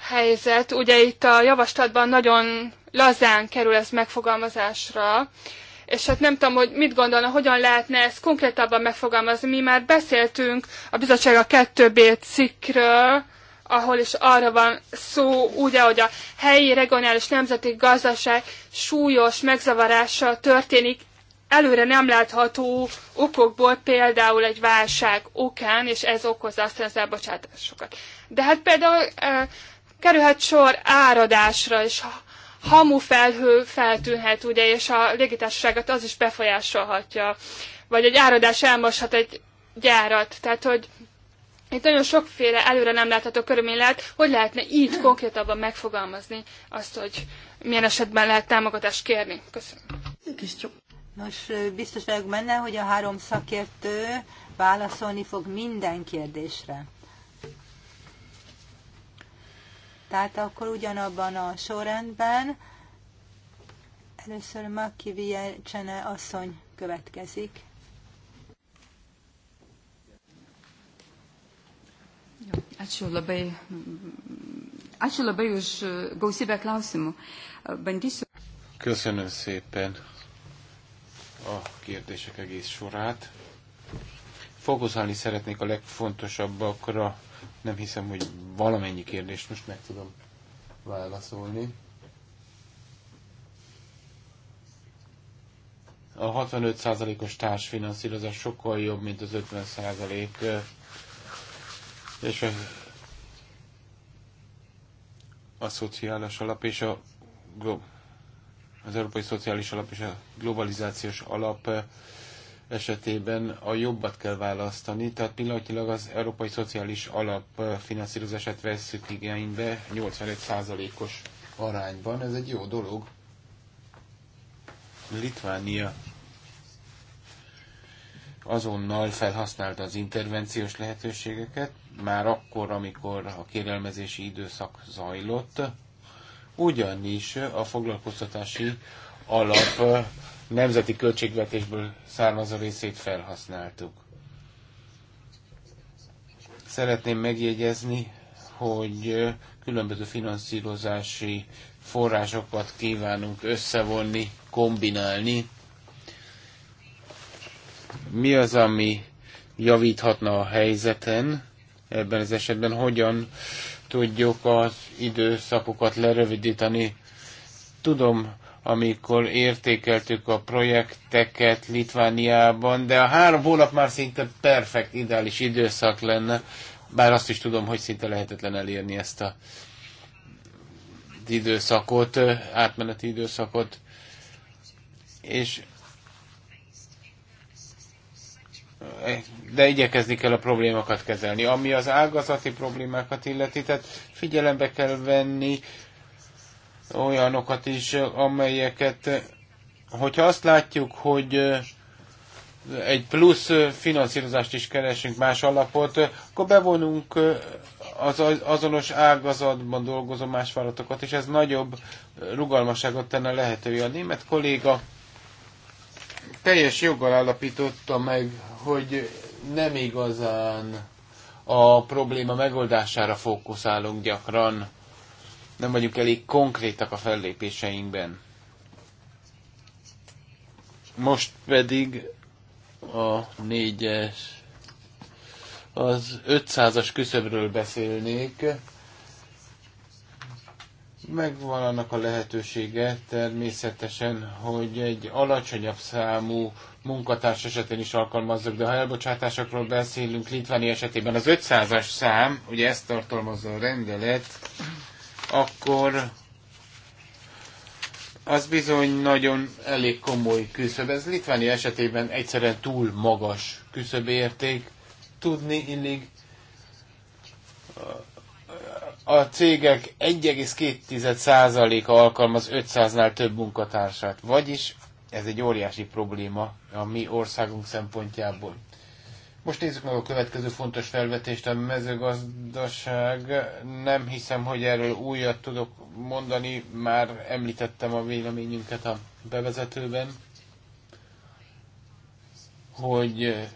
helyzet. Ugye itt a javaslatban nagyon lazán kerül ez megfogalmazásra, és hát nem tudom, hogy mit gondolna, hogyan lehetne ezt konkrétabban megfogalmazni. Mi már beszéltünk a bizottság a 2B cikkről, ahol is arra van szó, ugye, hogy a helyi, regionális, nemzeti gazdaság súlyos megzavarása történik, előre nem látható okokból, például egy válság okán, és ez okozza aztán az elbocsátásokat. De hát például e, kerülhet sor áradásra, és hamufelhő feltűnhet, ugye, és a légitársaságot az is befolyásolhatja. Vagy egy áradás elmoshat egy gyárat. Tehát, hogy itt nagyon sokféle előre nem látható körülmény lehet, hogy lehetne így konkrétabban megfogalmazni azt, hogy milyen esetben lehet támogatást kérni. Köszönöm. Nos, biztos vagyok benne, hogy a három szakértő válaszolni fog minden kérdésre. Tehát akkor ugyanabban a sorrendben először Maki Vijelcsene asszony következik. Ačiū labai, ačiū labai už e, gausybę klausimų. E, bandysiu. Köszönöm szépen a kérdések egész sorát. Fokozálni szeretnék a legfontosabbakra, nem hiszem, hogy valamennyi kérdést most meg tudom válaszolni. A 65%-os társfinanszírozás sokkal jobb, mint az 50%, és a, a szociális alap és a az Európai Szociális Alap és a Globalizációs Alap esetében a jobbat kell választani, tehát pillanatilag az Európai Szociális Alap eh, finanszírozását vesszük igénybe 85%-os arányban, ez egy jó dolog. Litvánia azonnal felhasználta az intervenciós lehetőségeket, már akkor, amikor a kérelmezési időszak zajlott, ugyanis a foglalkoztatási alap eh, nemzeti költségvetésből származó részét felhasználtuk. Szeretném megjegyezni, hogy különböző finanszírozási forrásokat kívánunk összevonni, kombinálni. Mi az, ami javíthatna a helyzeten? Ebben az esetben hogyan tudjuk az időszakokat lerövidíteni? Tudom, amikor értékeltük a projekteket Litvániában, de a három hónap már szinte perfekt, ideális időszak lenne, bár azt is tudom, hogy szinte lehetetlen elérni ezt a időszakot, átmeneti időszakot. És de igyekezni kell a problémákat kezelni. Ami az ágazati problémákat illeti, tehát figyelembe kell venni, olyanokat is, amelyeket, hogyha azt látjuk, hogy egy plusz finanszírozást is keresünk más alapot, akkor bevonunk az azonos ágazatban dolgozó más vállalatokat, és ez nagyobb rugalmasságot tenne lehetővé. A német kolléga teljes joggal állapította meg, hogy nem igazán a probléma megoldására fókuszálunk gyakran nem vagyunk elég konkrétak a fellépéseinkben. Most pedig a négyes, az 500-as küszöbről beszélnék. Megvan annak a lehetősége természetesen, hogy egy alacsonyabb számú munkatárs esetén is alkalmazzuk, de ha elbocsátásokról beszélünk, Litváni esetében az 500-as szám, ugye ezt tartalmazza a rendelet, akkor az bizony nagyon elég komoly küszöb. Ez Litvánia esetében egyszerűen túl magas küszöbérték. Tudni illik a cégek 1,2%-a alkalmaz 500-nál több munkatársát. Vagyis ez egy óriási probléma a mi országunk szempontjából. Most nézzük meg a következő fontos felvetést, a mezőgazdaság. Nem hiszem, hogy erről újat tudok mondani, már említettem a véleményünket a bevezetőben, hogy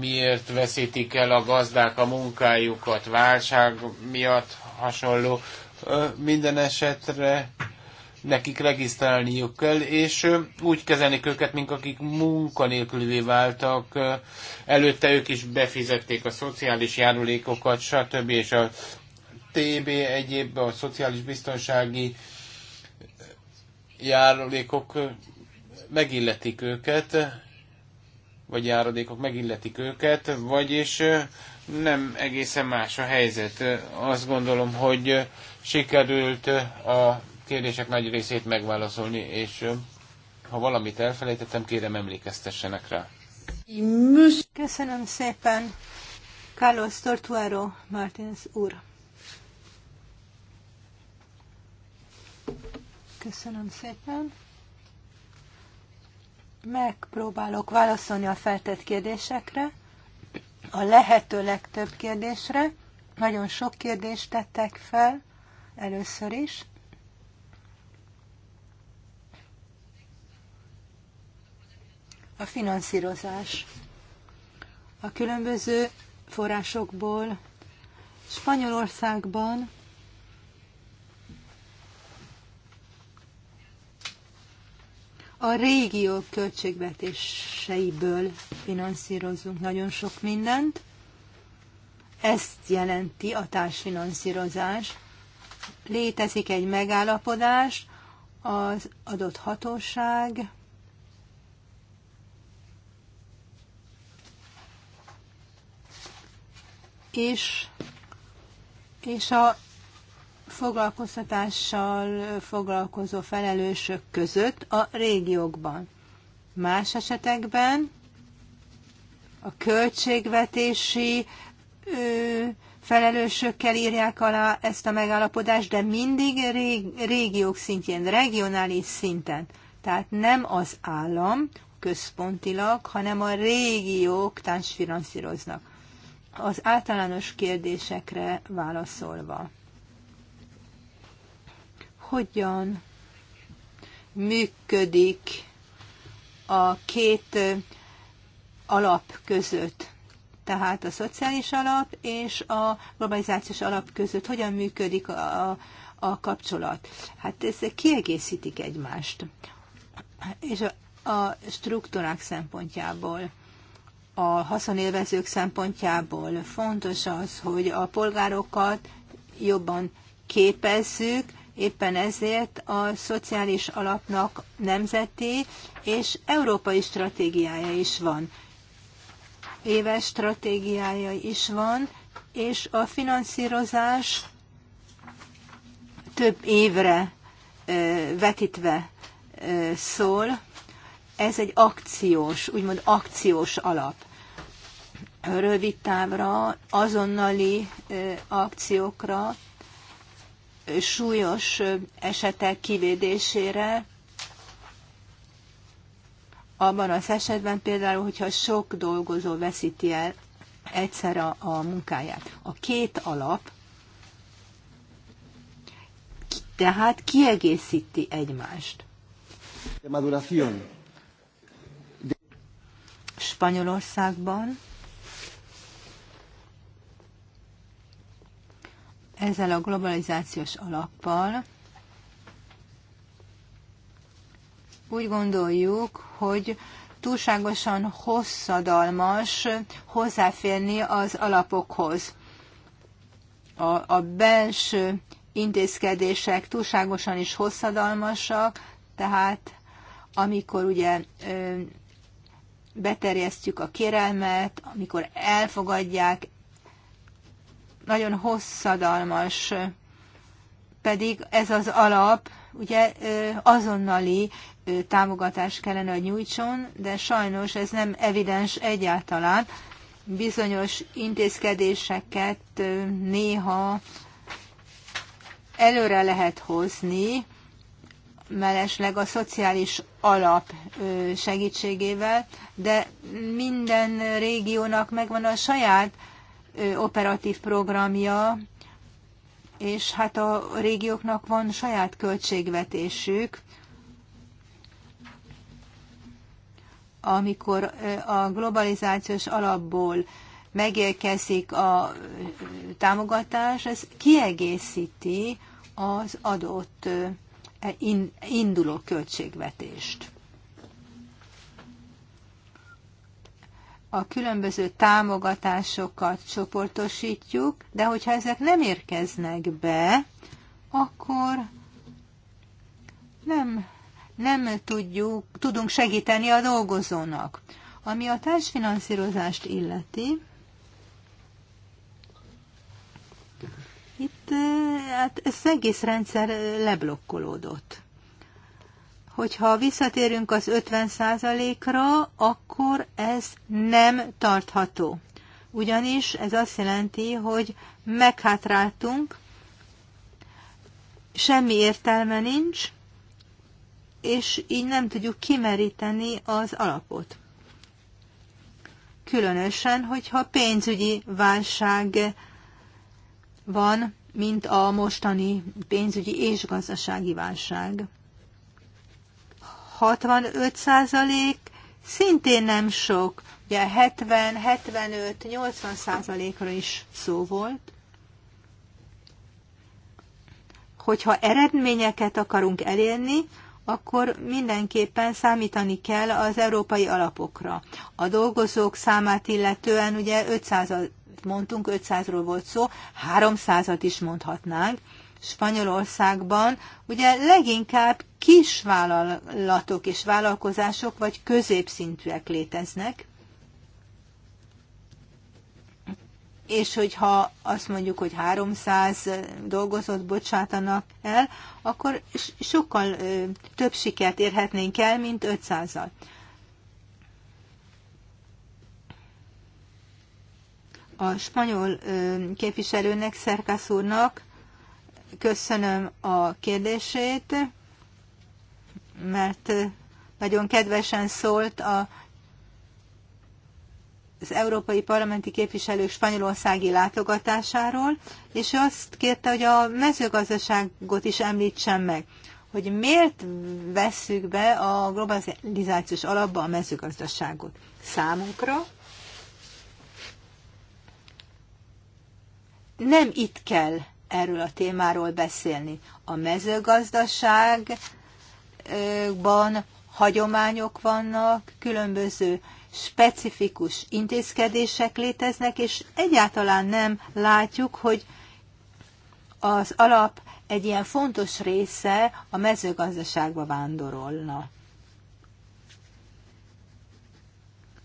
miért veszítik el a gazdák a munkájukat válság miatt hasonló. Minden esetre nekik regisztrálniuk kell, és úgy kezelni őket, mint akik munkanélkülvé váltak, előtte ők is befizették a szociális járulékokat, stb. és a TB egyéb a szociális biztonsági járulékok megilletik őket, vagy járadékok megilletik őket, vagyis nem egészen más a helyzet. Azt gondolom, hogy sikerült a kérdések nagy részét megválaszolni, és ha valamit elfelejtettem, kérem emlékeztessenek rá. Köszönöm szépen, Carlos tortuero, Martínez úr. Köszönöm szépen. Megpróbálok válaszolni a feltett kérdésekre, a lehető legtöbb kérdésre. Nagyon sok kérdést tettek fel először is. a finanszírozás a különböző forrásokból Spanyolországban a régió költségvetéseiből finanszírozunk nagyon sok mindent. Ezt jelenti a társfinanszírozás. Létezik egy megállapodás, az adott hatóság és és a foglalkoztatással foglalkozó felelősök között a régiókban. Más esetekben a költségvetési ö, felelősökkel írják alá ezt a megállapodást, de mindig rég, régiók szintjén, regionális szinten. Tehát nem az állam központilag, hanem a régiók társfinanszíroznak az általános kérdésekre válaszolva. Hogyan működik a két alap között? Tehát a szociális alap és a globalizációs alap között hogyan működik a, a kapcsolat? Hát ezek kiegészítik egymást. És a, a struktúrák szempontjából a haszonélvezők szempontjából fontos az, hogy a polgárokat jobban képezzük, éppen ezért a szociális alapnak nemzeti és európai stratégiája is van. Éves stratégiája is van, és a finanszírozás több évre vetítve szól. Ez egy akciós, úgymond akciós alap rövid távra, azonnali akciókra, súlyos esetek kivédésére, abban az esetben például, hogyha sok dolgozó veszíti el egyszer a, a munkáját. A két alap tehát kiegészíti egymást. Spanyolországban ezzel a globalizációs alappal úgy gondoljuk, hogy túlságosan hosszadalmas hozzáférni az alapokhoz. A, a belső intézkedések túlságosan is hosszadalmasak, tehát amikor ugye beterjesztjük a kérelmet, amikor elfogadják, nagyon hosszadalmas, pedig ez az alap, ugye azonnali támogatást kellene, hogy nyújtson, de sajnos ez nem evidens egyáltalán. Bizonyos intézkedéseket néha előre lehet hozni, mellesleg a szociális alap segítségével, de minden régiónak megvan a saját operatív programja, és hát a régióknak van saját költségvetésük, amikor a globalizációs alapból megérkezik a támogatás, ez kiegészíti az adott e, induló költségvetést. a különböző támogatásokat csoportosítjuk, de hogyha ezek nem érkeznek be, akkor nem, nem tudjuk, tudunk segíteni a dolgozónak. Ami a társfinanszírozást illeti, itt eh, hát ez egész rendszer leblokkolódott hogyha visszatérünk az 50%-ra, akkor ez nem tartható. Ugyanis ez azt jelenti, hogy meghátráltunk, semmi értelme nincs, és így nem tudjuk kimeríteni az alapot. Különösen, hogyha pénzügyi válság van, mint a mostani pénzügyi és gazdasági válság. 65% szintén nem sok, ugye 70, 75, 80 százalékra is szó volt. Hogyha eredményeket akarunk elérni, akkor mindenképpen számítani kell az európai alapokra. A dolgozók számát illetően ugye 500-at mondtunk, 500-ról volt szó, 300-at is mondhatnánk. Spanyolországban ugye leginkább Kis vállalatok és vállalkozások vagy középszintűek léteznek, és hogyha azt mondjuk, hogy 300 dolgozót bocsátanak el, akkor sokkal több sikert érhetnénk el, mint 500-al. A spanyol képviselőnek, Szerkász úrnak köszönöm a kérdését mert nagyon kedvesen szólt a, az európai parlamenti képviselők spanyolországi látogatásáról, és azt kérte, hogy a mezőgazdaságot is említsen meg, hogy miért vesszük be a globalizációs alapba a mezőgazdaságot számunkra. Nem itt kell erről a témáról beszélni. A mezőgazdaság ban hagyományok vannak, különböző specifikus intézkedések léteznek, és egyáltalán nem látjuk, hogy az alap egy ilyen fontos része a mezőgazdaságba vándorolna.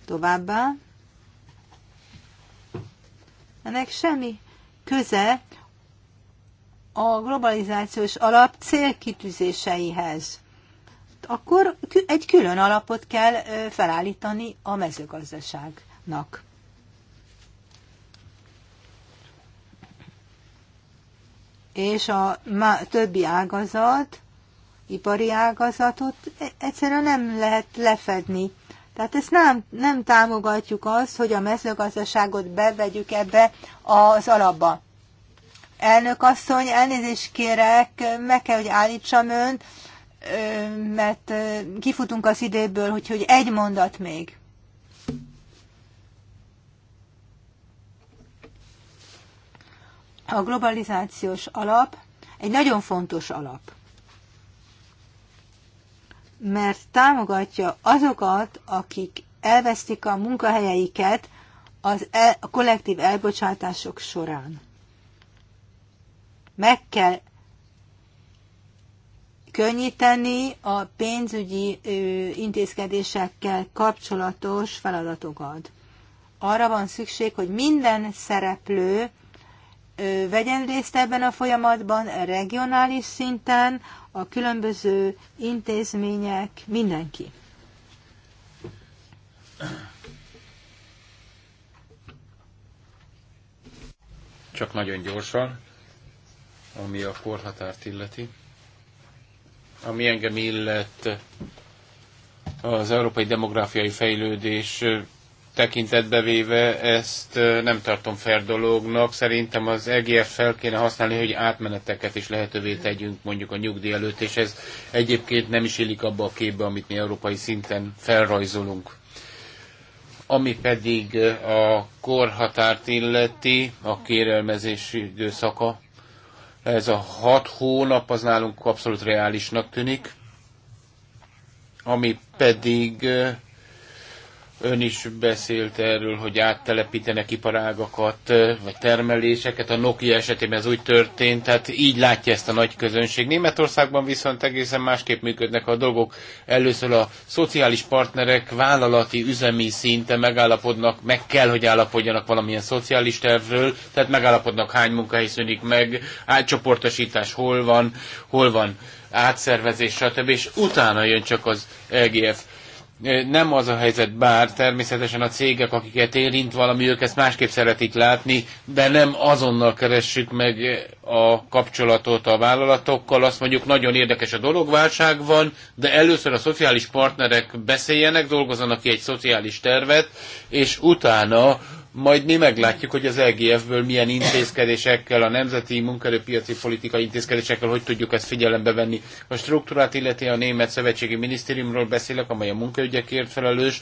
Továbbá ennek semmi köze a globalizációs alap célkitűzéseihez akkor egy külön alapot kell felállítani a mezőgazdaságnak. És a többi ágazat, ipari ágazatot e- egyszerűen nem lehet lefedni. Tehát ezt nem, nem támogatjuk azt, hogy a mezőgazdaságot bevegyük ebbe az alapba. Elnök asszony, elnézést kérek, meg kell, hogy állítsam önt, mert kifutunk az időből, úgyhogy egy mondat még. A globalizációs alap egy nagyon fontos alap, mert támogatja azokat, akik elvesztik a munkahelyeiket az el, a kollektív elbocsátások során. Meg kell könnyíteni a pénzügyi intézkedésekkel kapcsolatos feladatokat. Arra van szükség, hogy minden szereplő vegyen részt ebben a folyamatban, regionális szinten, a különböző intézmények, mindenki. Csak nagyon gyorsan, ami a korhatárt illeti ami engem illet az európai demográfiai fejlődés tekintetbe véve ezt nem tartom fair dolognak. Szerintem az EGF fel kéne használni, hogy átmeneteket is lehetővé tegyünk mondjuk a nyugdíj előtt, és ez egyébként nem is illik abba a képbe, amit mi európai szinten felrajzolunk. Ami pedig a korhatárt illeti, a kérelmezési időszaka, ez a hat hónap az nálunk abszolút reálisnak tűnik, ami pedig eh, Ön is beszélt erről, hogy áttelepítenek iparágakat, vagy termeléseket. A Nokia esetében ez úgy történt, tehát így látja ezt a nagy közönség. Németországban viszont egészen másképp működnek a dolgok. Először a szociális partnerek vállalati, üzemi szinte megállapodnak, meg kell, hogy állapodjanak valamilyen szociális tervről, tehát megállapodnak hány munkahely szűnik meg, átcsoportosítás hol van, hol van átszervezés, stb. És utána jön csak az EGF nem az a helyzet, bár természetesen a cégek, akiket érint valami, ők ezt másképp szeretik látni, de nem azonnal keressük meg a kapcsolatot a vállalatokkal. Azt mondjuk, nagyon érdekes a dolog, válság van, de először a szociális partnerek beszéljenek, dolgozzanak ki egy szociális tervet, és utána majd mi meglátjuk, hogy az egf ből milyen intézkedésekkel, a nemzeti munkerőpiaci politikai intézkedésekkel hogy tudjuk ezt figyelembe venni. A struktúrát illeti a Német Szövetségi Minisztériumról beszélek, amely a munkaügyekért felelős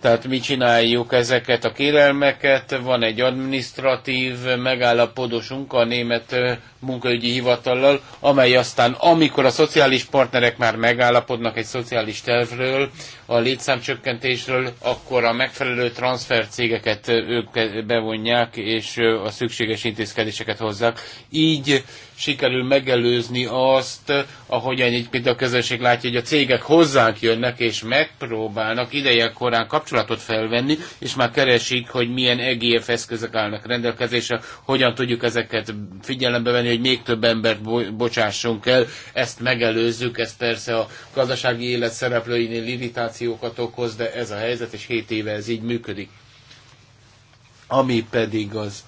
tehát mi csináljuk ezeket a kérelmeket, van egy administratív megállapodásunk a német munkaügyi hivatallal, amely aztán, amikor a szociális partnerek már megállapodnak egy szociális tervről, a létszámcsökkentésről, akkor a megfelelő transfercégeket ők bevonják, és a szükséges intézkedéseket hozzák. Így sikerül megelőzni azt, ahogy egyébként a közönség látja, hogy a cégek hozzánk jönnek és megpróbálnak ideje korán kapcsolatot felvenni, és már keresik, hogy milyen EGF eszközök állnak rendelkezésre, hogyan tudjuk ezeket figyelembe venni, hogy még több embert bo- bocsássunk el, ezt megelőzzük, ez persze a gazdasági élet szereplőinél irritációkat okoz, de ez a helyzet, és 7 éve ez így működik. Ami pedig az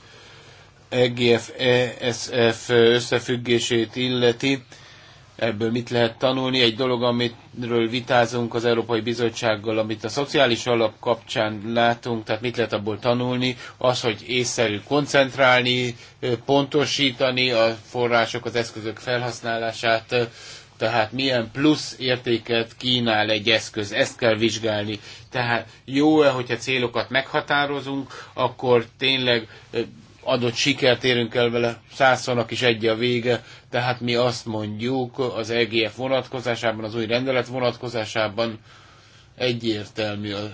EGF, ESF összefüggését illeti, ebből mit lehet tanulni? Egy dolog, amiről vitázunk az Európai Bizottsággal, amit a szociális alap kapcsán látunk, tehát mit lehet abból tanulni, az, hogy észszerű koncentrálni, pontosítani a források, az eszközök felhasználását, tehát milyen plusz értéket kínál egy eszköz, ezt kell vizsgálni. Tehát jó-e, hogyha célokat meghatározunk, akkor tényleg adott sikert érünk el vele, százszornak is egy a vége, tehát mi azt mondjuk az EGF vonatkozásában, az új rendelet vonatkozásában egyértelmű a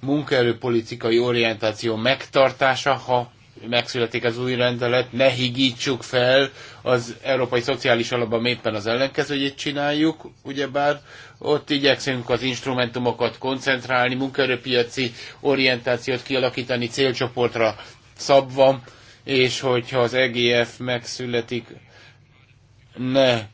munkaerőpolitikai orientáció megtartása, ha megszületik az új rendelet, ne higítsuk fel, az Európai Szociális Alapban éppen az ellenkezőjét csináljuk, ugyebár ott igyekszünk az instrumentumokat koncentrálni, munkaerőpiaci orientációt kialakítani célcsoportra szabva, és hogyha az EGF megszületik, ne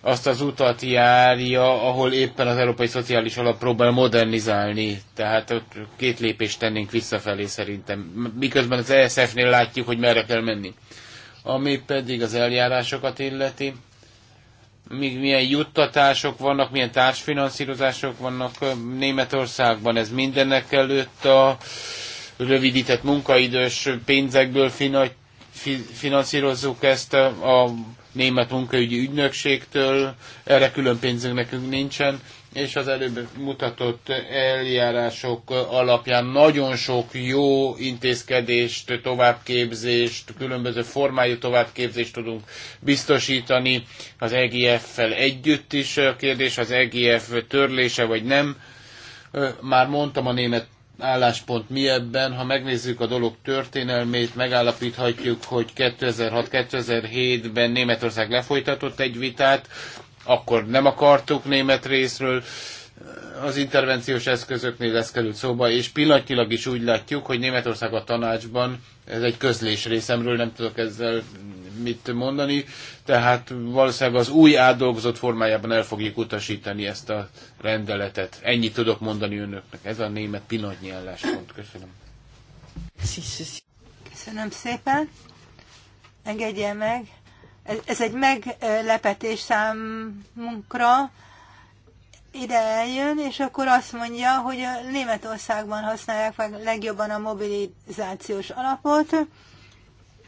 azt az utat járja, ahol éppen az Európai Szociális Alap próbál modernizálni. Tehát ott két lépést tennénk visszafelé szerintem. Miközben az ESF-nél látjuk, hogy merre kell menni. Ami pedig az eljárásokat illeti, még milyen juttatások vannak, milyen társfinanszírozások vannak Németországban. Ez mindenek előtt a rövidített munkaidős pénzekből finanszírozzuk ezt a német munkaügyi ügynökségtől, erre külön pénzünk nekünk nincsen, és az előbb mutatott eljárások alapján nagyon sok jó intézkedést, továbbképzést, különböző formájú továbbképzést tudunk biztosítani az EGF-fel együtt is. A kérdés az EGF törlése vagy nem. Már mondtam a német álláspont mi ebben. Ha megnézzük a dolog történelmét, megállapíthatjuk, hogy 2006-2007-ben Németország lefolytatott egy vitát, akkor nem akartuk német részről, az intervenciós eszközöknél ez került szóba, és pillanatilag is úgy látjuk, hogy Németország a tanácsban, ez egy közlés részemről, nem tudok ezzel mit mondani, tehát valószínűleg az új átdolgozott formájában el fogjuk utasítani ezt a rendeletet. Ennyit tudok mondani önöknek. Ez a német pillanatnyi álláspont. Köszönöm. Köszönöm szépen. Engedje meg. Ez, ez egy meglepetés számunkra. Ide eljön, és akkor azt mondja, hogy Németországban használják meg legjobban a mobilizációs alapot.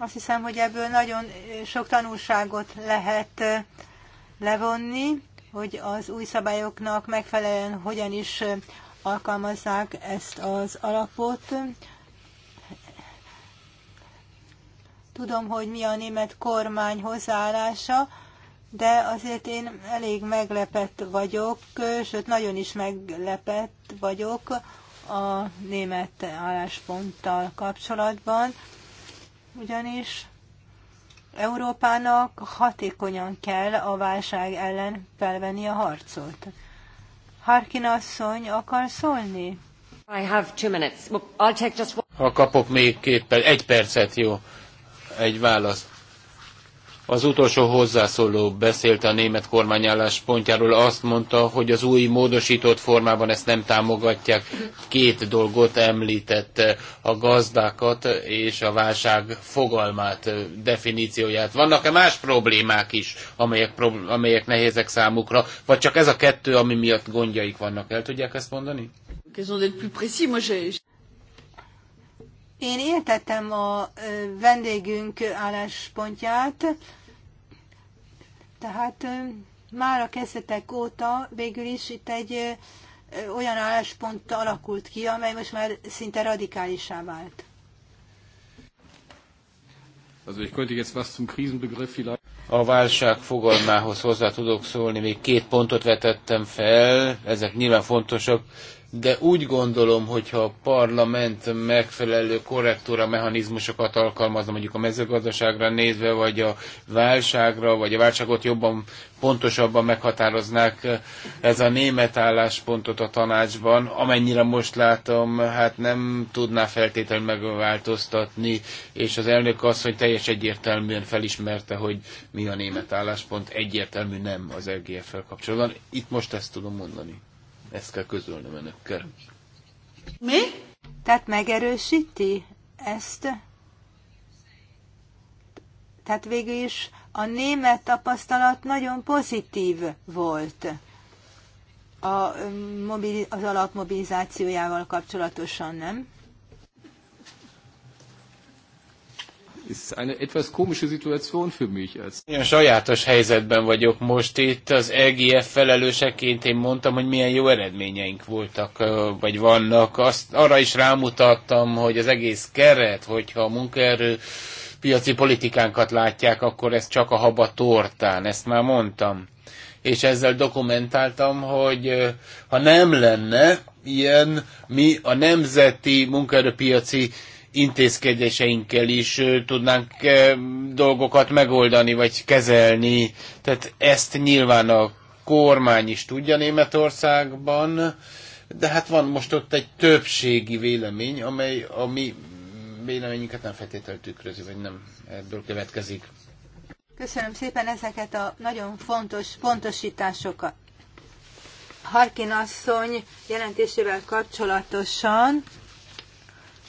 Azt hiszem, hogy ebből nagyon sok tanulságot lehet levonni, hogy az új szabályoknak megfelelően hogyan is alkalmazzák ezt az alapot. Tudom, hogy mi a német kormány hozzáállása, de azért én elég meglepett vagyok, sőt nagyon is meglepett vagyok a német állásponttal kapcsolatban ugyanis Európának hatékonyan kell a válság ellen felvenni a harcot. Harkin asszony akar szólni? I have two minutes. I'll take just one. Ha kapok még két perc, egy percet, jó, egy választ. Az utolsó hozzászóló beszélt a német kormány álláspontjáról, azt mondta, hogy az új módosított formában ezt nem támogatják. Két dolgot említett, a gazdákat és a válság fogalmát, definícióját. Vannak-e más problémák is, amelyek, probl- amelyek nehézek számukra, vagy csak ez a kettő, ami miatt gondjaik vannak? El tudják ezt mondani? Én értettem a vendégünk álláspontját, tehát már a kezdetek óta végül is itt egy olyan álláspont alakult ki, amely most már szinte radikálisá vált. a válság fogalmához hozzá tudok szólni. Még két pontot vetettem fel, ezek nyilván fontosak de úgy gondolom, hogyha a parlament megfelelő korrektúra mechanizmusokat alkalmazna, mondjuk a mezőgazdaságra nézve, vagy a válságra, vagy a válságot jobban, pontosabban meghatároznák eh, ez a német álláspontot a tanácsban, amennyire most látom, hát nem tudná feltétlenül megváltoztatni, és az elnök az, hogy teljes egyértelműen felismerte, hogy mi a német álláspont, egyértelmű nem az EGF-fel kapcsolatban. Itt most ezt tudom mondani. Ezt kell közölnöm önökkel. Mi? Tehát megerősíti ezt? Tehát végül is a német tapasztalat nagyon pozitív volt a mobil, az alapmobilizációjával kapcsolatosan, nem? ez eine etwas komische Situation für mich. Als sajátos helyzetben vagyok most itt. Az EGF felelőseként én mondtam, hogy milyen jó eredményeink voltak, vagy vannak. Azt, arra is rámutattam, hogy az egész keret, hogyha a munkaerő piaci politikánkat látják, akkor ez csak a haba tortán, ezt már mondtam. És ezzel dokumentáltam, hogy ha nem lenne ilyen, mi a nemzeti munkaerőpiaci intézkedéseinkkel is tudnánk dolgokat megoldani, vagy kezelni. Tehát ezt nyilván a kormány is tudja Németországban, de hát van most ott egy többségi vélemény, amely a mi véleményünket nem feltétlenül tükrözi, vagy nem ebből következik. Köszönöm szépen ezeket a nagyon fontos pontosításokat. Harkin asszony jelentésével kapcsolatosan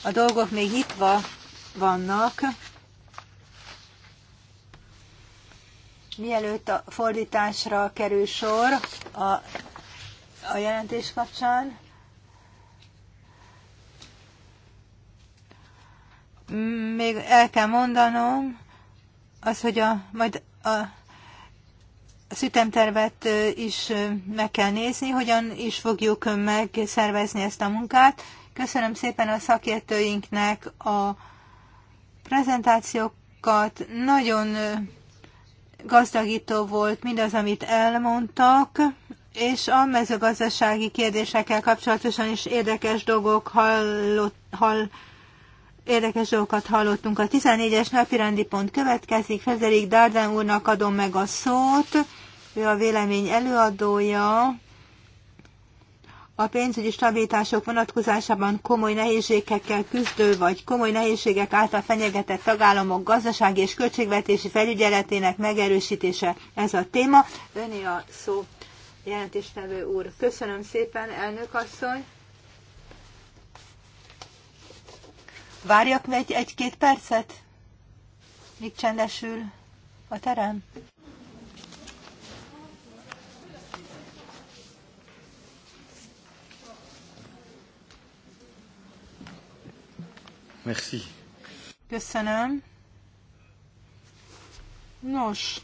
a dolgok még nyitva vannak. Mielőtt a fordításra kerül sor a, a jelentés kapcsán, még el kell mondanom, az, hogy a, majd a, a szütemtervet is meg kell nézni, hogyan is fogjuk megszervezni ezt a munkát. Köszönöm szépen a szakértőinknek a prezentációkat. Nagyon gazdagító volt mindaz, amit elmondtak, és a mezőgazdasági kérdésekkel kapcsolatosan is érdekes dolgok hallott, hall, érdekes dolgokat hallottunk. A 14-es rendi pont következik. Frederik Darden úrnak adom meg a szót. Ő a vélemény előadója a pénzügyi stabilitások vonatkozásában komoly nehézségekkel küzdő vagy komoly nehézségek által fenyegetett tagállamok gazdasági és költségvetési felügyeletének megerősítése. Ez a téma. Öné a szó, jelentéstevő úr. Köszönöm szépen, elnök asszony. Várjak egy-két percet, míg csendesül a terem. Merci. Köszönöm. Nos,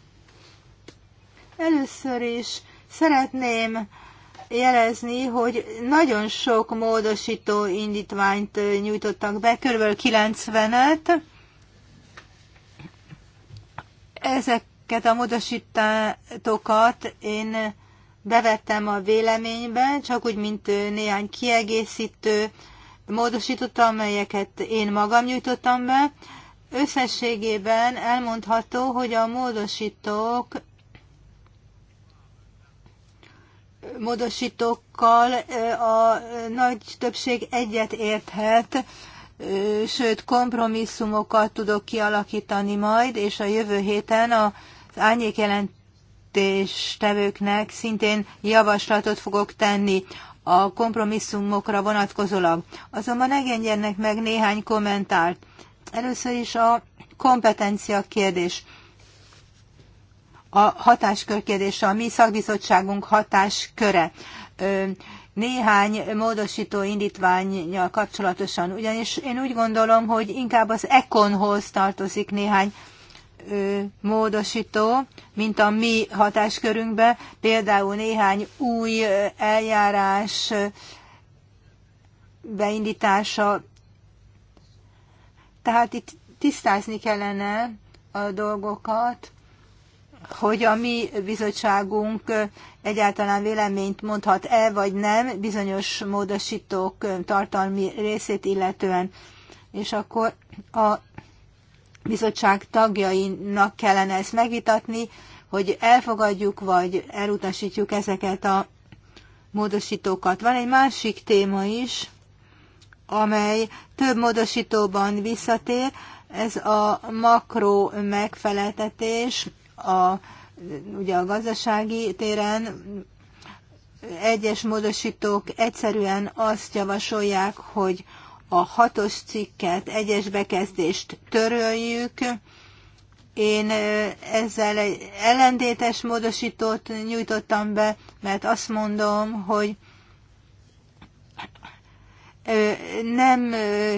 először is szeretném jelezni, hogy nagyon sok módosító indítványt nyújtottak be, kb. 90-et. Ezeket a módosítókat én bevettem a véleménybe, csak úgy, mint néhány kiegészítő módosította, amelyeket én magam nyújtottam be. Összességében elmondható, hogy a módosítók módosítókkal a nagy többség egyet érthet, sőt kompromisszumokat tudok kialakítani majd, és a jövő héten az árnyékjelentéstevőknek szintén javaslatot fogok tenni a kompromisszumokra vonatkozólag. Azonban engedjenek meg néhány kommentárt. Először is a kompetencia kérdés. A hatáskör kérdése, a mi szakbizottságunk hatásköre. Néhány módosító indítványjal kapcsolatosan, ugyanis én úgy gondolom, hogy inkább az ekonhoz tartozik néhány módosító, mint a mi hatáskörünkbe, például néhány új eljárás beindítása. Tehát itt tisztázni kellene a dolgokat, hogy a mi bizottságunk egyáltalán véleményt mondhat el vagy nem bizonyos módosítók tartalmi részét illetően. És akkor a bizottság tagjainak kellene ezt megvitatni, hogy elfogadjuk vagy elutasítjuk ezeket a módosítókat. Van egy másik téma is, amely több módosítóban visszatér, ez a makro megfeleltetés, a, ugye a gazdasági téren egyes módosítók egyszerűen azt javasolják, hogy a hatos cikket, egyes bekezdést töröljük. Én ezzel egy ellentétes módosítót nyújtottam be, mert azt mondom, hogy nem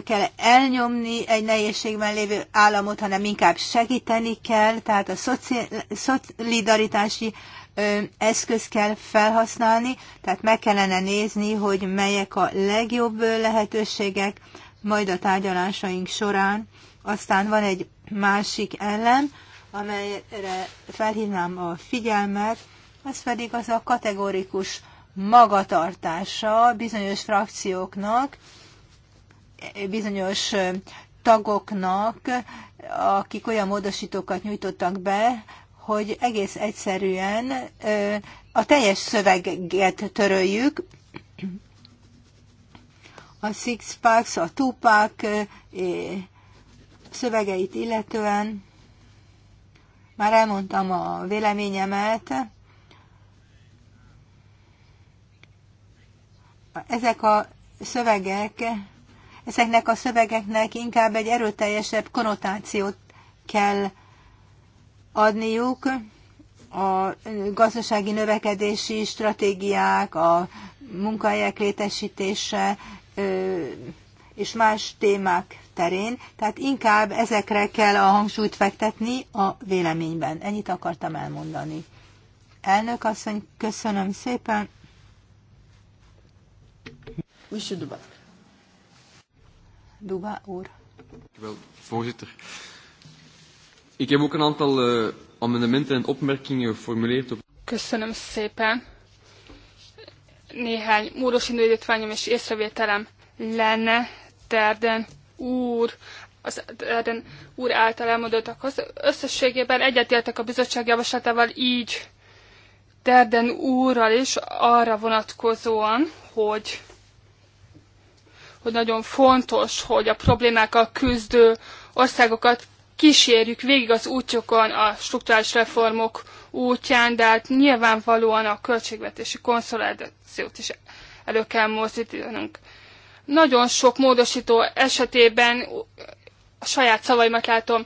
kell elnyomni egy nehézségben lévő államot, hanem inkább segíteni kell, tehát a szolidaritási eszköz kell felhasználni, tehát meg kellene nézni, hogy melyek a legjobb lehetőségek, majd a tárgyalásaink során. Aztán van egy másik ellen, amelyre felhívnám a figyelmet, ez pedig az a kategorikus magatartása bizonyos frakcióknak, bizonyos tagoknak, akik olyan módosítókat nyújtottak be, hogy egész egyszerűen a teljes szöveget töröljük, a Six Packs, a Tupac szövegeit illetően. Már elmondtam a véleményemet. Ezek a szövegek, ezeknek a szövegeknek inkább egy erőteljesebb konotációt kell adniuk a gazdasági növekedési stratégiák, a munkahelyek létesítése és más témák terén. Tehát inkább ezekre kell a hangsúlyt fektetni a véleményben. Ennyit akartam elmondani. Elnök asszony, köszönöm szépen. Duba úr. Voorzitter, Ik heb ook een aantal uh, amendementen en opmerkingen geformuleerd op... Köszönöm szépen. Néhány módosító indítványom és észrevételem lenne Terden úr, az Terden úr által elmondottakhoz. Összességében egyetértek a bizottság javaslatával így Terden úrral is arra vonatkozóan, hogy hogy nagyon fontos, hogy a problémákkal küzdő országokat kísérjük végig az útjukon a struktúrális reformok útján, de hát nyilvánvalóan a költségvetési konszolidációt is elő kell mozdítanunk. Nagyon sok módosító esetében a saját szavaimat látom,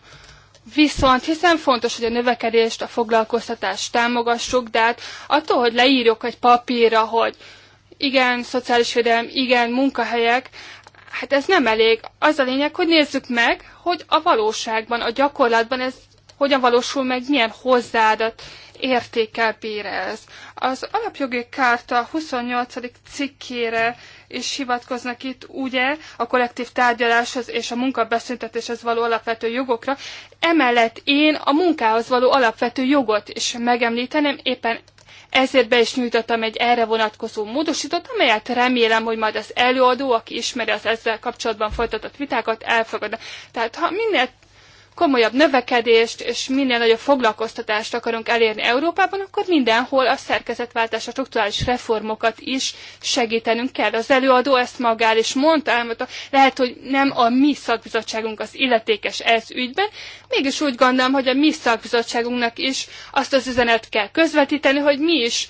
Viszont hiszen fontos, hogy a növekedést, a foglalkoztatást támogassuk, de hát attól, hogy leírjuk egy papírra, hogy igen, szociális védelem, igen, munkahelyek, hát ez nem elég. Az a lényeg, hogy nézzük meg, hogy a valóságban, a gyakorlatban ez hogyan valósul meg, milyen hozzáadat értékkel bír ez. Az alapjogi kárta 28. cikkére is hivatkoznak itt, ugye, a kollektív tárgyaláshoz és a munkabeszüntetéshez való alapvető jogokra. Emellett én a munkához való alapvető jogot is megemlíteném, éppen ezért be is nyújtottam egy erre vonatkozó módosítót, amelyet remélem, hogy majd az előadó, aki ismeri az ezzel kapcsolatban folytatott vitákat, elfogadna. Tehát ha minél komolyabb növekedést és minél nagyobb foglalkoztatást akarunk elérni Európában, akkor mindenhol a szerkezetváltás, a strukturális reformokat is segítenünk kell. Az előadó ezt magá is mondta, elmondta, lehet, hogy nem a mi szakbizottságunk az illetékes ez ügyben, mégis úgy gondolom, hogy a mi szakbizottságunknak is azt az üzenet kell közvetíteni, hogy mi is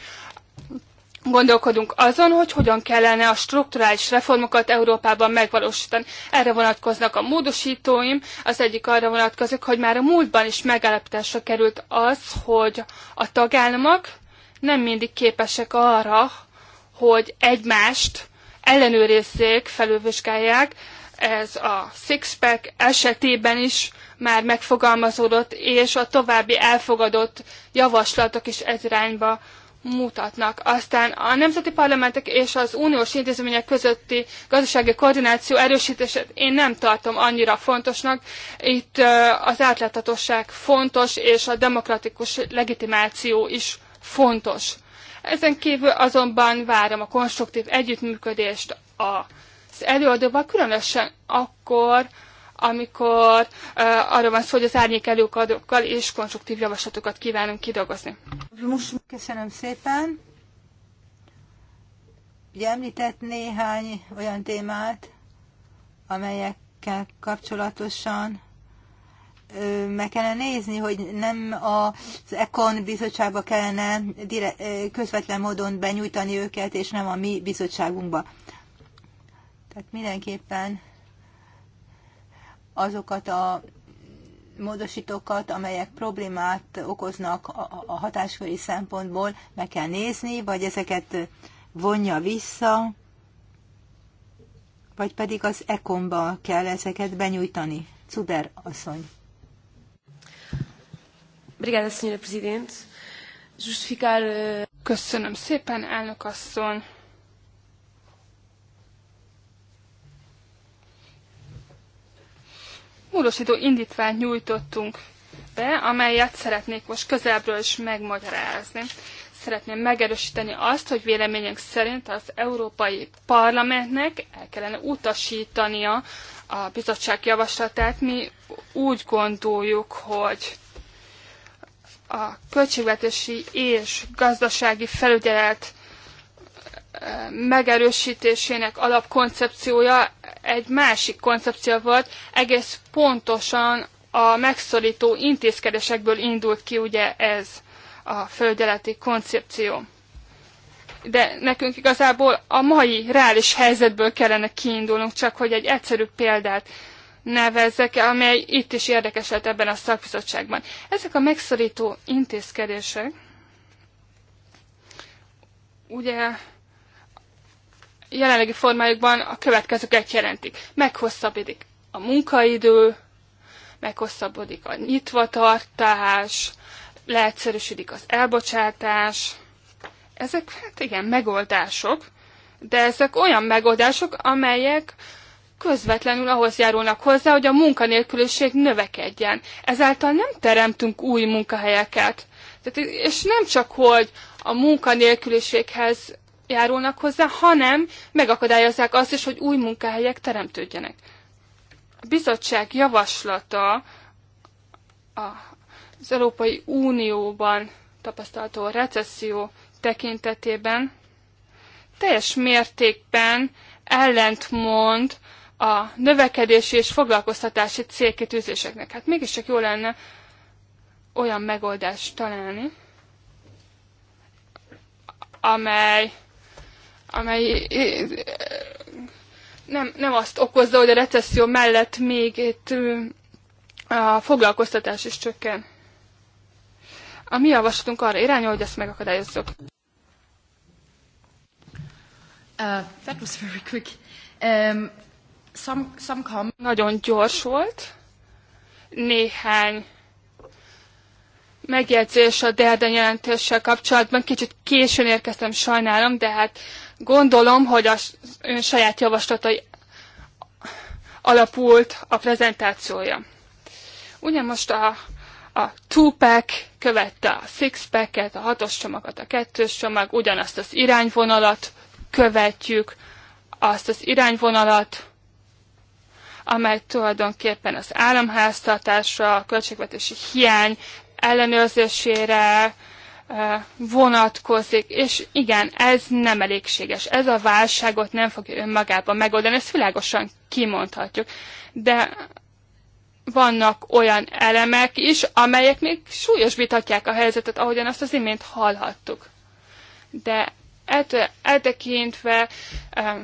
gondolkodunk azon, hogy hogyan kellene a strukturális reformokat Európában megvalósítani. Erre vonatkoznak a módosítóim, az egyik arra vonatkozik, hogy már a múltban is megállapításra került az, hogy a tagállamok nem mindig képesek arra, hogy egymást ellenőrizzék, felülvizsgálják. Ez a six-pack esetében is már megfogalmazódott, és a további elfogadott javaslatok is ez irányba mutatnak. Aztán a nemzeti parlamentek és az uniós intézmények közötti gazdasági koordináció erősítését én nem tartom annyira fontosnak. Itt az átláthatóság fontos, és a demokratikus legitimáció is fontos. Ezen kívül azonban várom a konstruktív együttműködést az előadóval, különösen akkor, amikor uh, arról van szó, hogy az árnyék előkadókkal és konstruktív javaslatokat kívánunk kidolgozni. Most köszönöm szépen. Ugye említett néhány olyan témát, amelyekkel kapcsolatosan meg kellene nézni, hogy nem az Econ bizottságba kellene direkt közvetlen módon benyújtani őket, és nem a mi bizottságunkba. Tehát mindenképpen azokat a módosítókat, amelyek problémát okoznak a hatásköri szempontból, meg kell nézni, vagy ezeket vonja vissza, vagy pedig az ekomba kell ezeket benyújtani. Cuder asszony. Brigada, eh, Köszönöm szépen, elnök asszony. módosító indítványt nyújtottunk be, amelyet szeretnék most közelebbről is megmagyarázni. Szeretném megerősíteni azt, hogy véleményünk szerint az Európai Parlamentnek el kellene utasítania a bizottság javaslatát. Mi úgy gondoljuk, hogy a költségvetési és gazdasági felügyelet megerősítésének alapkoncepciója egy másik koncepció volt, egész pontosan a megszorító intézkedésekből indult ki ugye ez a földjeleti koncepció. De nekünk igazából a mai reális helyzetből kellene kiindulnunk, csak hogy egy egyszerű példát nevezzek, amely itt is érdekes lett ebben a szakbizottságban. Ezek a megszorító intézkedések ugye jelenlegi formájukban a következőket jelentik. Meghosszabbodik a munkaidő, meghosszabbodik a nyitvatartás, leegyszerűsödik az elbocsátás. Ezek, hát igen, megoldások, de ezek olyan megoldások, amelyek közvetlenül ahhoz járulnak hozzá, hogy a munkanélküliség növekedjen. Ezáltal nem teremtünk új munkahelyeket. Tehát, és nem csak, hogy a munkanélküliséghez járulnak hozzá, hanem megakadályozzák azt is, hogy új munkahelyek teremtődjenek. A bizottság javaslata az Európai Unióban tapasztalható recesszió tekintetében teljes mértékben ellentmond a növekedési és foglalkoztatási célkitűzéseknek. Hát mégiscsak jó lenne olyan megoldást találni, amely amely eh, nem, nem azt okozza, hogy a recesszió mellett még itt a foglalkoztatás is csökken. A mi javaslatunk arra irányul, hogy ezt megakadályozzuk. Uh, that was very quick. Um, some, some com- Nagyon gyors volt. Néhány megjegyzés a Derden jelentéssel kapcsolatban. Kicsit későn érkeztem, sajnálom, de hát Gondolom, hogy az ön saját javaslatai alapult a prezentációja. Ugye most a, a two-pack követte a six-packet, a hatos csomagot, a kettős csomag, ugyanazt az irányvonalat követjük, azt az irányvonalat, amely tulajdonképpen az államháztartásra, a költségvetési hiány ellenőrzésére, vonatkozik, és igen, ez nem elégséges. Ez a válságot nem fogja önmagában megoldani, ezt világosan kimondhatjuk. De vannak olyan elemek is, amelyek még súlyosbíthatják a helyzetet, ahogyan azt az imént hallhattuk. De eltekintve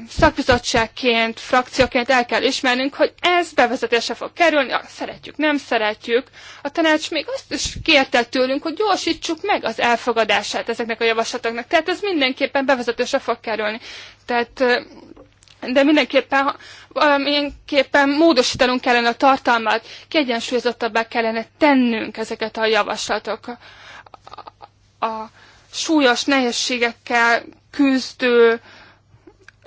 szakbizottságként, frakcióként el kell ismernünk, hogy ez bevezetése fog kerülni, ja, szeretjük, nem szeretjük. A tanács még azt is kérte tőlünk, hogy gyorsítsuk meg az elfogadását ezeknek a javaslatoknak. Tehát ez mindenképpen bevezetése fog kerülni. Tehát de mindenképpen, mindenképpen módosítanunk kellene a tartalmat, kiegyensúlyozottabbá kellene tennünk ezeket a javaslatokat. A, a, súlyos nehézségekkel küzdő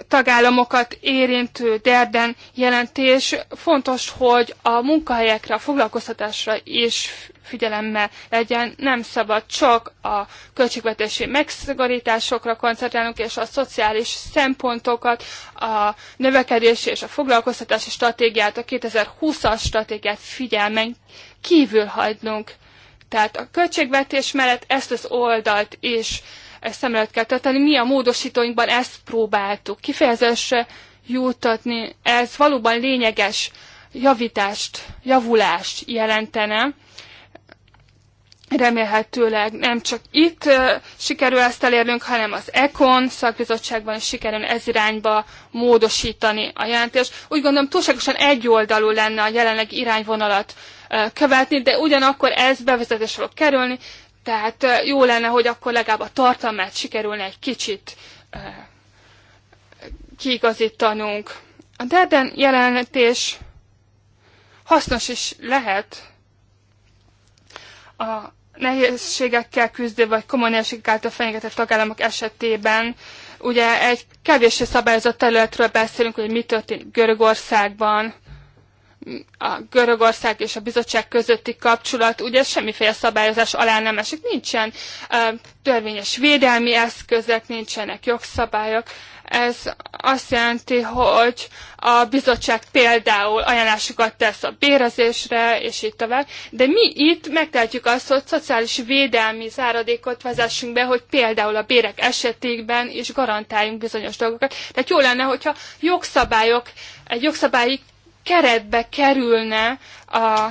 tagállamokat érintő derden jelentés. Fontos, hogy a munkahelyekre, a foglalkoztatásra is figyelemmel legyen. Nem szabad csak a költségvetési megszigorításokra koncentrálnunk, és a szociális szempontokat, a növekedési és a foglalkoztatási stratégiát, a 2020-as stratégiát figyelmen kívül hagynunk. Tehát a költségvetés mellett ezt az oldalt is ezt szem előtt kell tartani. Mi a módosítóinkban ezt próbáltuk kifejezésre juttatni. Ez valóban lényeges javítást, javulást jelentene. Remélhetőleg nem csak itt sikerül ezt elérnünk, hanem az ECON szakbizottságban is sikerül ez irányba módosítani a jelentést. Úgy gondolom túlságosan egyoldalú lenne a jelenleg irányvonalat követni, de ugyanakkor ez bevezetés fog kerülni, tehát jó lenne, hogy akkor legalább a tartalmát sikerülne egy kicsit kiigazítanunk. A Derden jelentés hasznos is lehet a nehézségekkel küzdő vagy komoly nehézségek által fenyegetett tagállamok esetében. Ugye egy kevéssé szabályozott területről beszélünk, hogy mi történik Görögországban, a Görögország és a bizottság közötti kapcsolat, ugye semmiféle szabályozás alá nem esik, nincsen törvényes védelmi eszközek nincsenek jogszabályok. Ez azt jelenti, hogy a bizottság például ajánlásokat tesz a bérezésre, és így tovább, de mi itt megtehetjük azt, hogy szociális védelmi záradékot vezessünk be, hogy például a bérek esetében is garantáljunk bizonyos dolgokat. Tehát jó lenne, hogyha jogszabályok egy jogszabályi keretbe kerülne a,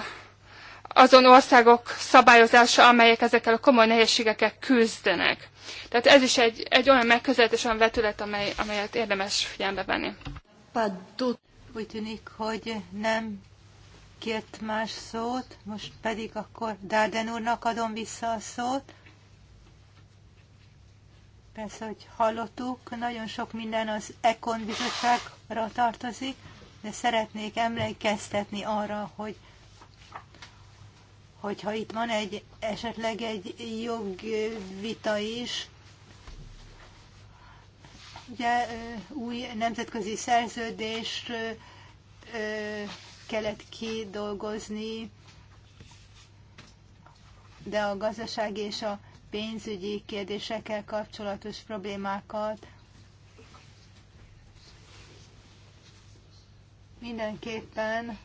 azon országok szabályozása, amelyek ezekkel a komoly nehézségekkel küzdenek. Tehát ez is egy, egy olyan megközelítés, olyan vetület, amely, amelyet érdemes figyelembe venni. Úgy tűnik, hogy nem kért más szót, most pedig akkor Dárden úrnak adom vissza a szót. Persze, hogy hallottuk, nagyon sok minden az Ekon bizottságra tartozik de szeretnék emlékeztetni arra, hogy hogyha itt van egy, esetleg egy jogvita is, ugye új nemzetközi szerződést kellett kidolgozni, de a gazdaság és a pénzügyi kérdésekkel kapcsolatos problémákat Mindenképpen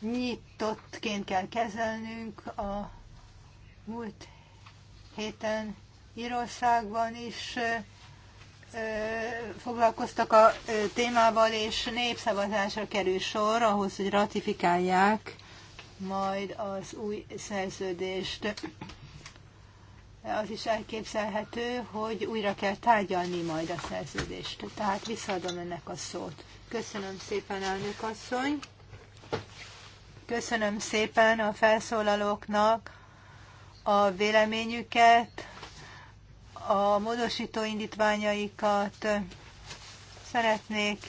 nyitottként kell kezelnünk a múlt héten Írországban is foglalkoztak a témával, és népszavazásra kerül sor ahhoz, hogy ratifikálják majd az új szerződést. Az is elképzelhető, hogy újra kell tárgyalni majd a szerződést. Tehát visszaadom ennek a szót. Köszönöm szépen, elnök asszony. Köszönöm szépen a felszólalóknak a véleményüket, a módosító indítványaikat. Szeretnék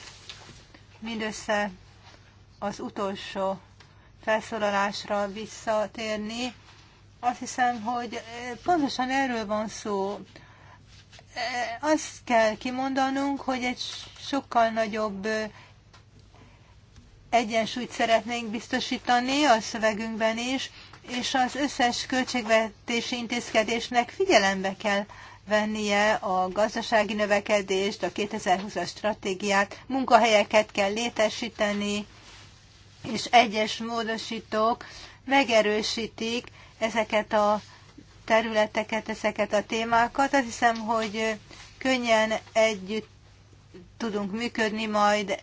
mindössze az utolsó felszólalásra visszatérni. Azt hiszem, hogy pontosan erről van szó azt kell kimondanunk, hogy egy sokkal nagyobb egyensúlyt szeretnénk biztosítani a szövegünkben is, és az összes költségvetési intézkedésnek figyelembe kell vennie a gazdasági növekedést, a 2020-as stratégiát, munkahelyeket kell létesíteni, és egyes módosítók megerősítik ezeket a területeket, ezeket a témákat. Azt hiszem, hogy könnyen együtt tudunk működni majd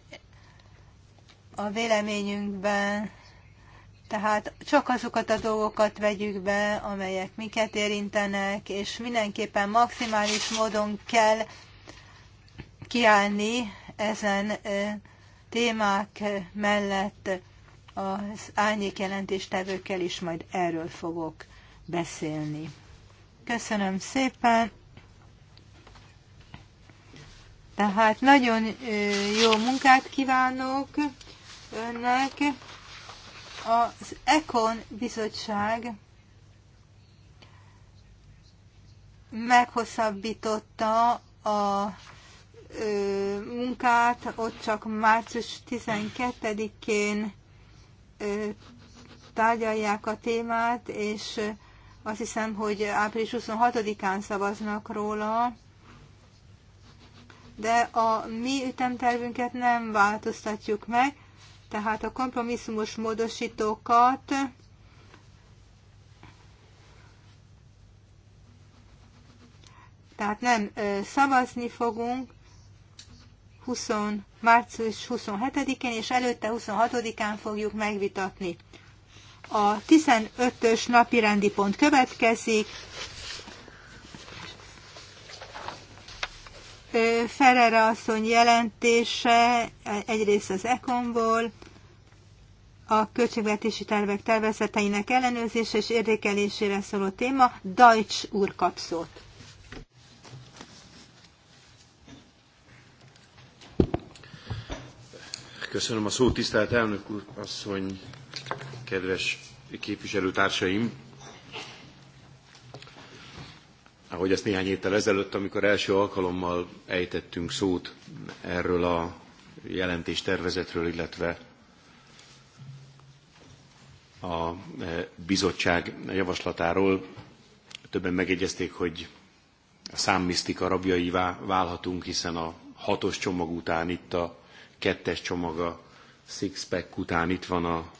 a véleményünkben. Tehát csak azokat a dolgokat vegyük be, amelyek minket érintenek, és mindenképpen maximális módon kell kiállni ezen témák mellett az árnyék jelentéstevőkkel is majd erről fogok beszélni. Köszönöm szépen! Tehát nagyon jó munkát kívánok önnek. Az Ekon bizottság meghosszabbította a munkát, ott csak március 12-én tárgyalják a témát, és azt hiszem, hogy április 26-án szavaznak róla, de a mi ütemtervünket nem változtatjuk meg, tehát a kompromisszumos módosítókat tehát nem szavazni fogunk 20, március 27-én, és előtte 26-án fogjuk megvitatni. A 15-ös napi rendi pont következik. Ferrera asszony jelentése egyrészt az ECOM-ból, a költségvetési tervek tervezeteinek ellenőrzése és érdekelésére szóló téma. Deutsch úr kapszót. Köszönöm a szót, tisztelt elnök úr, asszony, kedves képviselőtársaim! Ahogy azt néhány héttel ezelőtt, amikor első alkalommal ejtettünk szót erről a jelentéstervezetről, illetve a e, bizottság javaslatáról, többen megegyezték, hogy a számmisztika rabjaivá válhatunk, hiszen a hatos csomag után itt a kettes csomaga, six-pack után itt van a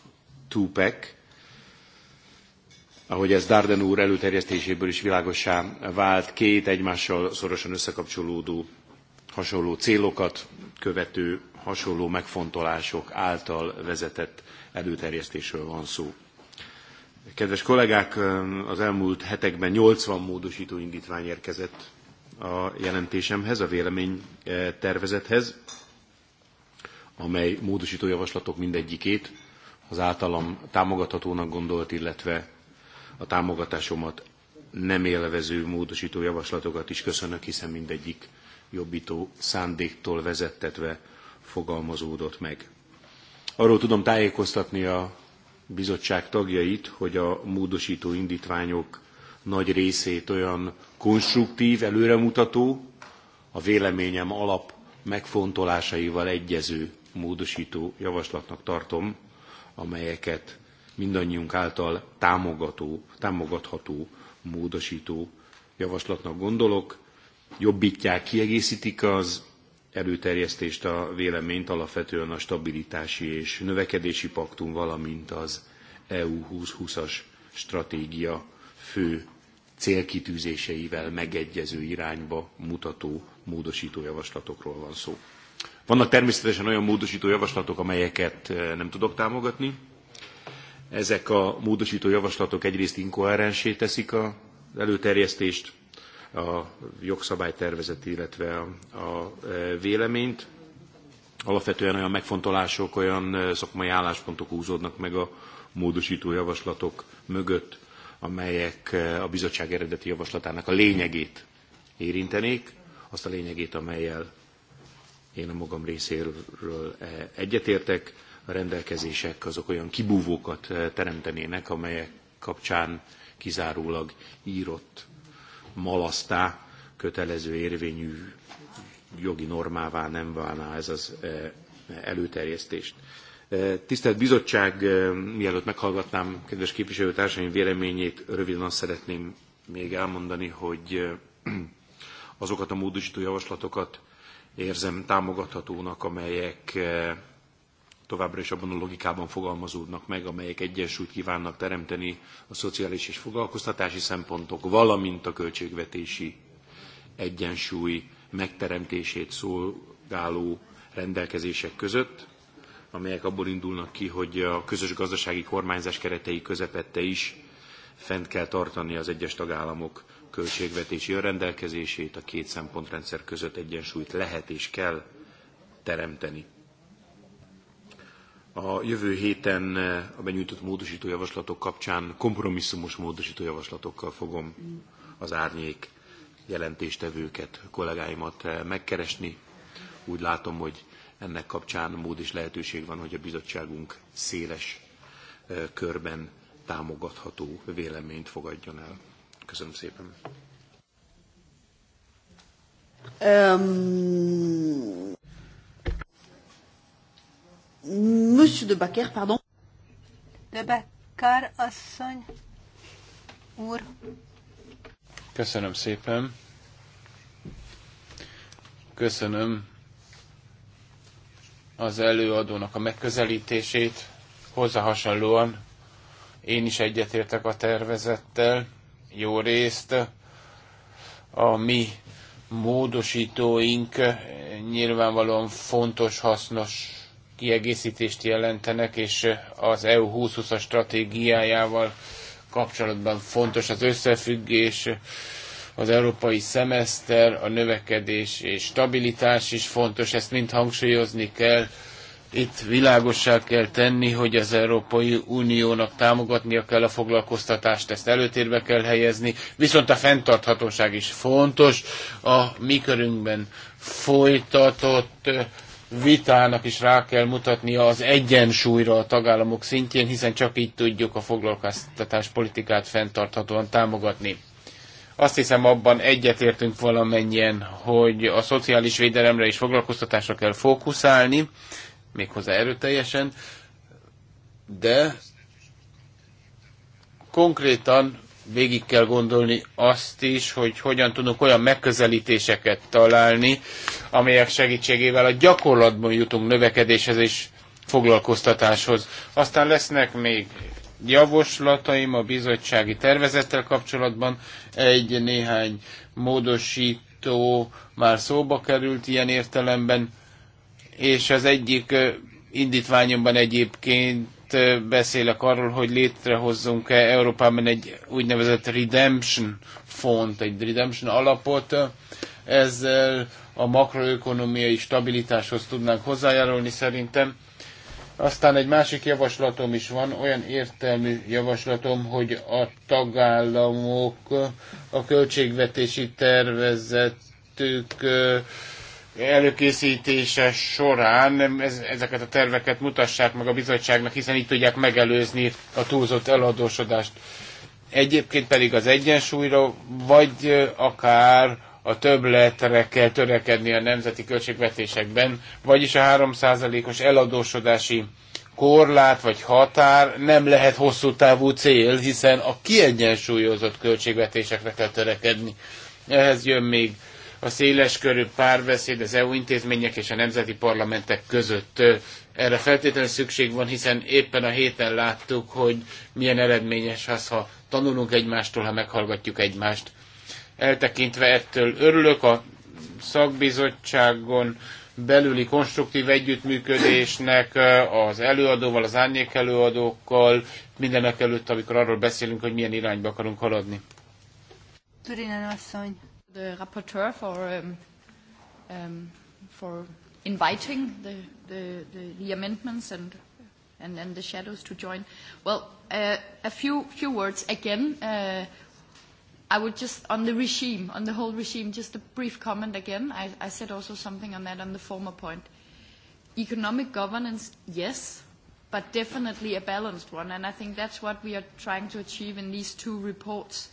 two-pack, ahogy ez Darden úr előterjesztéséből is világosá vált, két egymással szorosan összekapcsolódó, hasonló célokat követő, hasonló megfontolások által vezetett előterjesztésről van szó. Kedves kollégák, az elmúlt hetekben 80 módosító indítvány érkezett a jelentésemhez, a vélemény eh, tervezethez, amely módosító javaslatok mindegyikét az általam támogathatónak gondolt, illetve a támogatásomat nem élvező módosító javaslatokat is köszönök, hiszen mindegyik jobbító szándéktól vezettetve fogalmazódott meg. Arról tudom tájékoztatni a bizottság tagjait, hogy a módosító indítványok nagy részét olyan konstruktív, előremutató, a véleményem alap megfontolásaival egyező módosító javaslatnak tartom, amelyeket mindannyiunk által támogató, támogatható módosító javaslatnak gondolok. Jobbítják, kiegészítik az előterjesztést, a véleményt alapvetően a stabilitási és növekedési paktum, valamint az EU 2020-as stratégia fő célkitűzéseivel megegyező irányba mutató módosító javaslatokról van szó. Vannak természetesen olyan módosító javaslatok, amelyeket eh, nem tudok támogatni. Ezek a módosító javaslatok egyrészt inkoherensé teszik az előterjesztést, a jogszabálytervezet, illetve a, eh, véleményt. Alapvetően olyan megfontolások, olyan eh, szakmai álláspontok húzódnak meg a módosító javaslatok mögött, amelyek a bizottság eredeti javaslatának a lényegét érintenék, azt a lényegét, amelyel én a magam részéről eh, egyetértek, a rendelkezések azok olyan kibúvókat eh, teremtenének, amelyek kapcsán kizárólag írott malasztá kötelező érvényű jogi normává nem válná ez az eh, előterjesztést. Tisztelt Bizottság, mielőtt meghallgatnám kedves képviselőtársaim véleményét, röviden azt szeretném még elmondani, hogy <clears throat> azokat a módosító javaslatokat, érzem támogathatónak, amelyek eh, továbbra is abban a logikában fogalmazódnak meg, amelyek egyensúlyt kívánnak teremteni a szociális és foglalkoztatási szempontok, valamint a költségvetési egyensúly megteremtését szolgáló rendelkezések között, amelyek abból indulnak ki, hogy a közös gazdasági kormányzás keretei közepette is fent kell tartani az egyes tagállamok költségvetési önrendelkezését, a két szempontrendszer között egyensúlyt lehet és kell teremteni. A jövő héten eh, a benyújtott módosítójavaslatok kapcsán kompromisszumos módosítójavaslatokkal fogom az árnyék jelentéstevőket, kollégáimat eh, megkeresni. Úgy látom, hogy ennek kapcsán mód és lehetőség van, hogy a bizottságunk széles eh, körben támogatható véleményt fogadjon el. Köszönöm szépen. Um, Monsieur de Bakker, pardon. De Bakker asszony úr. Köszönöm szépen. Köszönöm az előadónak a megközelítését. Hozzá hasonlóan én is egyetértek a tervezettel, jó részt. A mi módosítóink nyilvánvalóan fontos, hasznos kiegészítést jelentenek, és az EU 2020-as stratégiájával kapcsolatban fontos az összefüggés, az európai szemeszter, a növekedés és stabilitás is fontos, ezt mind hangsúlyozni kell, itt világossá kell tenni, hogy az Európai Uniónak támogatnia kell a foglalkoztatást, ezt előtérbe kell helyezni, viszont a fenntarthatóság is fontos. A mi körünkben folytatott vitának is rá kell mutatni az egyensúlyra a tagállamok szintjén, hiszen csak így tudjuk a foglalkoztatás politikát fenntarthatóan támogatni. Azt hiszem abban egyetértünk valamennyien, hogy a szociális védelemre és foglalkoztatásra kell fókuszálni, méghozzá erőteljesen, de konkrétan végig kell gondolni azt is, hogy hogyan tudunk olyan megközelítéseket találni, amelyek segítségével a gyakorlatban jutunk növekedéshez és foglalkoztatáshoz. Aztán lesznek még javaslataim a bizottsági tervezettel kapcsolatban. Egy-néhány módosító már szóba került ilyen értelemben és az egyik indítványomban egyébként beszélek arról, hogy létrehozzunk-e Európában egy úgynevezett redemption font, egy redemption alapot. Ezzel a makroökonomiai stabilitáshoz tudnánk hozzájárulni szerintem. Aztán egy másik javaslatom is van, olyan értelmű javaslatom, hogy a tagállamok a költségvetési tervezetük előkészítése során ez, ezeket a terveket mutassák meg a bizottságnak, hiszen így tudják megelőzni a túlzott eladósodást. Egyébként pedig az egyensúlyra, vagy akár a többletre kell törekedni a nemzeti költségvetésekben, vagyis a 3%-os eladósodási korlát vagy határ nem lehet hosszú távú cél, hiszen a kiegyensúlyozott költségvetésekre kell törekedni. Ehhez jön még a széleskörű párbeszéd az EU intézmények és a nemzeti parlamentek között. Erre feltétlenül szükség van, hiszen éppen a héten láttuk, hogy milyen eredményes az, ha tanulunk egymástól, ha meghallgatjuk egymást. Eltekintve ettől örülök a szakbizottságon belüli konstruktív együttműködésnek az előadóval, az árnyék előadókkal, mindenek előtt, amikor arról beszélünk, hogy milyen irányba akarunk haladni. Turinen asszony the rapporteur for um, um, for inviting the, the, the, the amendments and and then the shadows to join. Well, uh, a few few words again. Uh, I would just on the regime, on the whole regime, just a brief comment again. I, I said also something on that on the former point. Economic governance, yes, but definitely a balanced one, and I think that's what we are trying to achieve in these two reports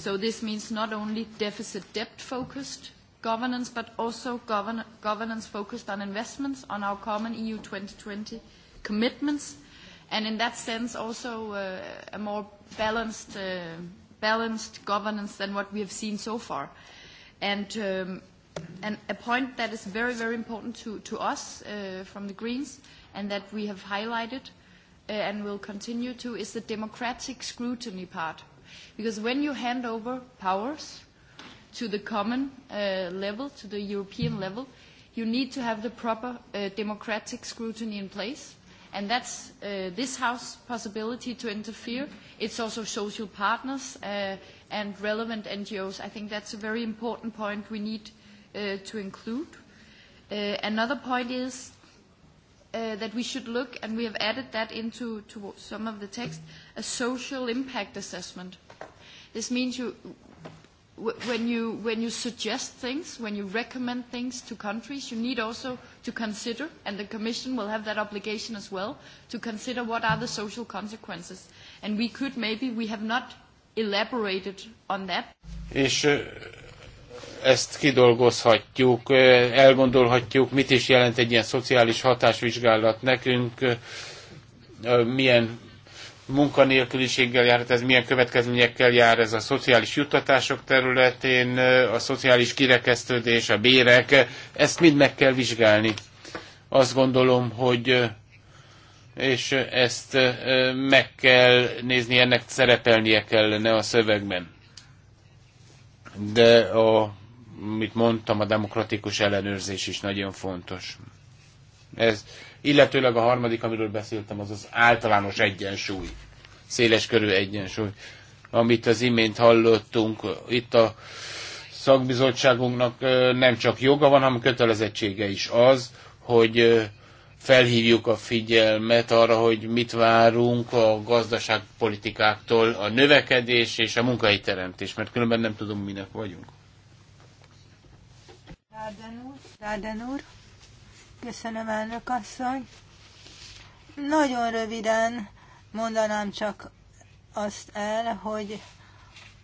So this means not only deficit debt focused governance, but also govern governance focused on investments, on our common EU 2020 commitments, and in that sense also uh, a more balanced, uh, balanced governance than what we have seen so far. And, um, and a point that is very, very important to, to us uh, from the Greens and that we have highlighted uh, and will continue to is the democratic scrutiny part Because when you hand over powers to the common uh, level, to the European level, you need to have the proper uh, democratic scrutiny in place. And that's uh, this House possibility to interfere. It's also social partners uh, and relevant NGOs. I think that's a very important point we need uh, to include. Uh, another point is uh, that we should look, and we have added that into to some of the text, a social impact assessment. This means you, when you when you suggest things, when you recommend things to countries, you need also to consider, and the Commission will have that obligation as well, to consider what are the social consequences. And we could maybe we have not elaborated on that. És uh, ezt kidolgozhatjuk, elgondolhatjuk, mit is jelent egy ilyen szociális hatásvizsgálat nekünk, milyen munkanélküliséggel jár ez, milyen következményekkel jár ez a szociális juttatások területén, a szociális kirekesztődés, a bérek, ezt mind meg kell vizsgálni. Azt gondolom, hogy és ezt meg kell nézni, ennek szerepelnie kellene a szövegben de a, mit mondtam, a demokratikus ellenőrzés is nagyon fontos. Ez, illetőleg a harmadik, amiről beszéltem, az az általános egyensúly, széles körű egyensúly, amit az imént hallottunk. Itt a szakbizottságunknak nem csak joga van, hanem kötelezettsége is az, hogy felhívjuk a figyelmet arra, hogy mit várunk a gazdaságpolitikáktól, a növekedés és a munkai teremtés, mert különben nem tudom, minek vagyunk. Ráden úr, Ráden úr. köszönöm elnök asszony. Nagyon röviden mondanám csak azt el, hogy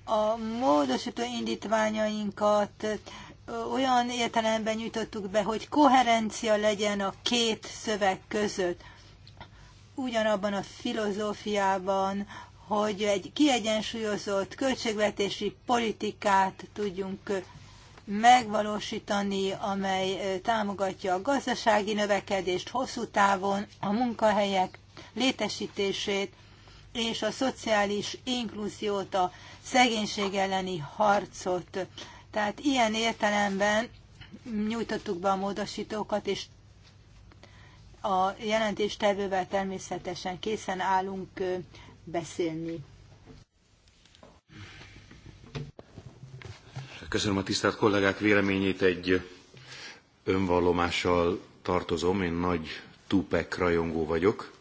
a módosító indítványainkat olyan értelemben nyújtottuk be, hogy koherencia legyen a két szöveg között. Ugyanabban a filozófiában, hogy egy kiegyensúlyozott költségvetési politikát tudjunk megvalósítani, amely támogatja a gazdasági növekedést hosszú távon, a munkahelyek létesítését és a szociális inkluziót, a szegénység elleni harcot. Tehát ilyen értelemben nyújtottuk be a módosítókat, és a jelentéstevővel természetesen készen állunk beszélni. Köszönöm a tisztelt kollégák véleményét, egy önvallomással tartozom, én nagy Tupek rajongó vagyok,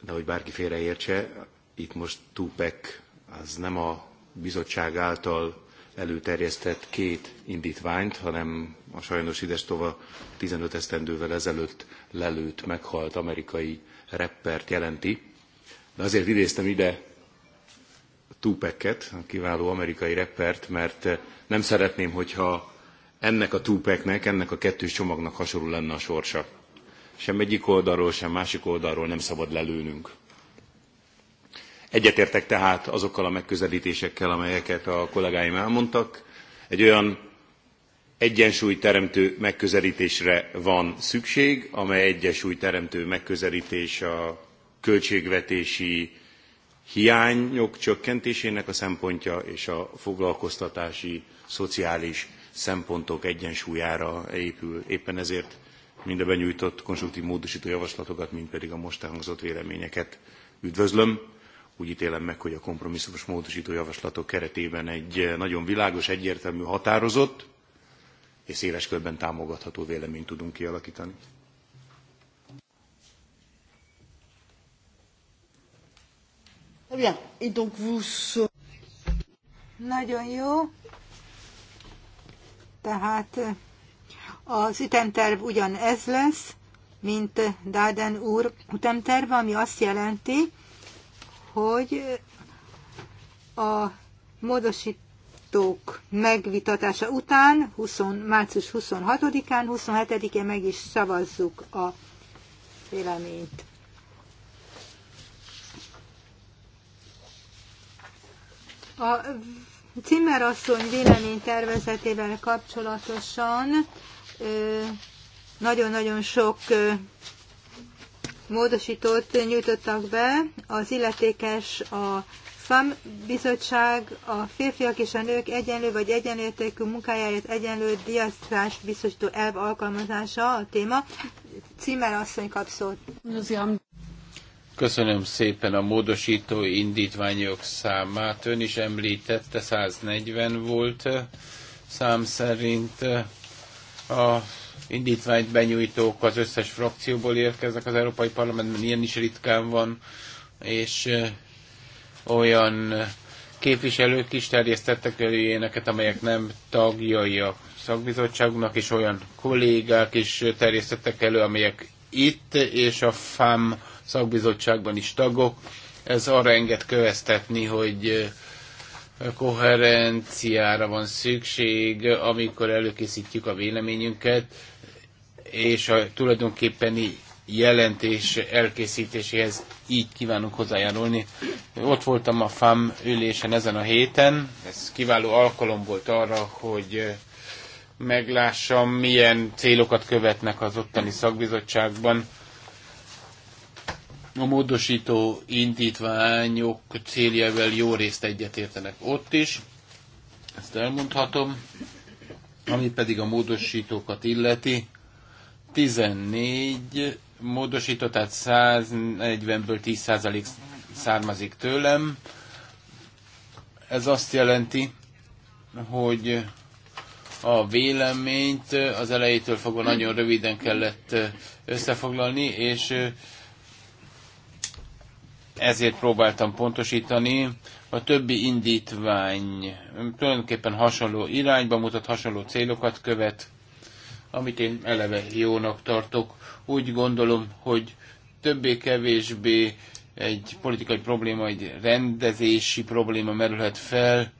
de hogy bárki félreértse, itt most Tupek az nem a bizottság által előterjesztett két indítványt, hanem a sajnos idestova 15 esztendővel ezelőtt lelőtt, meghalt amerikai reppert jelenti. De azért idéztem ide Tupeket, a kiváló amerikai reppert, mert eh, nem szeretném, hogyha ennek a Tupeknek, ennek a kettős csomagnak hasonló lenne a sorsa. Sem egyik oldalról, sem másik oldalról nem szabad lelőnünk Egyetértek tehát azokkal a megközelítésekkel, amelyeket a kollégáim elmondtak. Egy olyan egyensúlyteremtő megközelítésre van szükség, amely egyensúlyteremtő megközelítés a költségvetési hiányok csökkentésének a szempontja és a foglalkoztatási, szociális szempontok egyensúlyára épül. Éppen ezért mind a benyújtott konstruktív módosító javaslatokat, mind pedig a most elhangzott véleményeket üdvözlöm úgy ítélem meg, hogy a kompromisszumos módosító javaslatok keretében egy eh, nagyon világos, egyértelmű, határozott és széles körben támogatható véleményt tudunk kialakítani. Nagyon jó. Tehát eh, az ütemterv ugyanez lesz, mint Dáden úr ütemterve, ami azt jelenti, hogy a módosítók megvitatása után, 20, március 26-án, 27-én meg is szavazzuk a véleményt. A Cimmerasszony vélemény véleménytervezetével kapcsolatosan nagyon-nagyon sok módosítót nyújtottak be. Az illetékes a FAM bizottság a férfiak és a nők egyenlő vagy egyenlőtékű munkájáért egyenlő diasztrás biztosító elv alkalmazása a téma. Címer asszony kap szót. Köszönöm szépen a módosító indítványok számát. Ön is említette, 140 volt szám szerint a indítványt benyújtók az összes frakcióból érkeznek az Európai Parlamentben, ilyen is ritkán van, és olyan képviselők is terjesztettek elő ilyeneket, amelyek nem tagjai a szakbizottságunknak, és olyan kollégák is terjesztettek elő, amelyek itt és a FAM szakbizottságban is tagok. Ez arra enged köveztetni, hogy koherenciára van szükség, amikor előkészítjük a véleményünket, és a tulajdonképpeni jelentés elkészítéséhez így kívánunk hozzájárulni. Ott voltam a FAM ülésen ezen a héten, ez kiváló alkalom volt arra, hogy meglássam, milyen célokat követnek az ottani szakbizottságban a módosító indítványok céljával jó részt egyetértenek ott is, ezt elmondhatom. Ami pedig a módosítókat illeti, 14 módosító, tehát 140-ből 10% származik tőlem. Ez azt jelenti, hogy a véleményt az elejétől fogva nagyon röviden kellett összefoglalni, és ezért próbáltam pontosítani. A többi indítvány tulajdonképpen hasonló irányba mutat, hasonló célokat követ, amit én eleve jónak tartok. Úgy gondolom, hogy többé-kevésbé egy politikai probléma, egy rendezési probléma merülhet fel,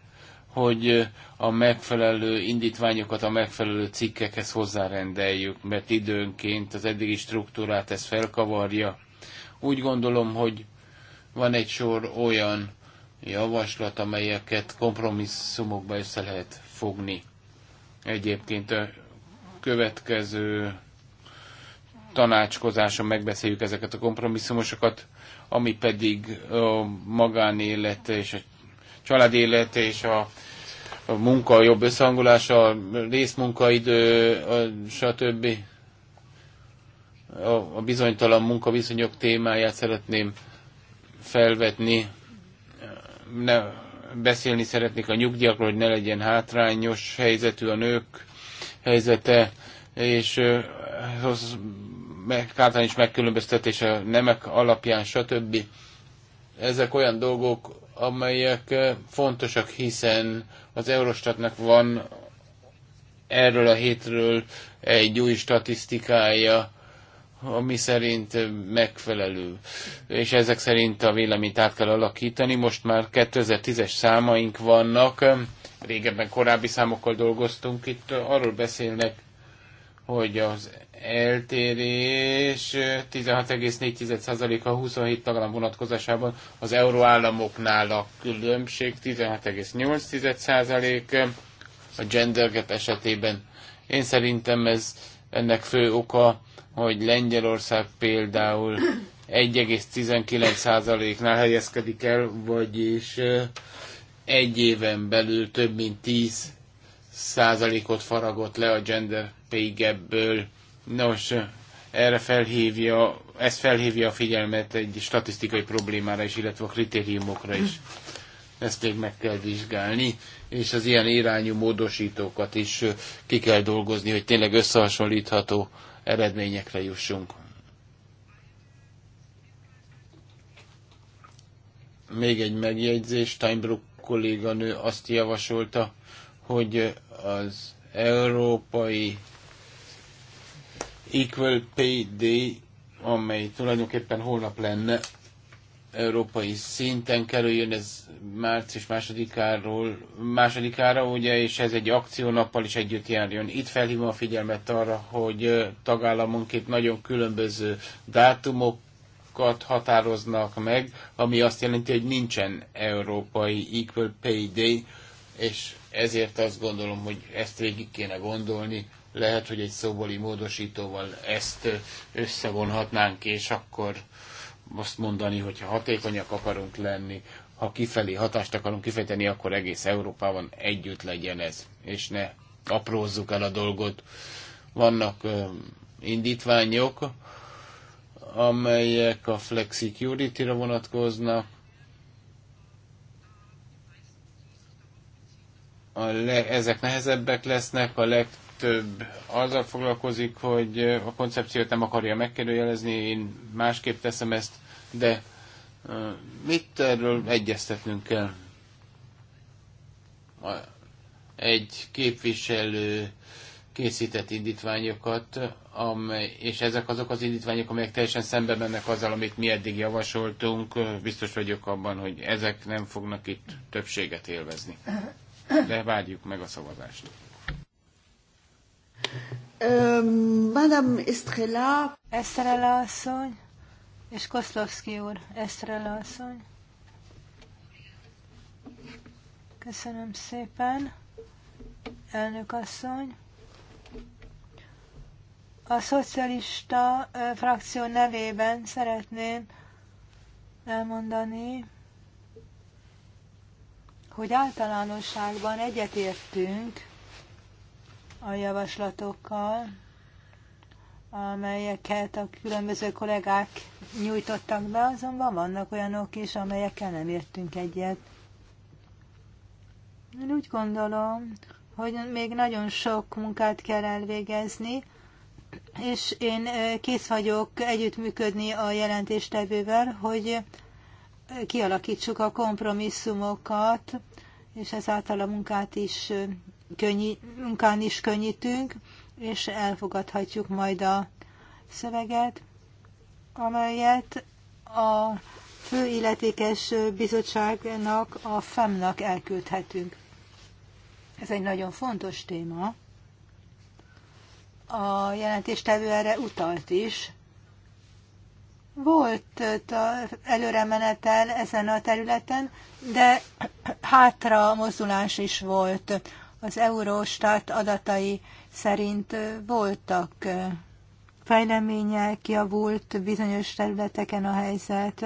hogy a megfelelő indítványokat a megfelelő cikkekhez hozzárendeljük, mert időnként az eddigi struktúrát ez felkavarja. Úgy gondolom, hogy van egy sor olyan javaslat, amelyeket kompromisszumokba össze lehet fogni. Egyébként a következő tanácskozáson megbeszéljük ezeket a kompromisszumosokat, ami pedig a magánélet és a családélet és a, a munka jobb összehangolása, a részmunkaidő, a, stb. A, a bizonytalan munkaviszonyok témáját szeretném felvetni. Ne, beszélni szeretnék a nyugdíjakról, hogy ne legyen hátrányos helyzetű a nők helyzete, és az meg, hátrányos megkülönböztetés a nemek alapján, stb. Ezek olyan dolgok, amelyek fontosak, hiszen az Eurostatnak van erről a hétről egy új statisztikája, ami szerint megfelelő, és ezek szerint a véleményt át kell alakítani. Most már 2010-es számaink vannak, régebben korábbi számokkal dolgoztunk, itt arról beszélnek, hogy az eltérés 16,4%-a 27 tagállam vonatkozásában, az euróállamoknál a különbség 16,8%, a gender gap esetében. Én szerintem ez ennek fő oka hogy Lengyelország például 1,19%-nál helyezkedik el, vagyis egy éven belül több mint 10 százalékot faragott le a gender pay gap-ből. Nos, erre felhívja, ez felhívja a figyelmet egy statisztikai problémára is, illetve a kritériumokra is. Ezt még meg kell vizsgálni, és az ilyen irányú módosítókat is ki kell dolgozni, hogy tényleg összehasonlítható eredményekre jussunk. Még egy megjegyzés, Steinbrück kolléganő azt javasolta, hogy az európai Equal Pay Day, amely tulajdonképpen holnap lenne, európai szinten kerüljön ez március másodikáról, másodikára, ugye, és ez egy akciónappal is együtt járjon. Itt felhívom a figyelmet arra, hogy tagállamonként nagyon különböző dátumokat határoznak meg, ami azt jelenti, hogy nincsen európai Equal Pay Day, és ezért azt gondolom, hogy ezt végig kéne gondolni, lehet, hogy egy szóbeli módosítóval ezt összevonhatnánk, és akkor azt mondani, hogy ha hatékonyak akarunk lenni, ha kifelé hatást akarunk kifejteni, akkor egész Európában együtt legyen ez, és ne aprózzuk el a dolgot. Vannak ö, indítványok, amelyek a flexicurity-ra vonatkoznak, a le, ezek nehezebbek lesznek, a leg több azzal foglalkozik, hogy a koncepciót nem akarja megkérdőjelezni, én másképp teszem ezt, de mit erről egyeztetnünk kell? Egy képviselő készített indítványokat, amely, és ezek azok az indítványok, amelyek teljesen szembe mennek azzal, amit mi eddig javasoltunk. Biztos vagyok abban, hogy ezek nem fognak itt többséget élvezni. De várjuk meg a szavazást. Ö, Madame Estrella. Estrella asszony, és Koszlovszki úr, Estrella asszony. Köszönöm szépen, elnök asszony. A szocialista frakció nevében szeretném elmondani, hogy általánosságban egyetértünk a javaslatokkal, amelyeket a különböző kollégák nyújtottak be, azonban vannak olyanok is, amelyekkel nem értünk egyet. Én úgy gondolom, hogy még nagyon sok munkát kell elvégezni, és én kész vagyok együttműködni a jelentéstevővel, hogy kialakítsuk a kompromisszumokat, és ezáltal a munkát is könnyít, munkán is könnyítünk, és elfogadhatjuk majd a szöveget, amelyet a fő illetékes bizottságnak, a FEM-nak elküldhetünk. Ez egy nagyon fontos téma. A jelentéstevő erre utalt is. Volt előre menetel ezen a területen, de hátra mozdulás is volt az Eurostat adatai szerint voltak fejlemények, javult bizonyos területeken a helyzet.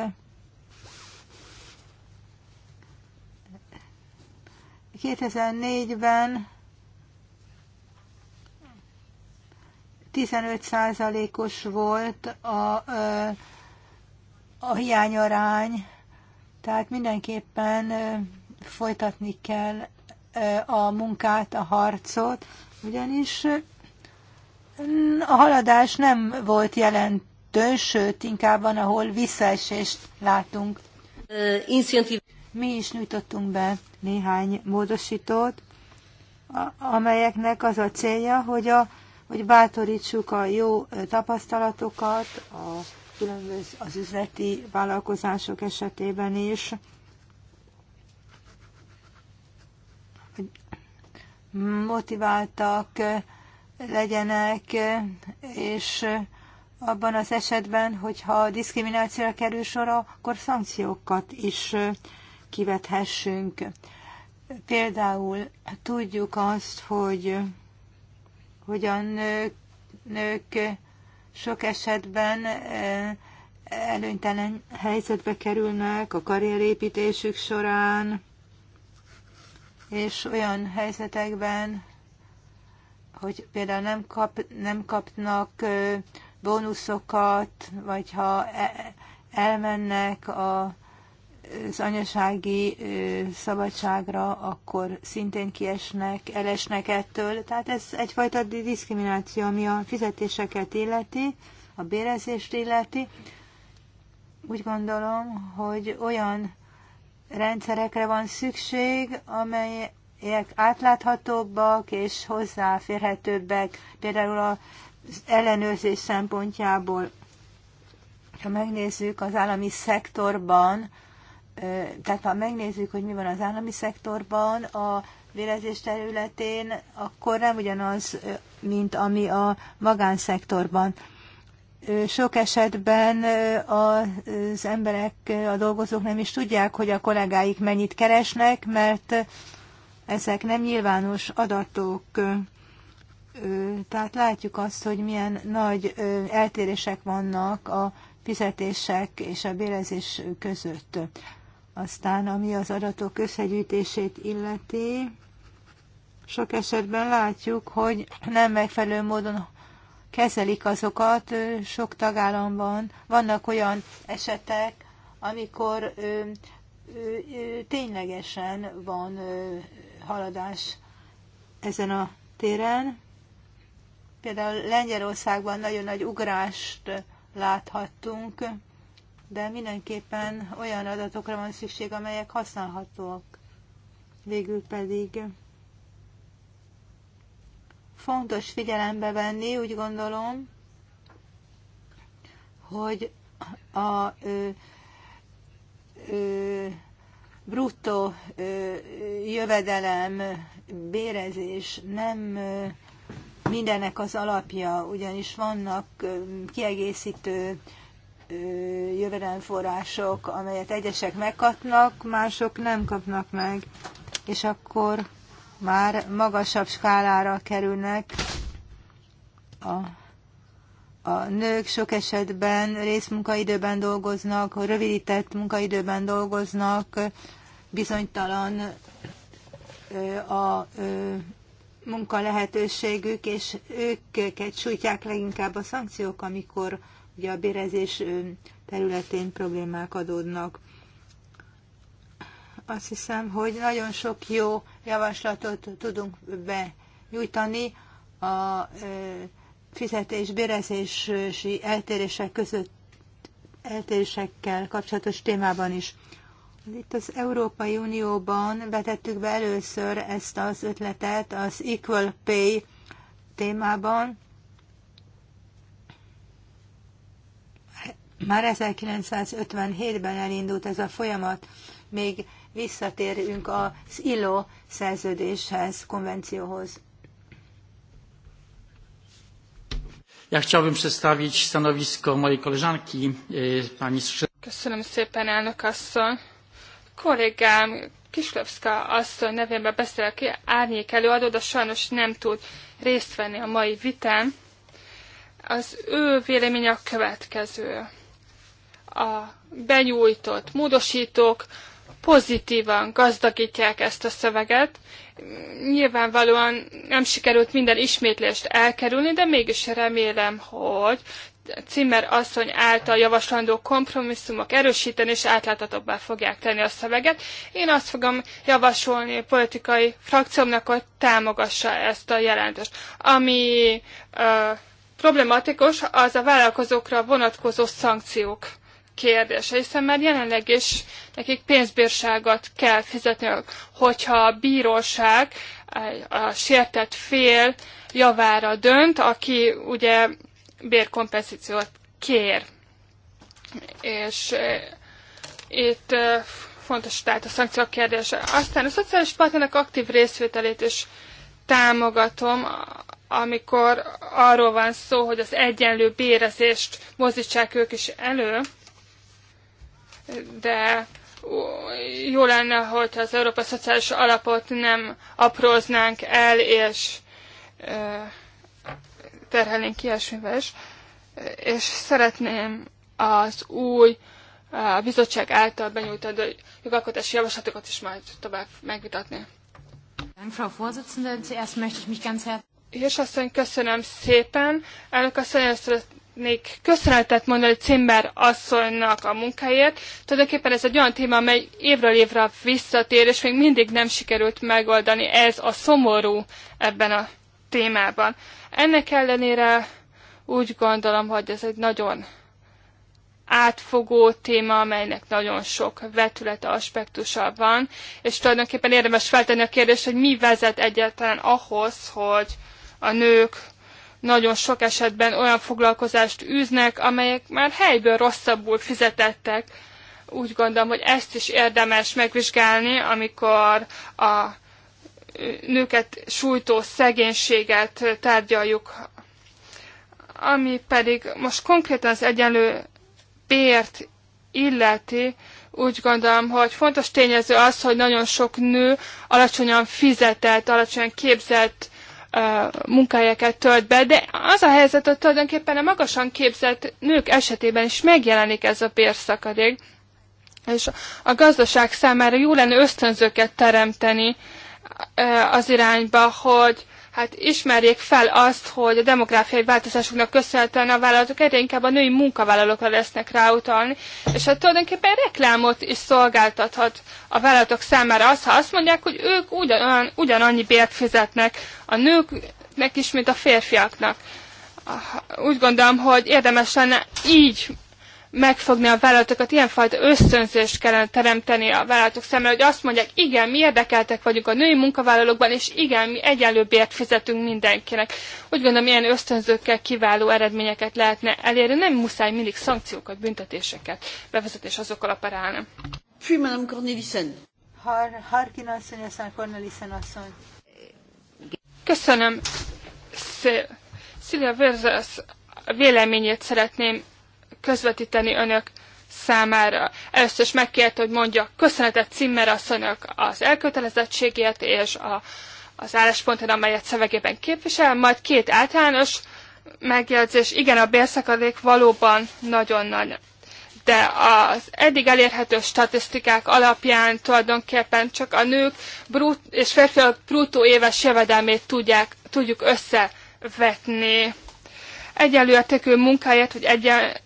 ...2004-ben 15%-os volt a, a hiányarány, tehát mindenképpen folytatni kell a munkát, a harcot, ugyanis a haladás nem volt jelentős, sőt, inkább van, ahol visszaesést látunk. Mi is nyújtottunk be néhány módosítót, amelyeknek az a célja, hogy, a, hogy bátorítsuk a jó tapasztalatokat a különböző az üzleti vállalkozások esetében is. hogy motiváltak legyenek, és abban az esetben, hogyha a diszkriminációra kerül sor, akkor szankciókat is kivethessünk. Például tudjuk azt, hogy, hogy a nők, nők sok esetben eh, előnytelen helyzetbe kerülnek a karrierépítésük során, és olyan helyzetekben, hogy például nem, kap, nem kapnak bónuszokat, vagy ha e, elmennek a, az anyasági szabadságra, akkor szintén kiesnek, elesnek ettől. Tehát ez egyfajta diszkrimináció, ami a fizetéseket illeti, a bérezést illeti. Úgy gondolom, hogy olyan rendszerekre van szükség, amelyek átláthatóbbak és hozzáférhetőbbek, például az ellenőrzés szempontjából. Ha megnézzük az állami szektorban, tehát ha megnézzük, hogy mi van az állami szektorban a vérezés területén, akkor nem ugyanaz, mint ami a magánszektorban sok esetben az emberek, a dolgozók nem is tudják, hogy a kollégáik mennyit keresnek, mert ezek nem nyilvános adatok. Tehát látjuk azt, hogy milyen nagy eltérések vannak a fizetések és a bérezés között. Aztán, ami az adatok összegyűjtését illeti, sok esetben látjuk, hogy nem megfelelő módon kezelik azokat sok tagállamban. Vannak olyan esetek, amikor ténylegesen van haladás ezen a téren. Például Lengyelországban nagyon nagy ugrást láthattunk, de mindenképpen olyan adatokra van szükség, amelyek használhatóak. Végül pedig fontos figyelembe venni, úgy gondolom, hogy a ö, ö, bruttó ö, jövedelem, bérezés nem ö, mindenek az alapja, ugyanis vannak ö, kiegészítő ö, jövedelemforrások, amelyet egyesek megkapnak, mások nem kapnak meg, és akkor már magasabb skálára kerülnek a, a nők sok esetben részmunkaidőben dolgoznak, rövidített munkaidőben dolgoznak, bizonytalan a munka lehetőségük, és őket sújtják leginkább a szankciók, amikor ugye a bérezés területén problémák adódnak. Azt hiszem, hogy nagyon sok jó javaslatot tudunk benyújtani a fizetés-bérezési eltérések között eltérésekkel kapcsolatos témában is. Itt az Európai Unióban vetettük be először ezt az ötletet az Equal Pay témában. Már 1957-ben elindult ez a folyamat, még visszatérünk az ILO szerződéshez, konvencióhoz. Ja chciałbym przedstawić stanowisko mojej koleżanki, e, pani Köszönöm szépen, elnök asszony. Kollégám Kislövszka asszony nevében beszélek aki árnyék előadó, de sajnos nem tud részt venni a mai vitán. Az ő véleménye a következő. A benyújtott módosítók pozitívan gazdagítják ezt a szöveget. Nyilvánvalóan nem sikerült minden ismétlést elkerülni, de mégis remélem, hogy Cimmer asszony által javaslandó kompromisszumok erősíteni és átláthatóbbá fogják tenni a szöveget. Én azt fogom javasolni a politikai frakciómnak, hogy támogassa ezt a jelentést. Ami ö, problematikus, az a vállalkozókra vonatkozó szankciók kérdése, hiszen már jelenleg is nekik pénzbírságot kell fizetniük, hogyha a bíróság a sértett fél javára dönt, aki ugye bérkompenzációt kér. És eh, itt eh, fontos tehát a szankciók kérdése. Aztán a szociális partnernek aktív részvételét is támogatom, amikor arról van szó, hogy az egyenlő bérezést mozdítsák ők is elő, de jó lenne, hogy az Európa Szociális Alapot nem apróznánk el, és terhelnénk ilyesmivel is. És szeretném az új a bizottság által benyújtott jogalkotási javaslatokat is majd tovább megvitatni. Frau Vorsitzende, köszönöm szépen. Elnök asszony, először szeretnék köszönetet mondani Cimber asszonynak a munkáért. Tulajdonképpen ez egy olyan téma, amely évről évre visszatér, és még mindig nem sikerült megoldani. Ez a szomorú ebben a témában. Ennek ellenére úgy gondolom, hogy ez egy nagyon átfogó téma, amelynek nagyon sok vetülete, aspektusa van, és tulajdonképpen érdemes feltenni a kérdést, hogy mi vezet egyáltalán ahhoz, hogy a nők nagyon sok esetben olyan foglalkozást űznek, amelyek már helyből rosszabbul fizetettek. Úgy gondolom, hogy ezt is érdemes megvizsgálni, amikor a nőket sújtó szegénységet tárgyaljuk, ami pedig most konkrétan az egyenlő bért illeti, úgy gondolom, hogy fontos tényező az, hogy nagyon sok nő alacsonyan fizetett, alacsonyan képzett munkahelyeket tölt be, de az a helyzet, hogy tulajdonképpen a magasan képzett nők esetében is megjelenik ez a bérszakadék, és a gazdaság számára jó lenne ösztönzőket teremteni az irányba, hogy, hát ismerjék fel azt, hogy a demográfiai változásoknak köszönhetően a vállalatok egyre inkább a női munkavállalókra lesznek ráutalni, és hát tulajdonképpen reklámot is szolgáltathat a vállalatok számára az, ha azt mondják, hogy ők ugyan, ugyanannyi bért fizetnek a nőknek is, mint a férfiaknak. Úgy gondolom, hogy érdemes lenne így megfogni a vállalatokat, ilyenfajta ösztönzést kellene teremteni a vállalatok szemre, hogy azt mondják, igen, mi érdekeltek vagyunk a női munkavállalókban, és igen, mi egyenlő bért fizetünk mindenkinek. Úgy gondolom, ilyen ösztönzőkkel kiváló eredményeket lehetne elérni, nem muszáj mindig szankciókat, büntetéseket bevezetés azokkal operálni. Puis Madame Cornelissen. Har Harkin asszony, aztán Cornelissen asszony. Köszönöm. Szilvia véleményét szeretném közvetíteni önök számára. Először is megkérte, hogy mondja köszönetet Cimmer asszonynak az elkötelezettségért és a, az álláspontot, amelyet szövegében képvisel, majd két általános megjegyzés. Igen, a bérszakadék valóban nagyon nagy. De az eddig elérhető statisztikák alapján tulajdonképpen csak a nők brut és férfiak bruttó éves jövedelmét tudják, tudjuk összevetni. Egyenlőértékű munkáért, hogy egyen,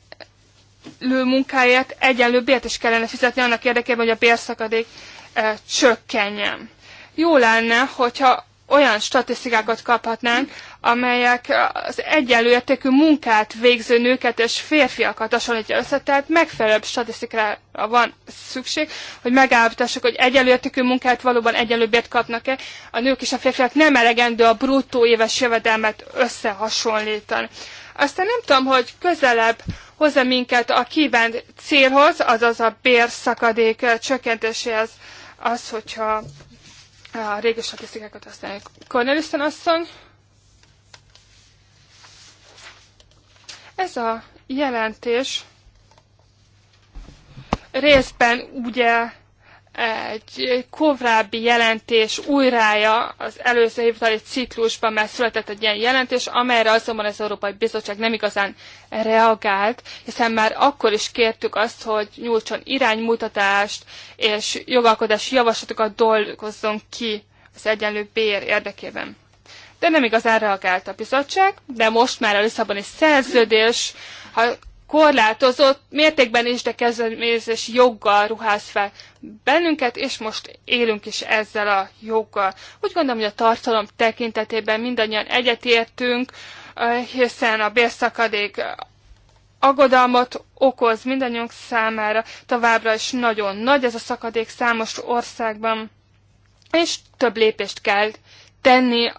munkáját egyenlő bért is kellene fizetni annak érdekében, hogy a bérszakadék e, csökkenjen. Jó lenne, hogyha olyan statisztikákat kaphatnánk, amelyek az egyenlőértékű munkát végző nőket és férfiakat hasonlítja össze, tehát megfelelőbb statisztikára van szükség, hogy megállapítassuk, hogy egyenlőértékű munkát valóban egyenlőbbért kapnak-e. A nők és a férfiak nem elegendő a bruttó éves jövedelmet összehasonlítani. Aztán nem tudom, hogy közelebb hozza minket a kívánt célhoz, azaz a bérszakadék csökkentéséhez az, hogyha a régi statisztikákat használjuk. Cornelison asszony. Ez a jelentés részben ugye egy korábbi jelentés újrája az előző hivatali ciklusban mert született egy ilyen jelentés, amelyre azonban az Európai Bizottság nem igazán reagált, hiszen már akkor is kértük azt, hogy nyújtson iránymutatást és jogalkodási javaslatokat dolgozzon ki az egyenlő bér érdekében. De nem igazán reagált a bizottság, de most már a Lisszaboni szerződés ha korlátozott mértékben is, de kezdeményezés joggal ruház fel bennünket, és most élünk is ezzel a joggal. Úgy gondolom, hogy a tartalom tekintetében mindannyian egyetértünk, hiszen a bérszakadék aggodalmat okoz mindannyiunk számára, továbbra is nagyon nagy ez a szakadék számos országban, és több lépést kell tenni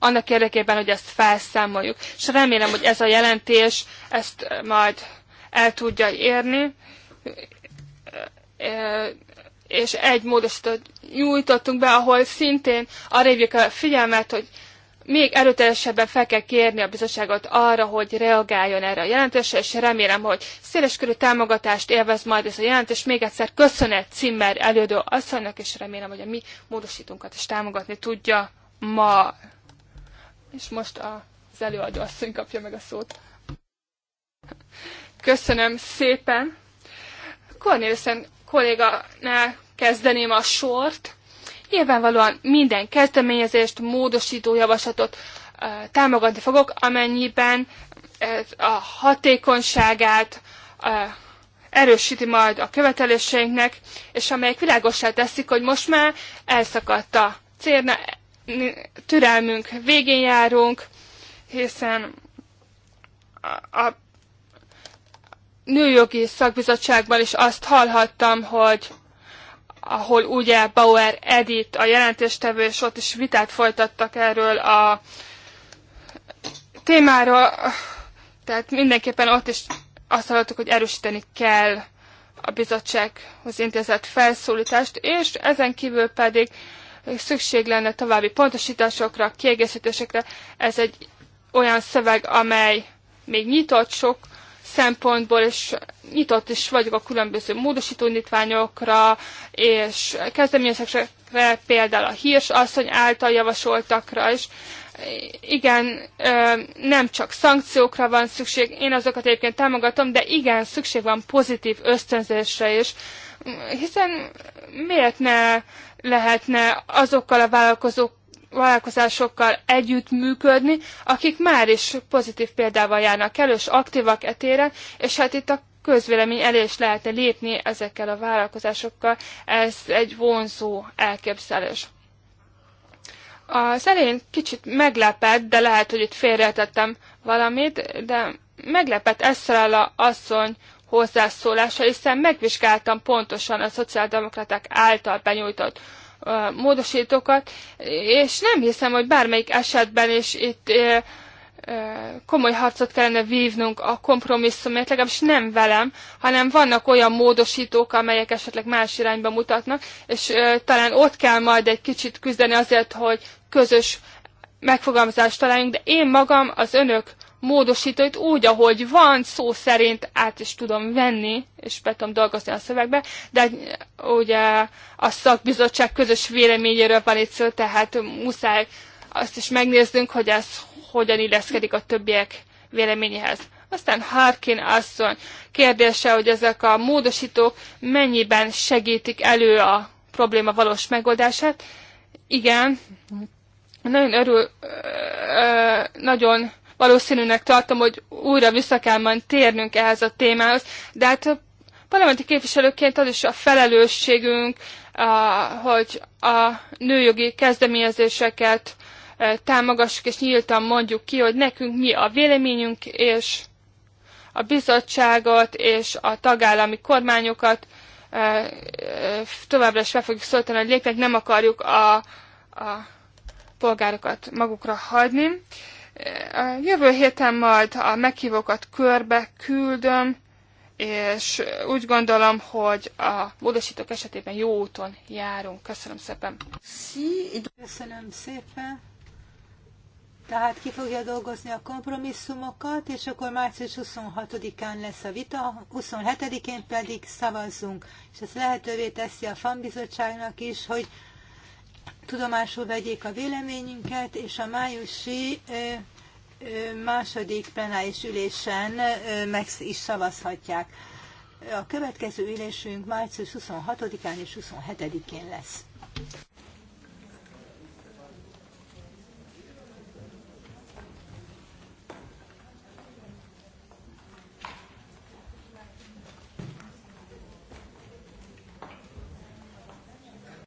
annak érdekében, hogy ezt felszámoljuk. És remélem, hogy ez a jelentés ezt majd el tudja érni, és egy módosítót nyújtottunk be, ahol szintén arra hívjuk a figyelmet, hogy még erőteljesebben fel kell kérni a bizottságot arra, hogy reagáljon erre a jelentésre, és remélem, hogy széleskörű támogatást élvez majd ez a jelentés. Még egyszer köszönet címmel elődő asszonynak, és remélem, hogy a mi módosítunkat is támogatni tudja ma. És most az előadó asszony kapja meg a szót. Köszönöm szépen. Cornélisen kolléganál kezdeném a sort. Nyilvánvalóan minden kezdeményezést, módosító javaslatot támogatni fogok, amennyiben a hatékonyságát erősíti majd a követeléseinknek, és amelyek világosá teszik, hogy most már elszakadt a cérna, türelmünk végén járunk, hiszen a, nőjogi szakbizottságban is azt hallhattam, hogy ahol ugye Bauer Edith a jelentéstevő, és ott is vitát folytattak erről a témáról, tehát mindenképpen ott is azt hallottuk, hogy erősíteni kell a bizottsághoz intézett felszólítást, és ezen kívül pedig szükség lenne további pontosításokra, kiegészítésekre. Ez egy olyan szöveg, amely még nyitott sok szempontból, és nyitott is vagyok a különböző módosító nyitványokra és kezdeményezésekre, például a Hírs asszony által javasoltakra is. Igen, nem csak szankciókra van szükség, én azokat egyébként támogatom, de igen, szükség van pozitív ösztönzésre is, hiszen miért ne lehetne azokkal a vállalkozók, vállalkozásokkal együttműködni, akik már is pozitív példával járnak elő, és aktívak etéren, és hát itt a közvélemény elé is lehetne lépni ezekkel a vállalkozásokkal, ez egy vonzó elképzelés. A szerint kicsit meglepett, de lehet, hogy itt félretettem valamit, de meglepett a asszony hozzászólása, hiszen megvizsgáltam pontosan a szociáldemokraták által benyújtott módosítókat, és nem hiszem, hogy bármelyik esetben is itt komoly harcot kellene vívnunk a kompromisszumért, legalábbis nem velem, hanem vannak olyan módosítók, amelyek esetleg más irányba mutatnak, és talán ott kell majd egy kicsit küzdeni azért, hogy közös megfogalmazást találjunk, de én magam az önök módosítóit úgy, ahogy van, szó szerint át is tudom venni, és be tudom dolgozni a szövegbe, de ugye a szakbizottság közös véleményéről van itt szó, tehát muszáj azt is megnéznünk, hogy ez hogyan illeszkedik a többiek véleményéhez. Aztán Harkin asszony kérdése, hogy ezek a módosítók mennyiben segítik elő a probléma valós megoldását. Igen, nagyon örül, ö, nagyon valószínűnek tartom, hogy újra vissza kell majd térnünk ehhez a témához, de hát a parlamenti képviselőként az is a felelősségünk, a, hogy a nőjogi kezdeményezéseket e, támogassuk, és nyíltan mondjuk ki, hogy nekünk mi a véleményünk, és a bizottságot és a tagállami kormányokat e, e, továbbra is fel fogjuk szólítani, hogy lépjenek, nem akarjuk a, a polgárokat magukra hagyni. A jövő héten majd a meghívókat körbe küldöm, és úgy gondolom, hogy a módosítók esetében jó úton járunk. Köszönöm szépen. Köszönöm szépen. Tehát ki fogja dolgozni a kompromisszumokat, és akkor március 26-án lesz a vita, 27-én pedig szavazzunk. És ez lehetővé teszi a FAN bizottságnak is, hogy tudomásul vegyék a véleményünket, és a májusi második plenáris ülésen meg is szavazhatják. A következő ülésünk március 26-án és 27-én lesz.